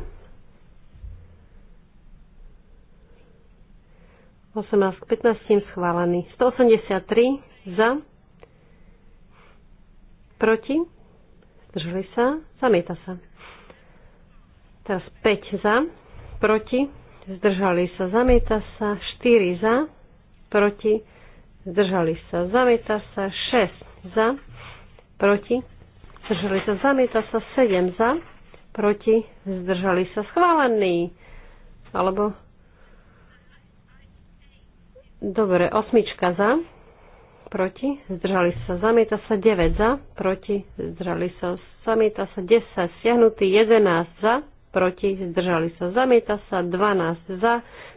18 k 15 schválený. 183 za. Proti. Zdržali sa. Zamieta sa. Teraz 5 za. Proti. Zdržali sa. Zamieta sa. 4 za. Proti. Zdržali sa. Zamieta sa. 6 za. Proti. Zdržali sa. Zamieta sa. 7 za proti, zdržali sa schválení. Alebo dobre, osmička za, proti, zdržali sa, zamieta sa 9 za, proti, zdržali sa, zamieta sa 10, stiahnutý 11 za, proti, zdržali sa, zamieta sa 12 za,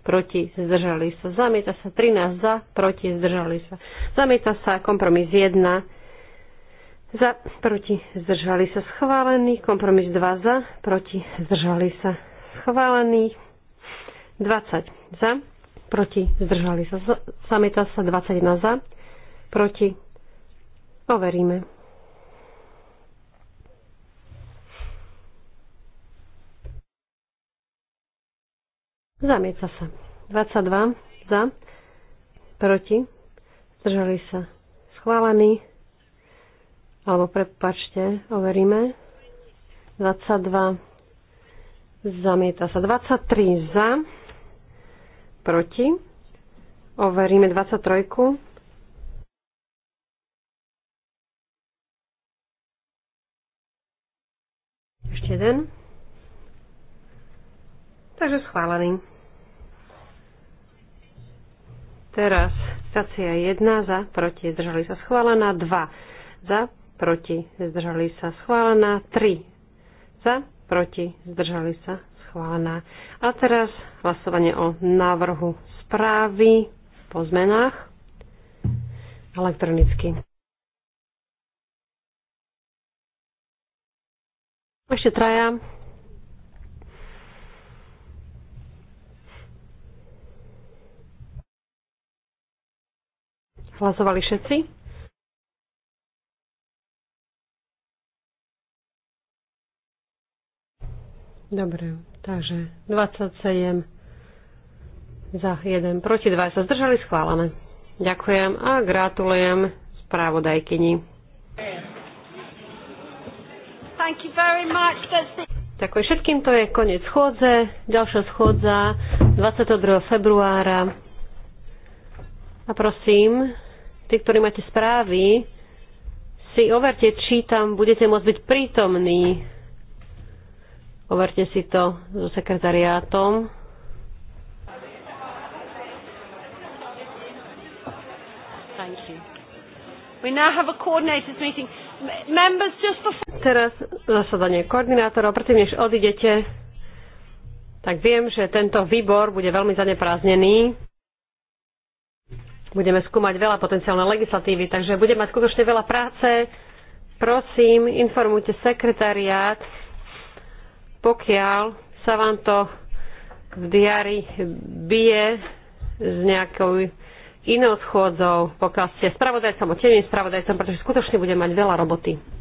proti, zdržali sa, zamieta sa 13 za, proti, zdržali sa, zamieta sa kompromis 1 za, proti, zdržali sa schválený, kompromis 2 za, proti, zdržali sa schválený, 20 za, proti, zdržali sa, zamieta sa 21 za, proti, overíme. Zamieta sa. 22 za, proti, zdržali sa schválený, alebo prepačte, overíme. 22 zamieta sa. 23 za, proti. Overíme 23. Ešte jeden. Takže schválený. Teraz citácia 1 za, proti, zdržali sa schválená, 2 za, proti, zdržali sa schválená. 3 za, proti, zdržali sa schválená. A teraz hlasovanie o návrhu správy po zmenách elektronicky. Ešte traja. Hlasovali všetci? Dobre, takže 27 za 1 proti 2 sa zdržali schválené. Ďakujem a gratulujem správodajkyni. Thank you very much. všetkým, to je koniec schôdze. Ďalšia schôdza 22. februára. A prosím, tí, ktorí máte správy, si overte, či tam budete môcť byť prítomní. Overte si to so sekretariátom. We now have a coordinators meeting. Members just before... Teraz zasadanie koordinátorov. Predtým, než odidete, tak viem, že tento výbor bude veľmi zanepráznený. Budeme skúmať veľa potenciálnej legislatívy, takže budeme mať skutočne veľa práce. Prosím, informujte sekretariát, pokiaľ sa vám to v diári bije s nejakou inou schôdzou, pokiaľ ste spravodajcom, oteným spravodajcom, pretože skutočne bude mať veľa roboty.